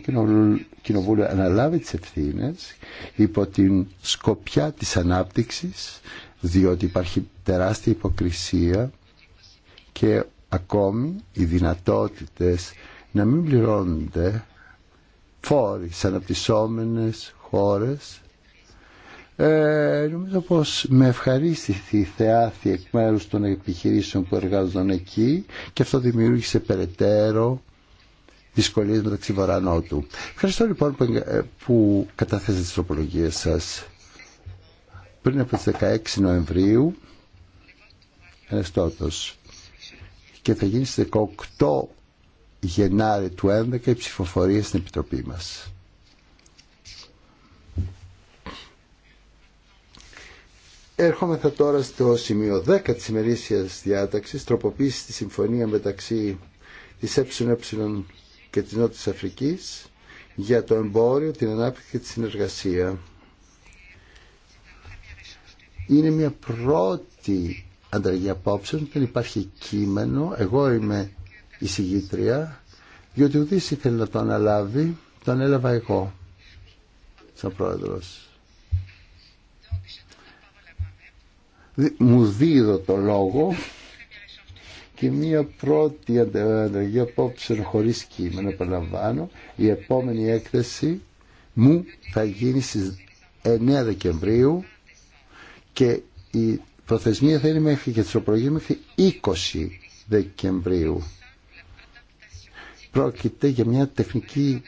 Κοινοβούλιο αναλάβει τις ευθύνες υπό την σκοπιά της ανάπτυξης διότι υπάρχει τεράστια υποκρισία και ακόμη οι δυνατότητες να μην πληρώνονται φόροι σε αναπτυσσόμενες χώρες ε, νομίζω πως με ευχαρίστηθη η θεάθη εκ μέρους των επιχειρήσεων που εργάζονταν εκεί και αυτό δημιούργησε περαιτέρω δυσκολίες μεταξύ του. Ευχαριστώ λοιπόν που, ε, που καταθέσατε τις τροπολογίες σας. Πριν από τις 16 Νοεμβρίου, τόσο και θα γίνει στις 18 Γενάρη του 2011 η ψηφοφορία στην Επιτροπή μας. θα τώρα στο σημείο 10 της ημερήσιας διάταξης, τροποποίηση τη συμφωνία μεταξύ της ΕΕ και της Νότιας Αφρικής για το εμπόριο, την ανάπτυξη και τη συνεργασία. Είναι μια πρώτη ανταλλαγή απόψεων, δεν υπάρχει κείμενο. Εγώ είμαι η συγγήτρια, διότι ούτε ήθελε να το αναλάβει, το ανέλαβα εγώ, σαν πρόεδρος. Μου δίδω το λόγο και μία πρώτη ανταλλαγή απόψεων χωρίς κείμενο, επαναλαμβάνω, η επόμενη έκθεση μου θα γίνει στις 9 Δεκεμβρίου και η προθεσμία θα είναι μέχρι και πρωί μέχρι 20 Δεκεμβρίου. Πρόκειται για μια τεχνική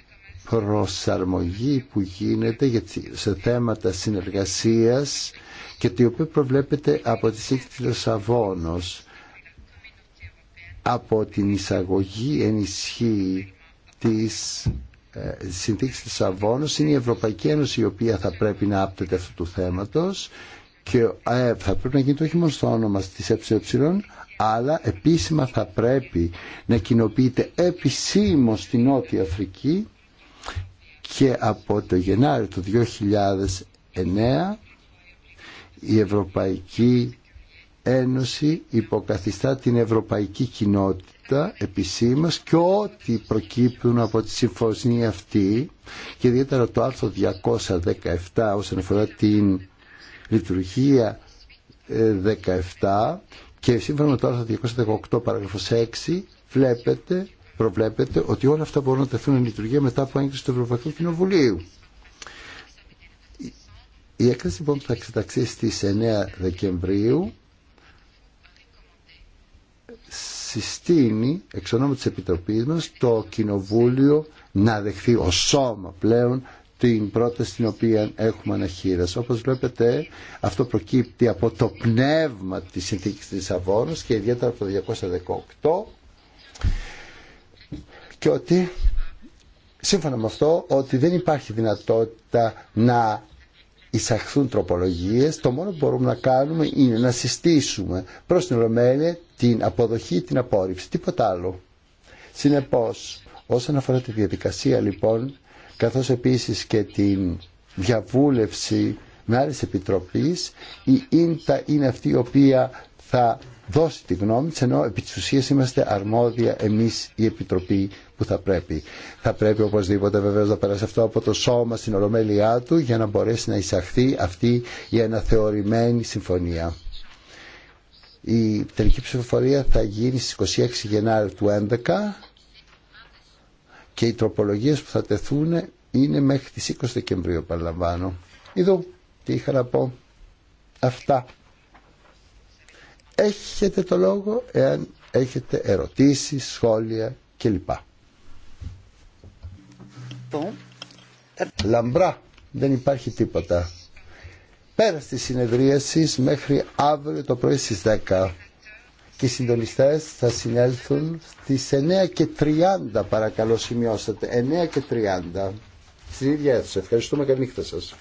προσαρμογή που γίνεται σε θέματα συνεργασίας και το οποίο προβλέπεται από τη συνθήκη της από την εισαγωγή ενισχύει της ε, συνθήκης της είναι η Ευρωπαϊκή Ένωση η οποία θα πρέπει να άπτεται αυτού του θέματος και ε, θα πρέπει να γίνεται όχι μόνο στο όνομα της ΕΕ αλλά επίσημα θα πρέπει να κοινοποιείται επισήμω στη Νότια Αφρική και από το Γενάριο του 2009 η Ευρωπαϊκή Ένωση υποκαθιστά την Ευρωπαϊκή Κοινότητα επισήμως και ό,τι προκύπτουν από τη συμφωνία αυτή και ιδιαίτερα το άρθρο 217 όσον αφορά την λειτουργία 17 ε, και σύμφωνα με το άρθρο 218 παράγραφος 6 βλέπετε, προβλέπετε ότι όλα αυτά μπορούν να τεθούν λειτουργία μετά από έγκριση του Ευρωπαϊκού Κοινοβουλίου. Η έκθεση που λοιπόν θα εξεταξεί στις 9 Δεκεμβρίου συστήνει εξ ονόμου της Επιτροπής μας το Κοινοβούλιο να δεχθεί ο σώμα πλέον την πρόταση την οποία έχουμε αναχείρας. Όπως βλέπετε αυτό προκύπτει από το πνεύμα της συνθήκης της Λισαβόνας και ιδιαίτερα από το 218 και ότι σύμφωνα με αυτό ότι δεν υπάρχει δυνατότητα να εισαχθούν τροπολογίες, το μόνο που μπορούμε να κάνουμε είναι να συστήσουμε προς την Ολομέλεια την αποδοχή ή την απόρριψη, τίποτα άλλο. Συνεπώς, όσον αφορά τη διαδικασία λοιπόν, καθώς επίσης και την διαβούλευση με άλλες επιτροπή, η ίντα είναι αυτή η οποία θα δώσει τη γνώμη της, ενώ επί της ουσίας είμαστε αρμόδια εμείς η Επιτροπή που θα πρέπει. Θα πρέπει οπωσδήποτε βεβαίω να περάσει αυτό από το σώμα στην ολομέλειά του για να μπορέσει να εισαχθεί αυτή η αναθεωρημένη συμφωνία. Η τελική ψηφοφορία θα γίνει στις 26 Γενάρη του 2011 και οι τροπολογίες που θα τεθούν είναι μέχρι τις 20 Δεκεμβρίου παραλαμβάνω. Εδώ τι είχα να πω. Αυτά. Έχετε το λόγο εάν έχετε ερωτήσεις, σχόλια κλπ. Λαμπρά. Δεν υπάρχει τίποτα. Πέρα στη συνεδρίαση μέχρι αύριο το πρωί στις 10 και οι θα συνέλθουν στι 9 και 30 παρακαλώ σημειώσατε 9 και 30 στην ίδια αίθουσα. Ευχαριστούμε. Καλή νύχτα σας.